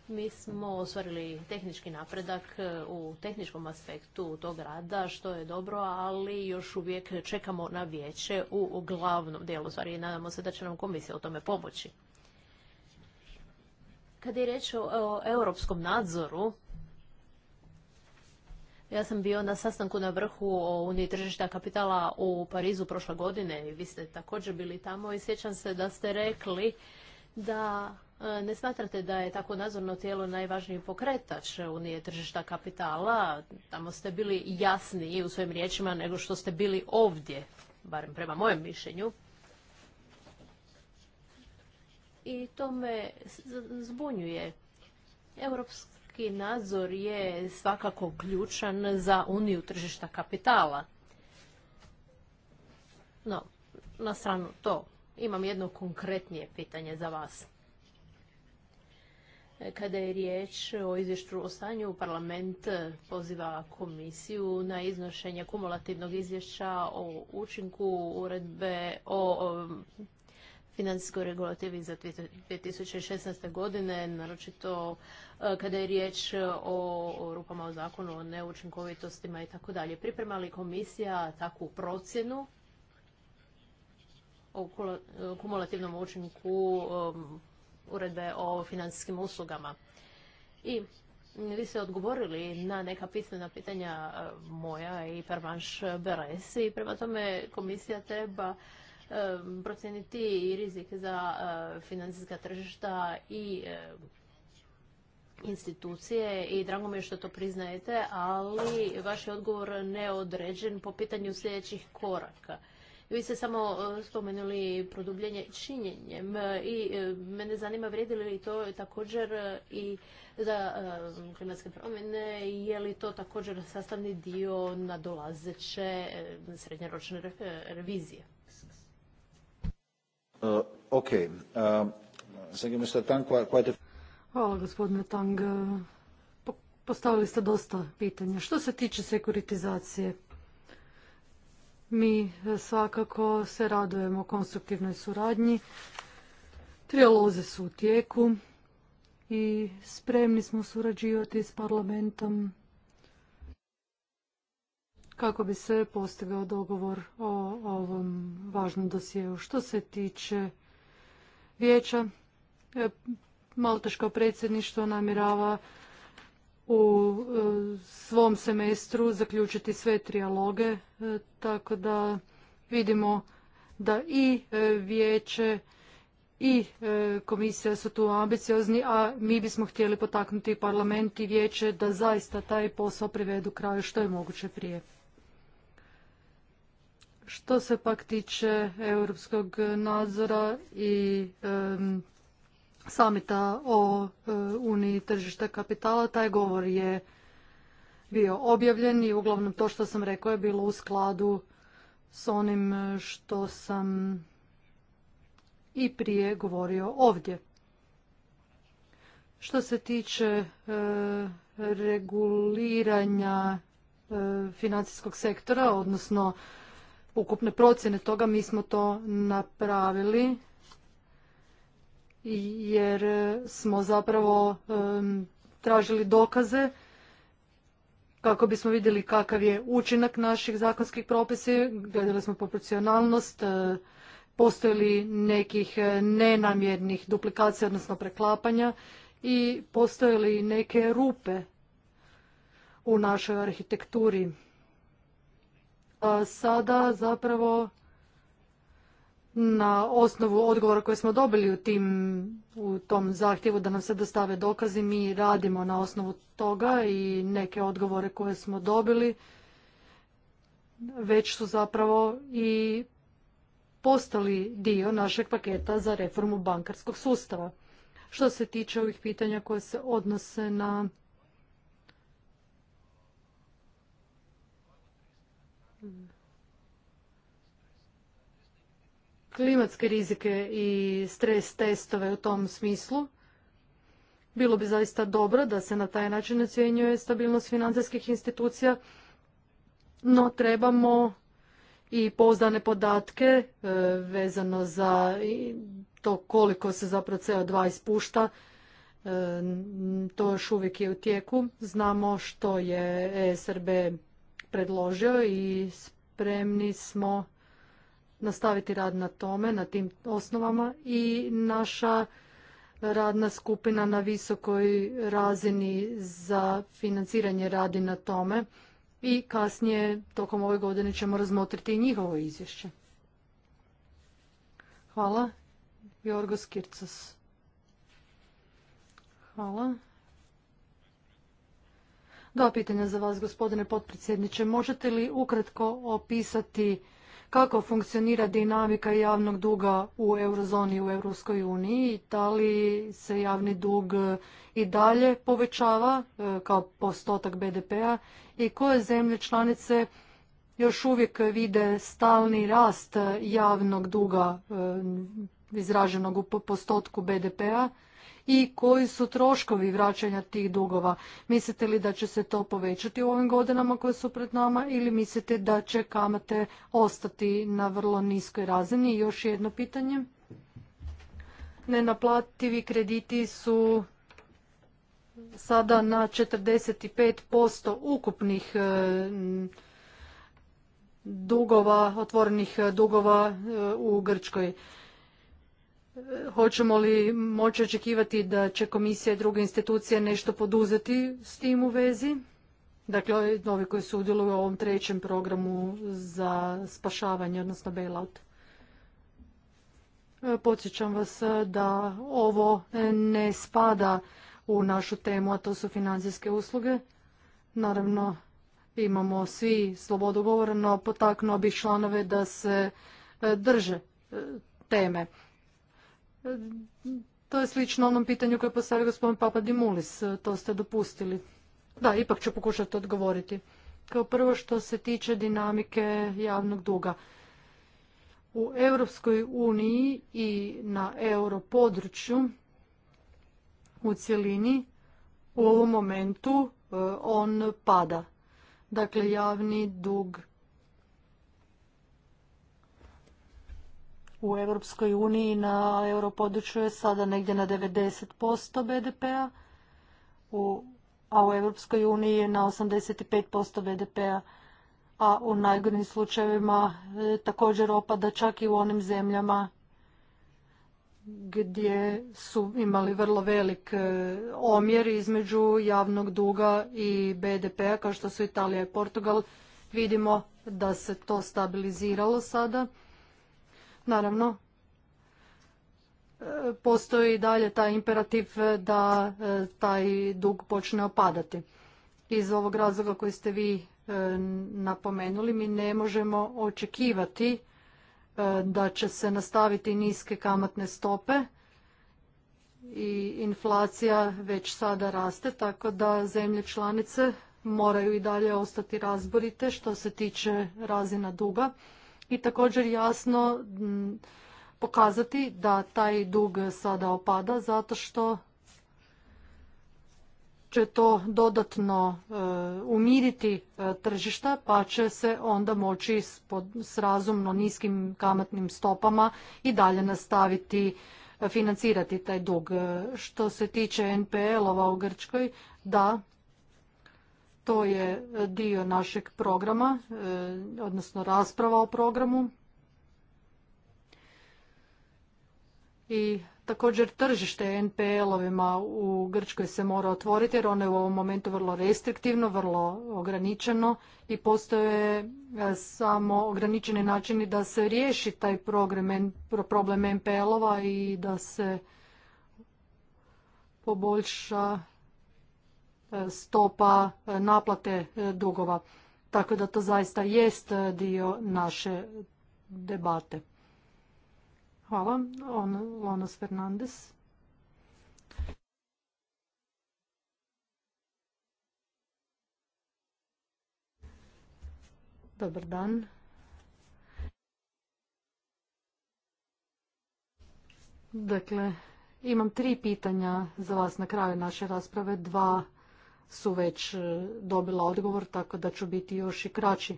Mi smo ostvarili tehnički napredak e, u tehničkom aspektu tog rada, što je dobro, ali još uvijek čekamo na vijeće u glavnom dijelu stvari i nadamo se da će nam komisija o tome pomoći. Kad je riječ o europskom nadzoru, ja sam bio na sastanku na vrhu o Uniji tržišta kapitala u Parizu prošle godine i vi ste također bili tamo i sjećam se da ste rekli da E, ne smatrate da je tako nadzorno tijelo najvažniji pokretač Unije tržišta kapitala? Tamo ste bili jasniji u svojim riječima nego što ste bili ovdje, barem prema mojem mišljenju. I to me zbunjuje. Europski nadzor je svakako ključan za Uniju tržišta kapitala. No, na stranu to, imam jedno konkretnije pitanje za vas. Kada je riječ o izvješću o stanju, parlament eh, poziva komisiju na iznošenje kumulativnog izvješća o učinku uredbe o, financijskoj regulativi za 2016. godine, naročito eh, kada je riječ o rupama o zakonu, o neučinkovitostima i tako dalje. Priprema li komisija takvu procjenu o eh, kumulativnom učinku uredbe o financijskim uslugama. I vi ste odgovorili na neka pismena pitanja e, moja i Pervanš Beres i prema tome komisija treba e, procijeniti i rizik za e, financijska tržišta i institucije i drago mi je što to priznajete, ali vaš je odgovor neodređen po pitanju sljedećih koraka. Vi ste samo e, spomenuli produbljenje činjenjem e, i e, mene zanima vrijedi li to također i za klimatske promjene, je li to također sastavni dio nadolazeće srednjeročne revizije? ok. Hvala gospodine Tang. Postavili ste dosta pitanja. Što se tiče sekuritizacije, mi svakako se radujemo konstruktivnoj suradnji. Trijalozi su u tijeku i spremni smo surađivati s parlamentom kako bi se postigao dogovor o ovom važnom dosjeu. Što se tiče vijeća, e, Malteško predsjedništvo namirava u e, svom semestru zaključiti sve trijaloge, e, tako da vidimo da i e, vijeće i komisija su tu ambiciozni, a mi bismo htjeli potaknuti parlament i vijeće da zaista taj posao privedu kraju što je moguće prije. Što se pak tiče europskog nadzora i samita o e, Uniji tržišta kapitala. Taj govor je bio objavljen i uglavnom to što sam rekao je bilo u skladu s onim e, što sam i prije govorio ovdje. Što se tiče e, reguliranja financijskog sektora, odnosno ukupne procjene toga, mi smo to napravili jer e, smo zapravo tražili dokaze kako bismo vidjeli kakav je učinak naših zakonskih propisa, gledali smo proporcionalnost, e, postoje li nekih e, nenamjernih duplikacija, odnosno preklapanja i postoje li neke rupe u našoj arhitekturi. A sada zapravo na osnovu odgovora koje smo dobili u, tim, u tom zahtjevu da nam se dostave dokazi, mi radimo na osnovu toga i neke odgovore koje smo dobili već su zapravo i postali dio našeg paketa za reformu bankarskog sustava. Što se tiče ovih pitanja koje se odnose na klimatske rizike i stres testove u tom smislu. Bilo bi zaista dobro da se na taj način ocjenjuje stabilnost financijskih institucija, no trebamo i pouzdane podatke e, vezano za to koliko se zapravo CO2 ispušta. E, to još uvijek je u tijeku. Znamo što je ESRB predložio i spremni smo nastaviti rad na tome, na tim osnovama i naša radna skupina na visokoj razini za financiranje radi na tome i kasnije tokom ove godine ćemo razmotriti i njihovo izvješće. Hvala. Jorgos Kircos. Hvala. Dva pitanja za vas, gospodine potpredsjedniče. Možete li ukratko opisati kako funkcionira dinamika javnog duga u eurozoni u Europskoj uniji. li se javni dug e, i dalje povećava e, kao postotak BDP-a i koje zemlje članice još uvijek vide stalni rast javnog duga e, izraženog u postotku BDP-a i koji su troškovi vraćanja tih dugova. Mislite li da će se to povećati u ovim godinama koje su pred nama ili mislite da će kamate ostati na vrlo niskoj razini? I još jedno pitanje. Nenaplativi krediti su sada na 45% ukupnih e, dugova, otvorenih e, dugova e, u Grčkoj. Hoćemo li moći očekivati da će komisija i druge institucije nešto poduzeti s tim u vezi? Dakle, ovi koji sudjeluju u ovom trećem programu za spašavanje, odnosno bailout. E, podsjećam vas e, da ovo e, ne spada u našu temu, a to su financijske usluge. Naravno, imamo svi slobodu govora, no potaknuo bih članove da se drže teme. To je slično onom pitanju koje postavio gospodin Dimulis. To ste dopustili. Da, ipak ću pokušati odgovoriti. Kao prvo što se tiče dinamike javnog duga. U Europskoj uniji i na europodručju u cjelini u ovom momentu e, on pada. Dakle, javni dug u Europskoj uniji na europodručju je sada negdje na 90% BDP-a, a u Europskoj uniji je na 85% BDP-a, a u najgodnim slučajevima e, također opada čak i u onim zemljama gdje su imali vrlo velik e, omjer između javnog duga i BDP-a, kao što su Italija i Portugal. Vidimo da se to stabiliziralo sada Naravno, e, postoji i dalje taj imperativ da e, taj dug počne opadati. Iz ovog razloga koji ste vi e, napomenuli, mi ne možemo očekivati da će se nastaviti niske kamatne stope i inflacija već sada raste, tako da zemlje članice moraju i dalje ostati razborite što se tiče razina duga i također jasno pokazati da taj dug sada opada zato što će to dodatno e, umiriti e, tržišta pa će se onda moći s razumno niskim kamatnim stopama i dalje nastaviti e, financirati taj dug. Što se tiče NPL-ova u Grčkoj, da, to je dio našeg programa, e, odnosno rasprava o programu. I također tržište NPL-ovima u Grčkoj se mora otvoriti jer ono je u ovom momentu vrlo restriktivno, vrlo ograničeno i postoje e, samo ograničeni načini da se riješi taj problem NPL-ova i da se poboljša stopa e, naplate e, dugova. Tako da to zaista jest e, dio naše debate. Hvala. Lonos Fernandez. Dobar dan. Dakle, imam tri pitanja za vas na kraju naše rasprave. Dva su već e, dobila odgovor, tako da ću biti još i kraći.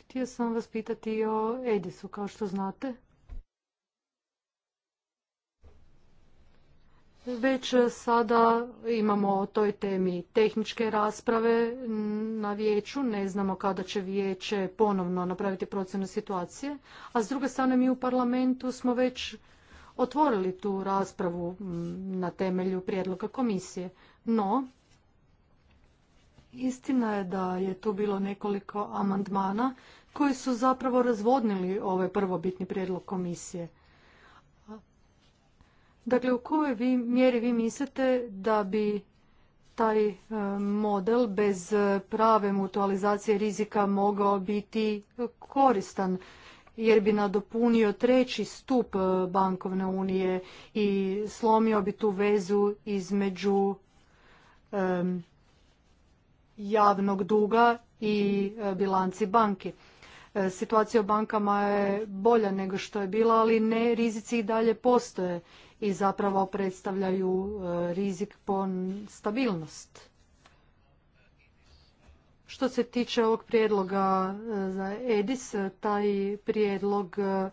Htio sam vas pitati o Edisu, kao što znate. Već e, sada imamo o toj temi tehničke rasprave na vijeću, ne znamo kada će vijeće ponovno napraviti procjenu situacije, a s druge strane mi u parlamentu smo već otvorili tu raspravu na temelju prijedloga komisije. No, istina je da je tu bilo nekoliko amandmana koji su zapravo razvodnili ovaj prvobitni prijedlog komisije. Dakle, u kojoj vi, mjeri vi mislite da bi taj e, model bez prave mutualizacije rizika mogao biti koristan jer bi nadopunio treći stup e, bankovne unije i slomio bi tu vezu između javnog duga i e, bilanci banki. E, situacija u bankama je bolja nego što je bila, ali ne rizici i dalje postoje i zapravo predstavljaju rizik po stabilnost. Što se tiče ovog prijedloga e, za EDIS, e, taj prijedlog e,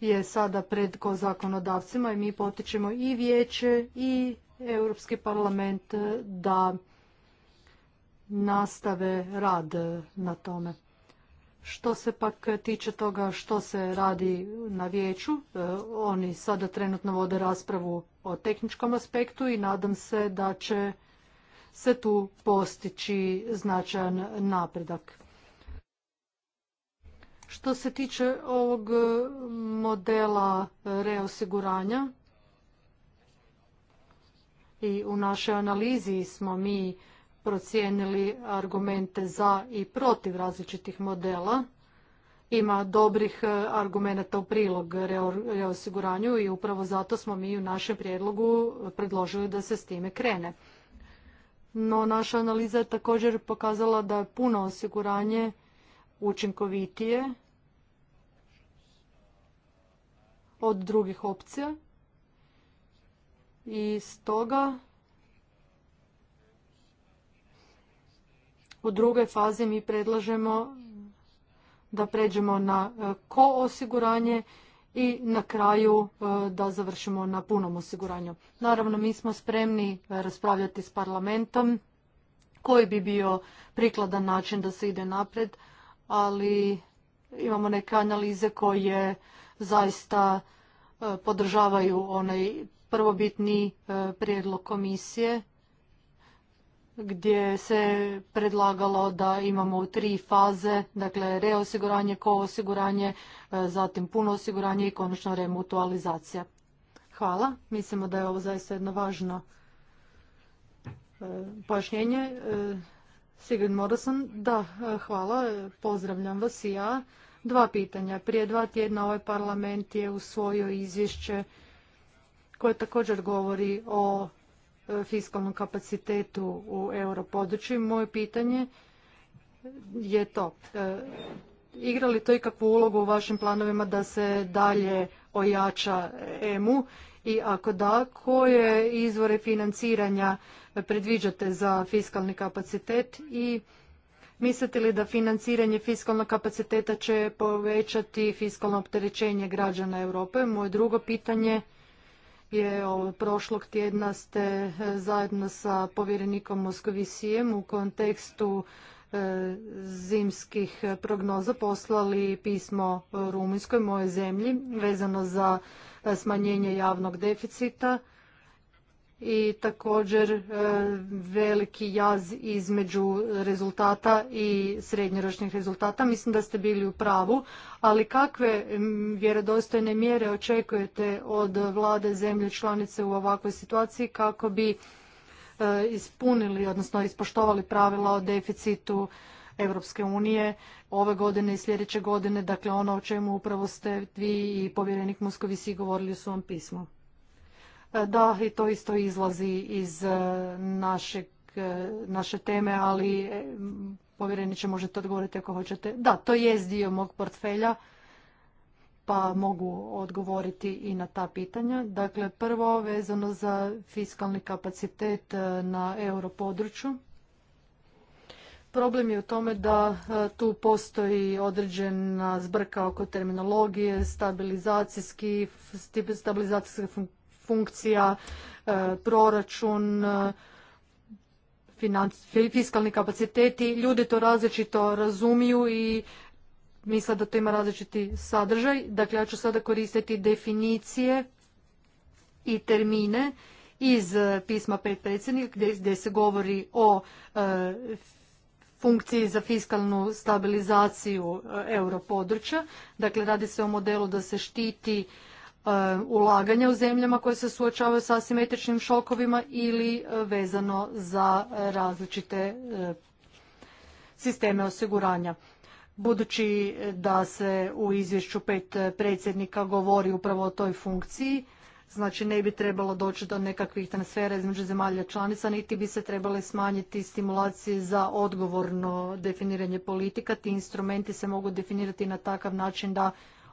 je sada pred zakonodavcima i mi potičemo i vijeće i Europski parlament da nastave rad na tome. Što se pak tiče toga što se radi na vijeću, oni sada trenutno vode raspravu o tehničkom aspektu i nadam se da će se tu postići značajan napredak. Što se tiče ovog e, modela e, reosiguranja i u našoj analizi smo mi procijenili argumente za i protiv različitih modela. Ima dobrih e, argumenata u prilog reosiguranju i upravo zato smo mi u našem prijedlogu predložili da se s time krene no naša analiza je također pokazala da je puno osiguranje učinkovitije od drugih opcija i stoga u drugoj fazi mi predlažemo da pređemo na e, ko osiguranje i na kraju e, da završimo na punom osiguranju. Naravno, mi smo spremni e, raspravljati s parlamentom koji bi bio prikladan način da se ide napred, ali imamo neke analize koje zaista e, podržavaju onaj prvobitni prijedlog komisije gdje se predlagalo da imamo tri faze, dakle reosiguranje, koosiguranje, e, zatim puno osiguranje i konačno remutualizacija. Hvala. Mislimo da je ovo zaista jedno važno e, pojašnjenje. E, Sigrid Morrison, da, hvala, pozdravljam vas i ja. Dva pitanja. Prije dva tjedna ovaj parlament je usvojio izvješće koje također govori o fiskalnom kapacitetu u europodručju. Moje pitanje je to. E, igra li to ikakvu ulogu u vašim planovima da se dalje ojača EMU i ako da, koje izvore financiranja predviđate za fiskalni kapacitet i mislite li da financiranje fiskalnog kapaciteta će povećati fiskalno opterećenje građana Europe? Moje drugo pitanje je prošlog tjedna ste e, zajedno sa povjerenikom Moskovisijem u kontekstu e, zimskih prognoza poslali pismo Rumunjskoj, moje zemlji, vezano za e, smanjenje javnog deficita i također e, veliki jaz između rezultata i srednjoročnih rezultata. Mislim da ste bili u pravu, ali kakve vjerodostojne mjere očekujete od vlade zemlje članice u ovakvoj situaciji kako bi e, ispunili, odnosno ispoštovali pravila o deficitu Europske unije ove godine i sljedeće godine, dakle ono o čemu upravo ste vi i povjerenik si govorili u svom pismu. E, da, i to isto izlazi iz e, našeg, e, naše teme, ali povjereniče možete odgovoriti ako hoćete. Da, to je dio mog portfelja, pa mogu odgovoriti i na ta pitanja. Dakle, prvo vezano za fiskalni kapacitet na europodručju. Problem je u tome da tu postoji određena zbrka oko terminologije, stabilizacijski, stabilizacijska funkcija funkcija, e, proračun, e, fiskalni kapaciteti. Ljudi to različito razumiju i misle da to ima različiti sadržaj. Dakle, ja ću sada koristiti definicije i termine iz pisma pet predsjednika gdje, se govori o e, funkciji za fiskalnu stabilizaciju europodručja. Dakle, radi se o modelu da se štiti E, ulaganja u zemljama koje se suočavaju sa asimetričnim šokovima ili e, vezano za različite e, sisteme osiguranja. Budući da se u izvješću pet predsjednika govori upravo o toj funkciji, znači ne bi trebalo doći do nekakvih transfera između zemalja članica, niti bi se trebale smanjiti stimulacije za odgovorno definiranje politika. Ti instrumenti se mogu definirati na takav način da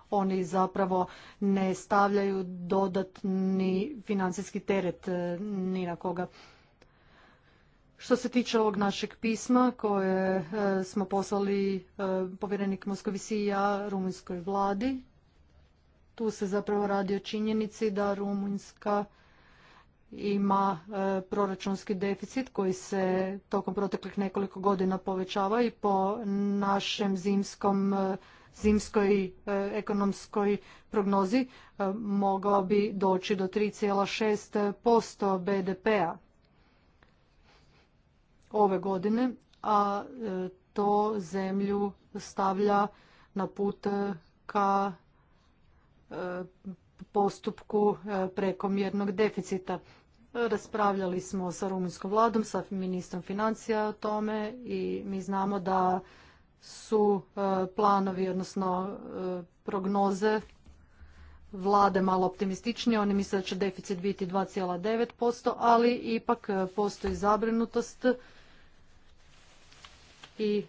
oni zapravo ne stavljaju dodatni financijski teret e, ni na koga. Što se tiče ovog našeg pisma koje e, smo poslali e, povjerenik Moskovisija i rumunjskoj vladi, tu se zapravo radi o činjenici da Rumunjska ima proračunski deficit koji se tokom proteklih nekoliko godina povećava i po našem zimskom zimskoj e, ekonomskoj prognozi e, mogao bi doći do 3,6% BDP-a ove godine, a e, to zemlju stavlja na put ka postupku prekomjernog deficita. Raspravljali smo sa rumunjskom vladom, sa ministrom financija o tome i mi znamo da su e, planovi, odnosno e, prognoze vlade malo optimističnije. Oni misle da će deficit biti 2,9%, ali ipak e, postoji zabrinutost i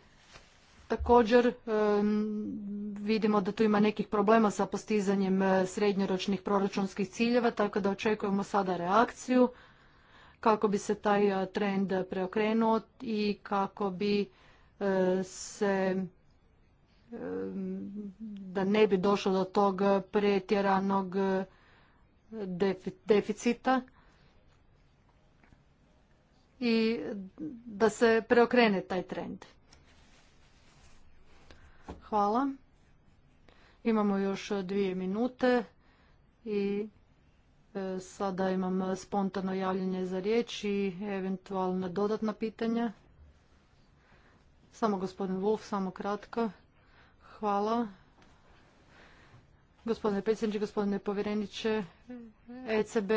također vidimo da tu ima nekih problema sa postizanjem srednjoročnih proračunskih ciljeva, tako da očekujemo sada reakciju kako bi se taj trend preokrenuo i kako bi se da ne bi došlo do tog pretjeranog eh, deficita i da se preokrene taj trend. Hvala. Imamo još dvije minute i eh, sada imam spontano javljanje za riječ i eventualno dodatna pitanja. Samo gospodin Wolf, samo kratko. Hvala. Gospodine predsjedniče, gospodine povjereniče, ECB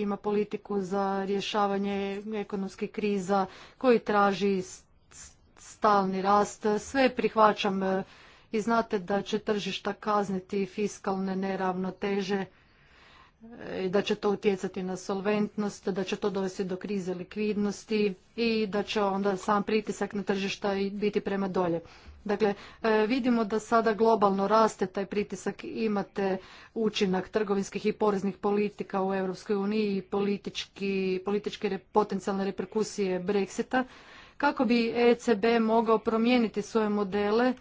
ima politiku za rješavanje ekonomskih kriza koji traži stalni rast. Sve prihvaćam i znate da će tržišta kazniti fiskalne neravnoteže da će to utjecati na solventnost, da će to dovesti do krize likvidnosti i da će onda sam pritisak na tržišta biti prema dolje. Dakle, e, vidimo da sada globalno raste taj pritisak, imate učinak trgovinskih i poreznih politika u EU i političke potencijalne reperkusije Brexita, kako bi ECB mogao promijeniti svoje modele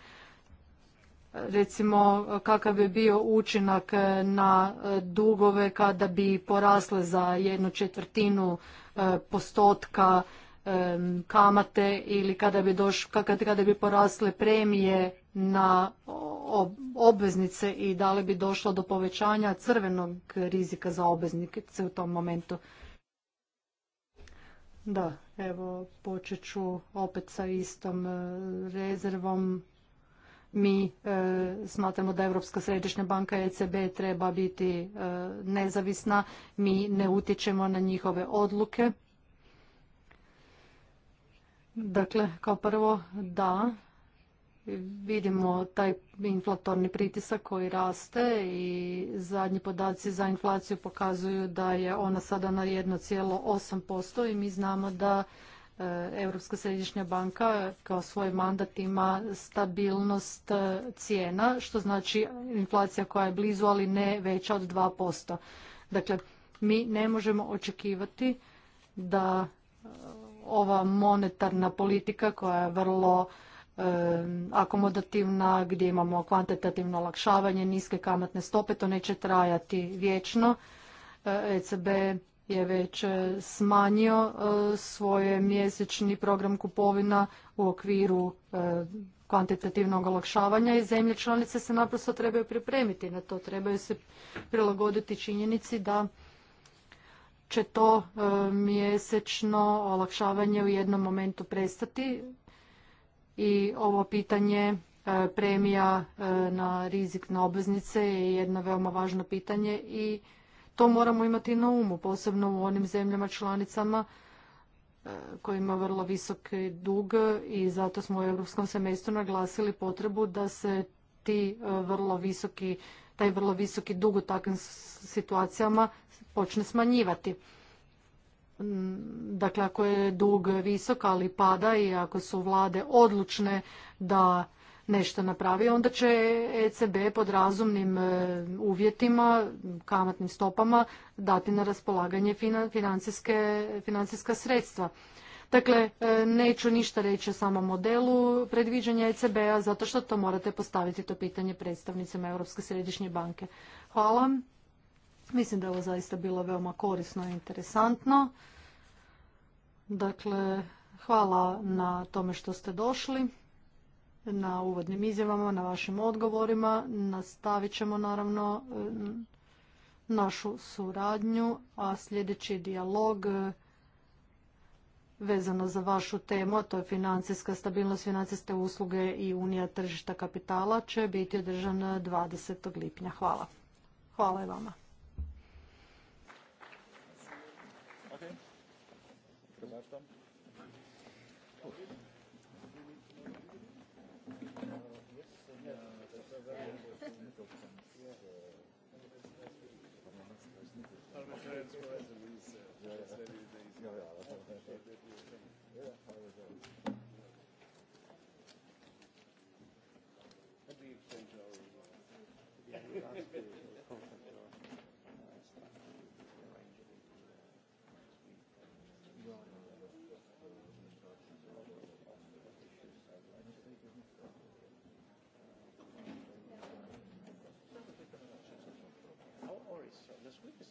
recimo kakav bi bio učinak na dugove kada bi porasle za jednu četvrtinu e, postotka e, kamate ili kada bi, kada bi porasle premije na obveznice i da li bi došlo do povećanja crvenog rizika za obveznice u tom momentu. Da, evo počet ću opet sa istom e, rezervom mi e, smatramo da Europska središnja banka ECB treba biti e, nezavisna, mi ne utječemo na njihove odluke. Dakle, kao prvo da vidimo taj inflatorni pritisak koji raste i zadnji podaci za inflaciju pokazuju da je ona sada na 1,8% i mi znamo da E, Europska središnja banka kao svoj mandat ima stabilnost e, cijena, što znači inflacija koja je blizu, ali ne veća od 2%. Dakle, mi ne možemo očekivati da e, ova monetarna politika koja je vrlo akomodativna, gdje imamo kvantitativno olakšavanje, niske kamatne stope, to neće trajati vječno. ECB je već e, smanjio e, svoje mjesečni program kupovina u okviru e, kvantitativnog olakšavanja i zemlje članice se naprosto trebaju pripremiti na to, trebaju se prilagoditi činjenici da će to mjesečno olakšavanje u jednom momentu prestati i ovo pitanje premija na rizik na obveznice je jedno veoma važno pitanje i to moramo imati na umu, posebno u onim zemljama članicama e, koji ima vrlo visok dug i zato smo u europskom semestru naglasili potrebu da se ti e, vrlo visoki, taj vrlo visoki dug u takvim situacijama počne smanjivati. Mm, dakle, ako je dug visok, ali pada i ako su vlade odlučne da nešto napravi, onda će ECB pod razumnim e, uvjetima, kamatnim stopama dati na raspolaganje financijska sredstva. Dakle, e, neću ništa reći o samom modelu predviđanja ECB-a, zato što to morate postaviti to pitanje predstavnicima Europske središnje banke. Hvala. Mislim da je ovo zaista bilo veoma korisno i interesantno. Dakle, hvala na tome što ste došli na uvodnim izjavama, na vašim odgovorima. Nastavit ćemo naravno našu suradnju, a sljedeći dijalog e, vezano za vašu temu, a to je financijska stabilnost, financijske usluge i unija tržišta kapitala, će biti održan 20. lipnja. Hvala. Hvala i vama.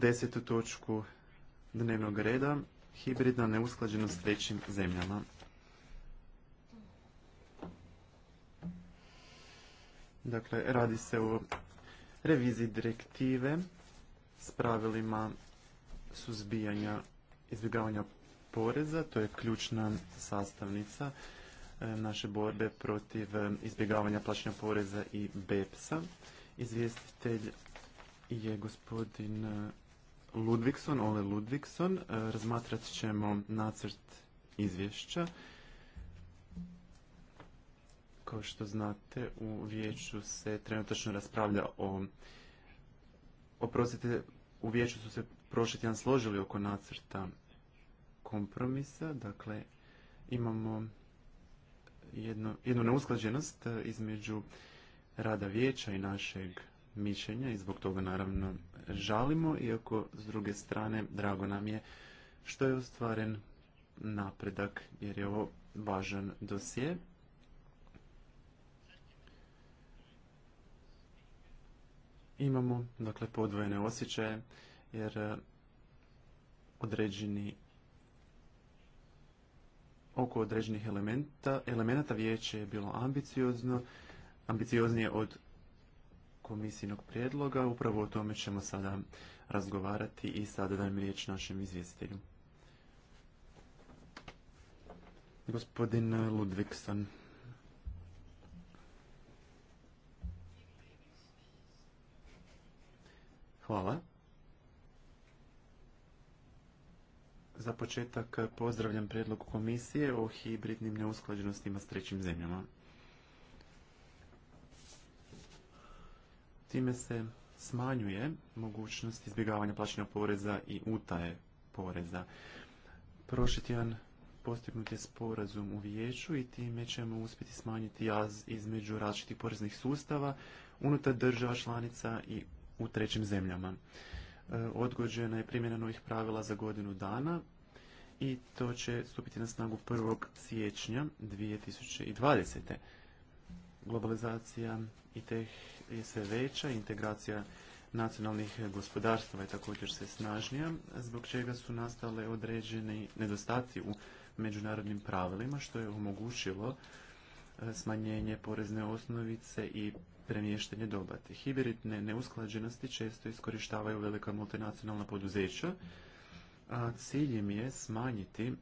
desetu točku dnevnog reda, hibridna neusklađenost s trećim zemljama. Dakle, radi se o reviziji direktive s pravilima suzbijanja izbjegavanja poreza, to je ključna sastavnica e, naše borbe protiv e, izbjegavanja plaćanja poreza i BEPS-a. Izvjestitelj je gospodin e, Ludvigson, Ole Ludvigson. E, razmatrat ćemo nacrt izvješća. Kao što znate, u vijeću se trenutačno raspravlja o... Oprostite, u vijeću su se prošli tjedan složili oko nacrta kompromisa, dakle imamo jednu neusklađenost e, između rada vijeća i našeg mišljenja i zbog toga naravno žalimo, iako s druge strane drago nam je što je ostvaren napredak jer je ovo važan dosje. Imamo dakle podvojene osjećaje jer e, određeni oko određenih elementa, elemenata vijeće je bilo ambiciozno, ambicioznije od komisijnog prijedloga. Upravo o tome ćemo sada razgovarati i sada dajem riječ našem izvjestitelju. Gospodin Ludvigson. Hvala. Za početak pozdravljam prijedlog komisije o hibridnim neusklađenostima s trećim zemljama. Time se smanjuje mogućnost izbjegavanja plaćanja poreza i utaje poreza. Prošli tjedan postignut je sporazum u vijeću i time ćemo uspjeti smanjiti jaz između različitih poreznih sustava unutar država članica i u trećim zemljama. E, odgođena je primjena novih pravila za godinu dana i to će stupiti na snagu 1. siječnja 2020 globalizacija i teh je sve veća, integracija nacionalnih gospodarstava je također sve snažnija, zbog čega su nastale određeni nedostaci u međunarodnim pravilima, što je omogućilo e, smanjenje porezne osnovice i premještenje dobate. Hibridne neusklađenosti često iskorištavaju velika multinacionalna poduzeća, a ciljem je smanjiti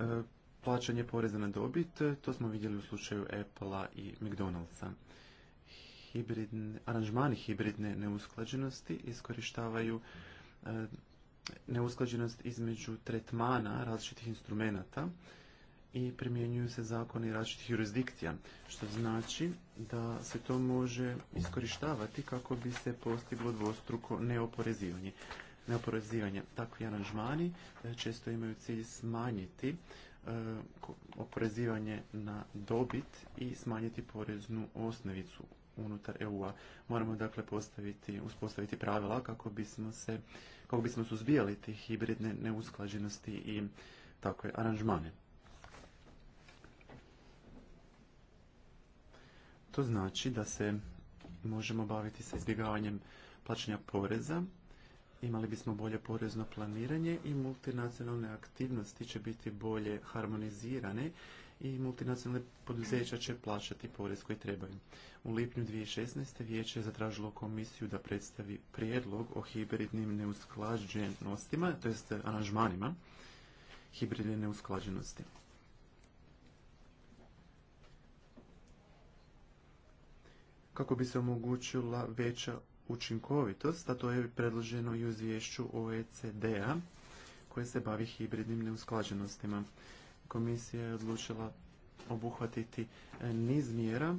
e, plaćanje poreza na dobit, to smo vidjeli u slučaju Apple-a i McDonald'sa. aranžmani hibridne neusklađenosti iskorištavaju eh, neusklađenost između tretmana različitih instrumenata i primjenjuju se zakoni različitih jurisdikcija, što znači da se to može iskorištavati kako bi se postiglo dvostruko neoporezivanje. neoporezivanje. Takvi aranžmani eh, često imaju cilj smanjiti E, oporezivanje na dobit i smanjiti poreznu osnovicu unutar EU-a. Moramo dakle postaviti, uspostaviti pravila kako bismo se, kako bismo suzbijali te hibridne neusklađenosti i takve aranžmane. To znači da se možemo baviti sa izbjegavanjem plaćanja poreza imali bismo bolje porezno planiranje i multinacionalne aktivnosti će biti bolje harmonizirane i multinacionalne poduzeća će plaćati porez koji trebaju. U lipnju 2016. vijeće je zatražilo komisiju da predstavi prijedlog o hibridnim neusklađenostima, to jest aranžmanima hibridne neusklađenosti. Kako bi se omogućila veća učinkovitost, a to je predloženo i u izvješću OECD-a koje se bavi hibridnim neusklađenostima. Komisija je odlučila obuhvatiti e, niz mjera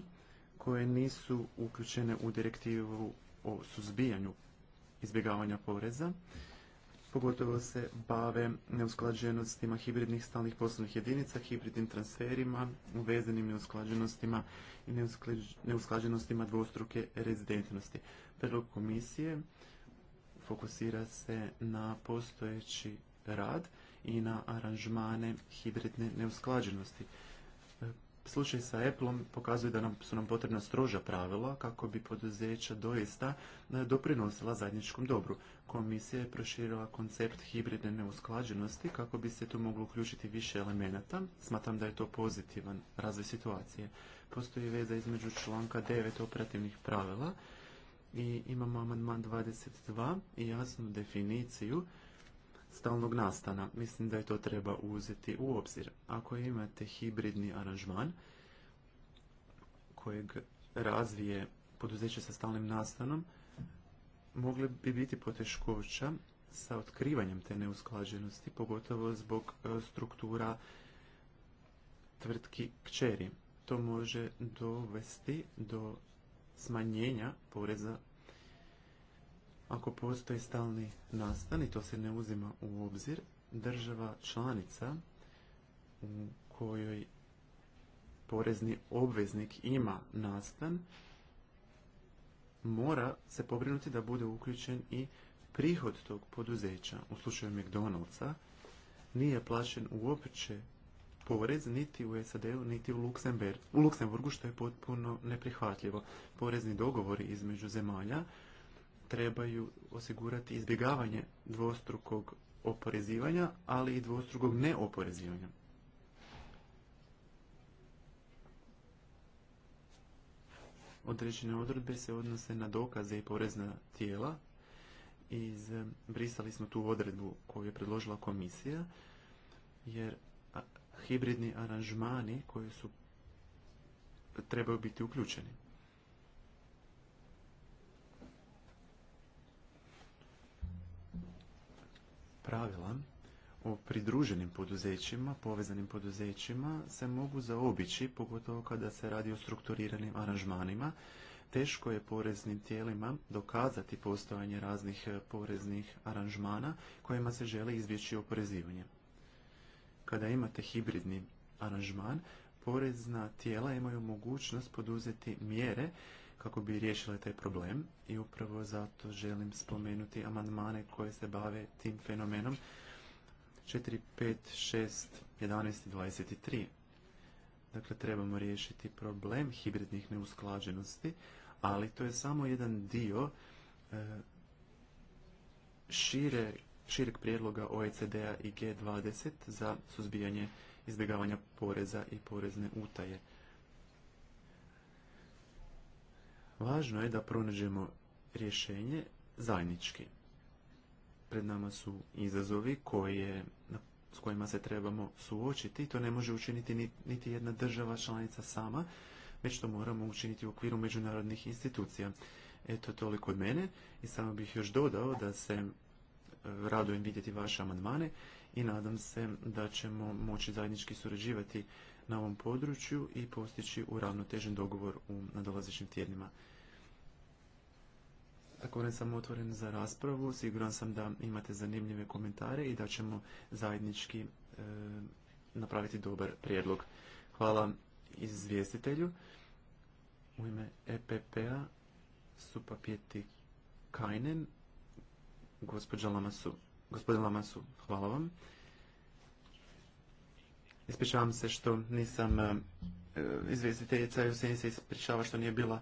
koje nisu uključene u direktivu o suzbijanju izbjegavanja poreza. Pogotovo se bave neusklađenostima hibridnih stalnih poslovnih jedinica, hibridnim transferima, uvezenim neusklađenostima i neusklađenostima dvostruke rezidentnosti. Predlog komisije fokusira se na postojeći rad i na aranžmane hibridne neusklađenosti. Slučaj sa Apple-om pokazuje da nam, su nam potrebna stroža pravila kako bi poduzeća doista e, doprinosila zajedničkom dobru. Komisija je proširila koncept hibridne neusklađenosti kako bi se tu moglo uključiti više elemenata. Smatram da je to pozitivan razvoj situacije. Postoji veza između članka 9 operativnih pravila i imamo amandman 22 i jasnu definiciju stalnog nastana. Mislim da je to treba uzeti u obzir. Ako imate hibridni aranžman kojeg razvije poduzeće sa stalnim nastanom, mogle bi biti poteškoća sa otkrivanjem te neusklađenosti, pogotovo zbog e, struktura tvrtki kćeri. To može dovesti do smanjenja poreza ako postoji stalni nastan i to se ne uzima u obzir, država članica u kojoj porezni obveznik ima nastan, mora se pobrinuti da bude uključen i prihod tog poduzeća. U slučaju McDonald'sa nije plaćen uopće porez niti u SAD-u, niti u, u Luksemburgu, što je potpuno neprihvatljivo. Porezni dogovori između zemalja trebaju osigurati izbjegavanje dvostrukog oporezivanja, ali i dvostrukog neoporezivanja. Određene odredbe se odnose na dokaze i porezna tijela. Izbrisali eh, smo tu odredbu koju je predložila komisija, jer hibridni aranžmani koji su trebaju biti uključeni. pravila o pridruženim poduzećima, povezanim poduzećima, se mogu zaobići, pogotovo kada se radi o strukturiranim aranžmanima. Teško je poreznim tijelima dokazati postojanje raznih e, poreznih aranžmana kojima se želi izbjeći oporezivanje. Kada imate hibridni aranžman, porezna tijela imaju mogućnost poduzeti mjere kako bi riješile taj problem i upravo zato želim spomenuti amandmane koje se bave tim fenomenom 4, 5, 6, 11 23. Dakle, trebamo riješiti problem hibridnih neusklađenosti, ali to je samo jedan dio e, šire, šireg prijedloga OECD-a i G20 za suzbijanje izbjegavanja poreza i porezne utaje. Važno je da pronađemo rješenje zajednički. Pred nama su izazovi koje, s kojima se trebamo suočiti i to ne može učiniti niti jedna država članica sama, već to moramo učiniti u okviru međunarodnih institucija. Eto toliko od mene i samo bih još dodao da se e, radujem vidjeti vaše amandmane i nadam se da ćemo moći zajednički surađivati na ovom području i postići uravnotežen dogovor u nadolazećim tjednima. ne sam otvoren za raspravu, siguran sam da imate zanimljive komentare i da ćemo zajednički e, napraviti dobar prijedlog. Hvala izvjestitelju. U ime EPP-a su papijeti Kajnen, gospođa Lamasu. Gospodin Lamasu, hvala vam. Ispričavam se što nisam e, izvjestiteljica i se ispričava što nije bila,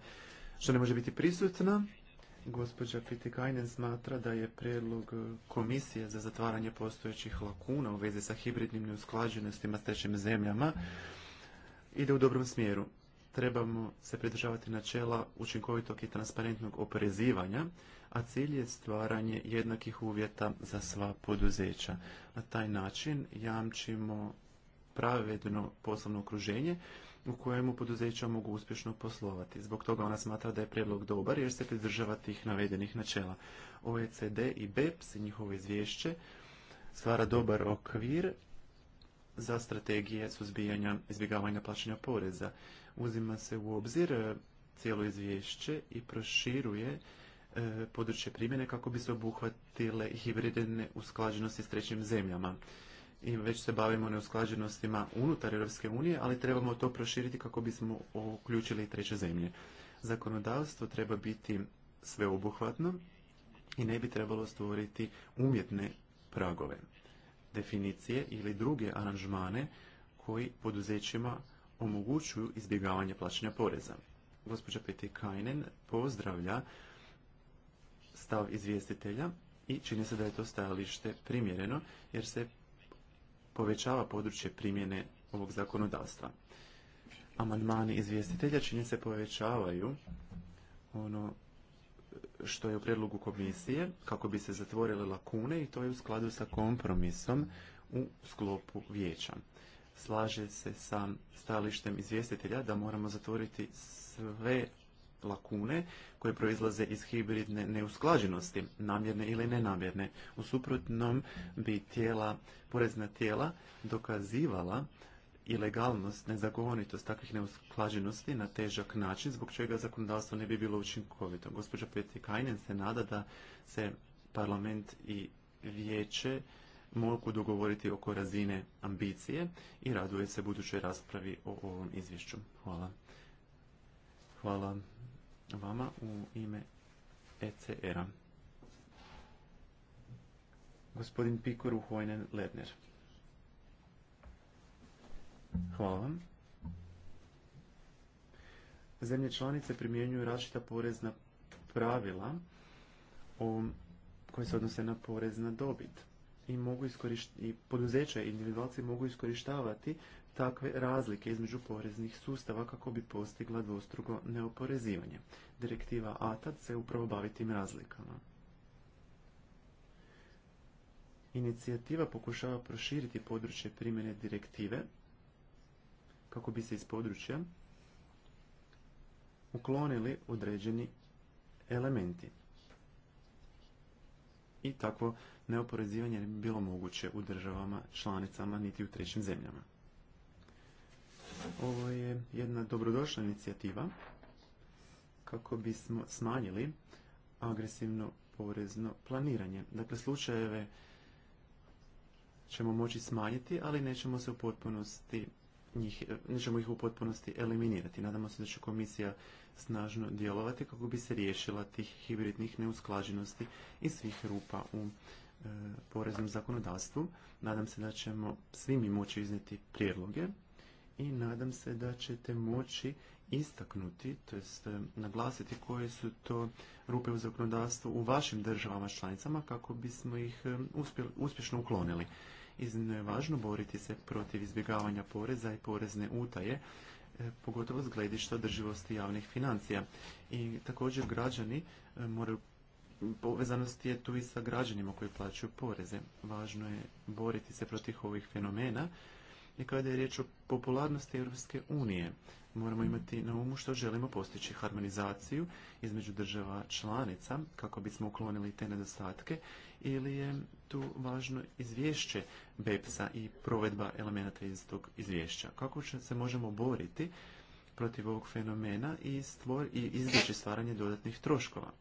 što ne može biti prisutna. Gospođa Pitikajnen smatra da je predlog e, komisije za zatvaranje postojećih lakuna u vezi sa hibridnim neusklađenostima s trećim zemljama ide u dobrom smjeru. Trebamo se pridržavati načela učinkovitog i transparentnog oporezivanja, a cilj je stvaranje jednakih uvjeta za sva poduzeća. Na taj način jamčimo pravedno poslovno okruženje u kojemu poduzeća mogu uspješno poslovati. Zbog toga ona smatra da je prijedlog dobar jer se pridržava tih navedenih načela. OECD i BEPS i njihovo izvješće stvara dobar okvir za strategije suzbijanja izbjegavanja plaćanja poreza. Uzima se u obzir e, cijelo izvješće i proširuje e, područje primjene kako bi se obuhvatile hibridne usklađenosti s trećim zemljama i već se bavimo neusklađenostima unutar Europske unije, ali trebamo to proširiti kako bismo uključili i treće zemlje. Zakonodavstvo treba biti sveobuhvatno i ne bi trebalo stvoriti umjetne pragove, definicije ili druge aranžmane koji poduzećima omogućuju izbjegavanje plaćanja poreza. Gospođa Peti Kajnen pozdravlja stav izvjestitelja i čini se da je to stajalište primjereno jer se povećava područje primjene ovog zakonodavstva. Amandmani izvjestitelja čini se povećavaju ono što je u predlogu komisije kako bi se zatvorile lakune i to je u skladu sa kompromisom u sklopu vijeća. Slaže se sa stalištem izvjestitelja da moramo zatvoriti sve lakune koje proizlaze iz hibridne neusklađenosti, namjerne ili nenamjerne. U suprotnom bi tijela, porezna tijela dokazivala ilegalnost, nezakonitost takvih neusklađenosti na težak način, zbog čega zakonodavstvo ne bi bilo učinkovito. Gospođa Peti Kajnen se nada da se parlament i vijeće mogu dogovoriti oko razine ambicije i raduje se budućoj raspravi o ovom izvješću. Hvala. Hvala vama u ime ECR-a. Gospodin Pikor Uhojnen ledner Hvala vam. Zemlje članice primjenjuju različita porezna pravila o, koje se odnose na porez na dobit. I, mogu i poduzeća i individualci mogu iskorištavati takve razlike između poreznih sustava kako bi postigla dvostrugo neoporezivanje. Direktiva ATAD se upravo bavi tim razlikama. Inicijativa pokušava proširiti područje primjene direktive kako bi se iz područja uklonili određeni elementi. I takvo neoporezivanje ne bi bilo moguće u državama, članicama niti u trećim zemljama. Ovo je jedna dobrodošla inicijativa kako bismo smanjili agresivno porezno planiranje. Dakle, slučajeve ćemo moći smanjiti, ali nećemo se u potpunosti njih, ih u potpunosti eliminirati. Nadamo se da će komisija snažno djelovati kako bi se riješila tih hibridnih neusklađenosti i svih rupa u e, poreznom zakonodavstvu. Nadam se da ćemo svi mi moći izniti prijedloge i nadam se da ćete moći istaknuti, to jest e, naglasiti koje su to rupe u zakonodavstvu u vašim državama članicama kako bismo ih e, uspješno uklonili. Iznimno je važno boriti se protiv izbjegavanja poreza i porezne utaje, e, pogotovo s gledišta održivosti javnih financija. I također građani moraju povezanost je tu i sa građanima koji plaćaju poreze. Važno je boriti se protiv ovih fenomena i kada je riječ o popularnosti Europske unije. Moramo imati na umu što želimo postići harmonizaciju između država članica kako bismo uklonili te nedostatke ili je tu važno izvješće BEPS-a i provedba elemenata iz tog izvješća. Kako se možemo boriti protiv ovog fenomena i, stvor, i izbjeći stvaranje dodatnih troškova.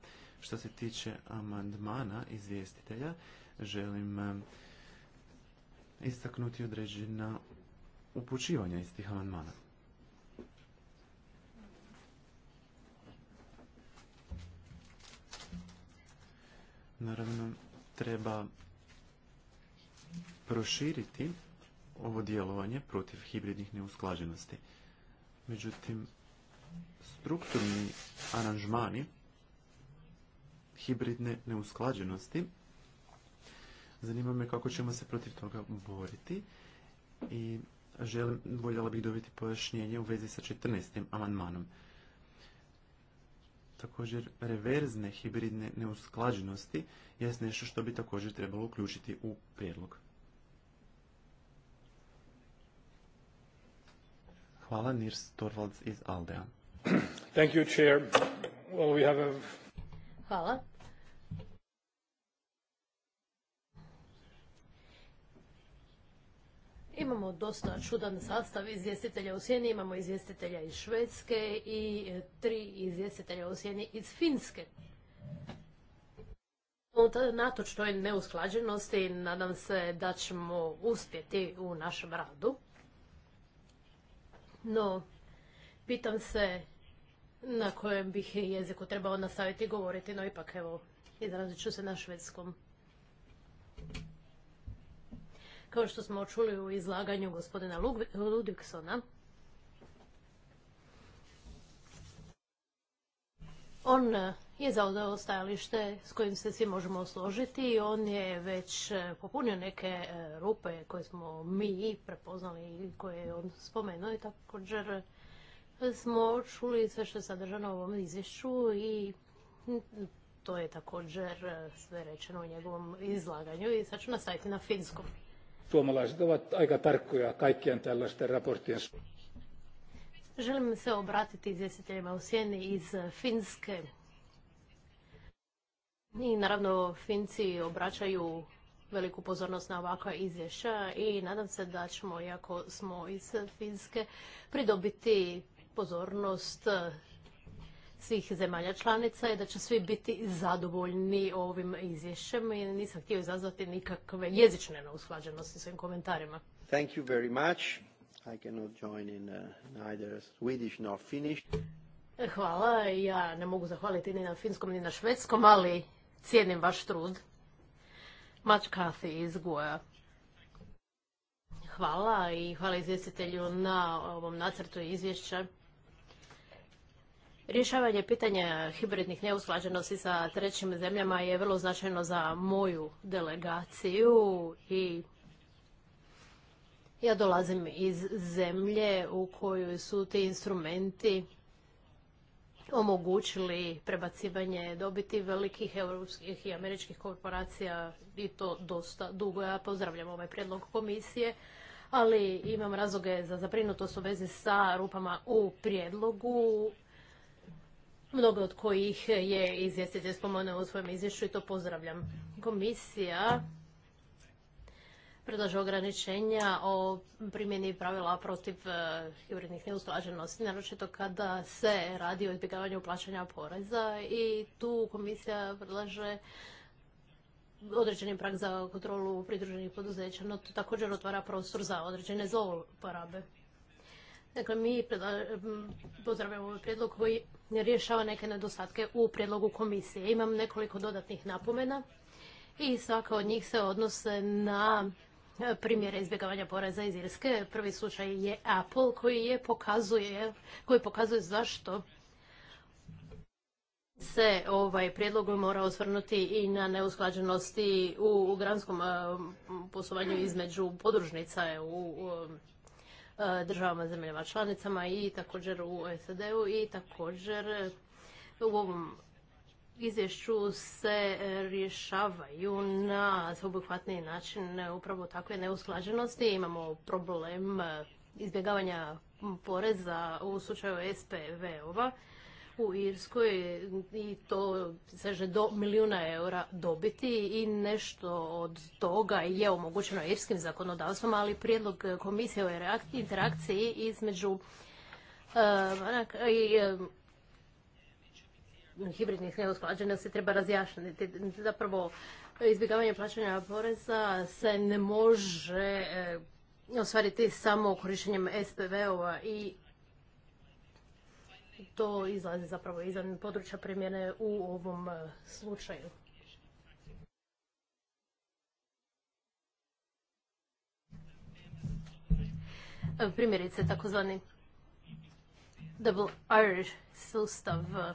Što se tiče amandmana izvjestitelja, želim eh, istaknuti određena upućivanja iz tih amandmana. Naravno, treba proširiti ovo djelovanje protiv hibridnih neusklađenosti. Međutim, strukturni aranžmani hibridne neusklađenosti zanima me kako ćemo se protiv toga boriti i želim, voljela bih dobiti pojašnjenje u vezi sa 14. amandmanom. Također, reverzne hibridne neusklađenosti je nešto što bi također trebalo uključiti u prijedlog. Hvala, Nirs Torvalds iz Aldea. Hvala. Imamo dosta čudan sastav izvjestitelja u sjeni, imamo izvjestitelja iz Švedske i e, tri izvjestitelja u sjeni iz Finske. Na toj neusklađenosti nadam se da ćemo uspjeti u našem radu. No, pitam se na kojem bih jeziku trebao nastaviti govoriti, no ipak evo, izrazit ću se na švedskom. Kao što smo čuli u izlaganju gospodina Ludvigsona, on eh, je zauzeo stajalište s kojim se svi možemo složiti i on je već eh, popunio neke eh, rupe koje smo mi prepoznali i koje je on spomenuo i također smo čuli sve što je sadržano u ovom izvješću i to je također sve rečeno u njegovom izlaganju i sad ću nastaviti na finskom suomalaiset ovat aika tarkkoja kaikkien tällaisten raporttien Želim se obratiti izvjestiteljima u Sjeni iz Finske. I naravno, Finci obraćaju veliku pozornost na ovakva izvješća i nadam se da ćemo, iako smo iz Finske, pridobiti pozornost svih zemalja članica je da će svi biti zadovoljni ovim izvješćem i nisam htio izazvati nikakve jezične neusklađenosti svojim komentarima. Hvala, ja ne mogu zahvaliti ni na finskom ni na švedskom, ali cijenim vaš trud. Much Cathy iz Hvala i hvala izvjestitelju na ovom nacrtu izvješća. Rješavanje pitanja hibridnih neusklađenosti sa trećim zemljama je vrlo značajno za moju delegaciju i ja dolazim iz zemlje u kojoj su ti instrumenti omogućili prebacivanje dobiti velikih europskih i američkih korporacija i to dosta dugo. Ja pozdravljam ovaj prijedlog komisije, ali imam razloge za zabrinutost u vezi sa rupama u prijedlogu mnogo od kojih je izvjestitelj spomenuo u svojem izvješću i to pozdravljam. Komisija predlaže ograničenja o primjeni pravila protiv e, hibridnih neusklađenosti, naročito kada se radi o izbjegavanju plaćanja poreza i tu komisija predlaže određeni prag za kontrolu pridruženih poduzeća, no to također otvara prostor za određene zlouporabe. Dakle, mi pozdravljamo ovaj prijedlog koji rješava neke nedostatke u prijedlogu komisije. Imam nekoliko dodatnih napomena i svaka od njih se odnose na e, primjere izbjegavanja poreza iz Irske. Prvi slučaj je Apple koji, je pokazuje, koji pokazuje zašto se ovaj prijedlog mora osvrnuti i na neusklađenosti u granskom e, poslovanju između podružnica u E, državama, zemljama, članicama i također u SAD-u i također u ovom izvješću se rješavaju na sveobuhvatniji način upravo takve neusklađenosti. Imamo problem izbjegavanja poreza u slučaju SPV-ova u Irskoj i to seže do milijuna eura dobiti i nešto od toga je omogućeno irskim zakonodavstvom, ali prijedlog komisije o interakciji između eh, i eh, hibridnih neusklađenosti se treba razjašniti. Zapravo, izbjegavanje plaćanja poreza se ne može eh, ostvariti samo korištenjem SPV-ova i to izlazi zapravo izvan područja primjene u ovom e, slučaju. E, primjerice, takozvani double Irish sustav e,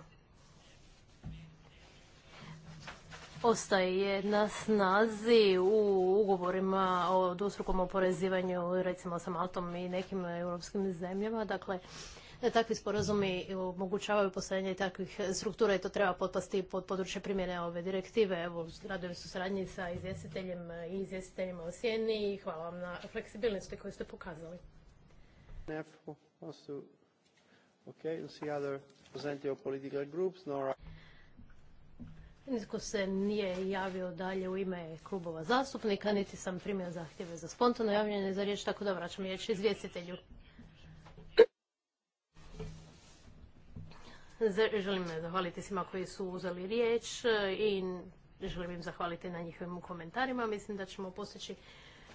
ostaje na snazi u ugovorima o dvostrukom oporezivanju recimo sa Maltom i nekim europskim zemljama. Dakle, E, takvi sporazumi omogućavaju postojanje takvih struktura i to treba potpasti pod područje primjene ove direktive. Evo, radovi su suradnji sa izvjestiteljem e, i izvjestiteljima u Sjeni i hvala vam na fleksibilnosti koju ste pokazali. Nitko se nije javio dalje u ime klubova zastupnika, niti sam primio zahtjeve za spontano javljanje za riječ, tako da vraćam riječ izvjestitelju. Želim zahvaliti svima koji su uzeli riječ e, i želim im zahvaliti na njihovim komentarima. Mislim da ćemo postići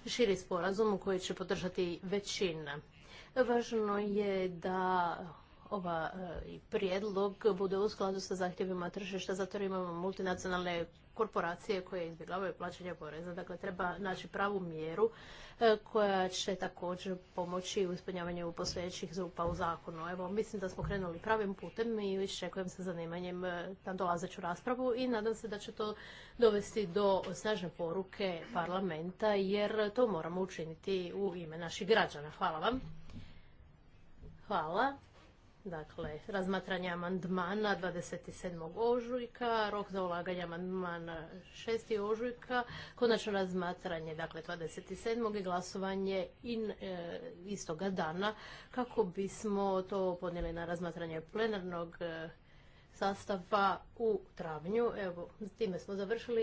širi sporazum koji će podržati većina. Važno je da ova e, prijedlog bude u skladu sa zahtjevima tržišta, zato imamo multinacionalne korporacije koje izbjegavaju plaćanje poreza. Dakle, treba naći pravu mjeru e, koja će također pomoći u ispunjavanju postojećih zupa u zakonu. Evo, mislim da smo krenuli pravim putem i iščekujem sa zanimanjem e, na dolazeću raspravu i nadam se da će to dovesti do snažne poruke parlamenta jer to moramo učiniti u ime naših građana. Hvala vam. Hvala dakle, razmatranje amandmana 27. ožujka, rok za ulaganje amandmana 6. ožujka, konačno razmatranje, dakle, 27. i glasovanje in, e, istoga dana, kako bismo to podnijeli na razmatranje plenarnog e, sastava u travnju. Evo, s time smo završili.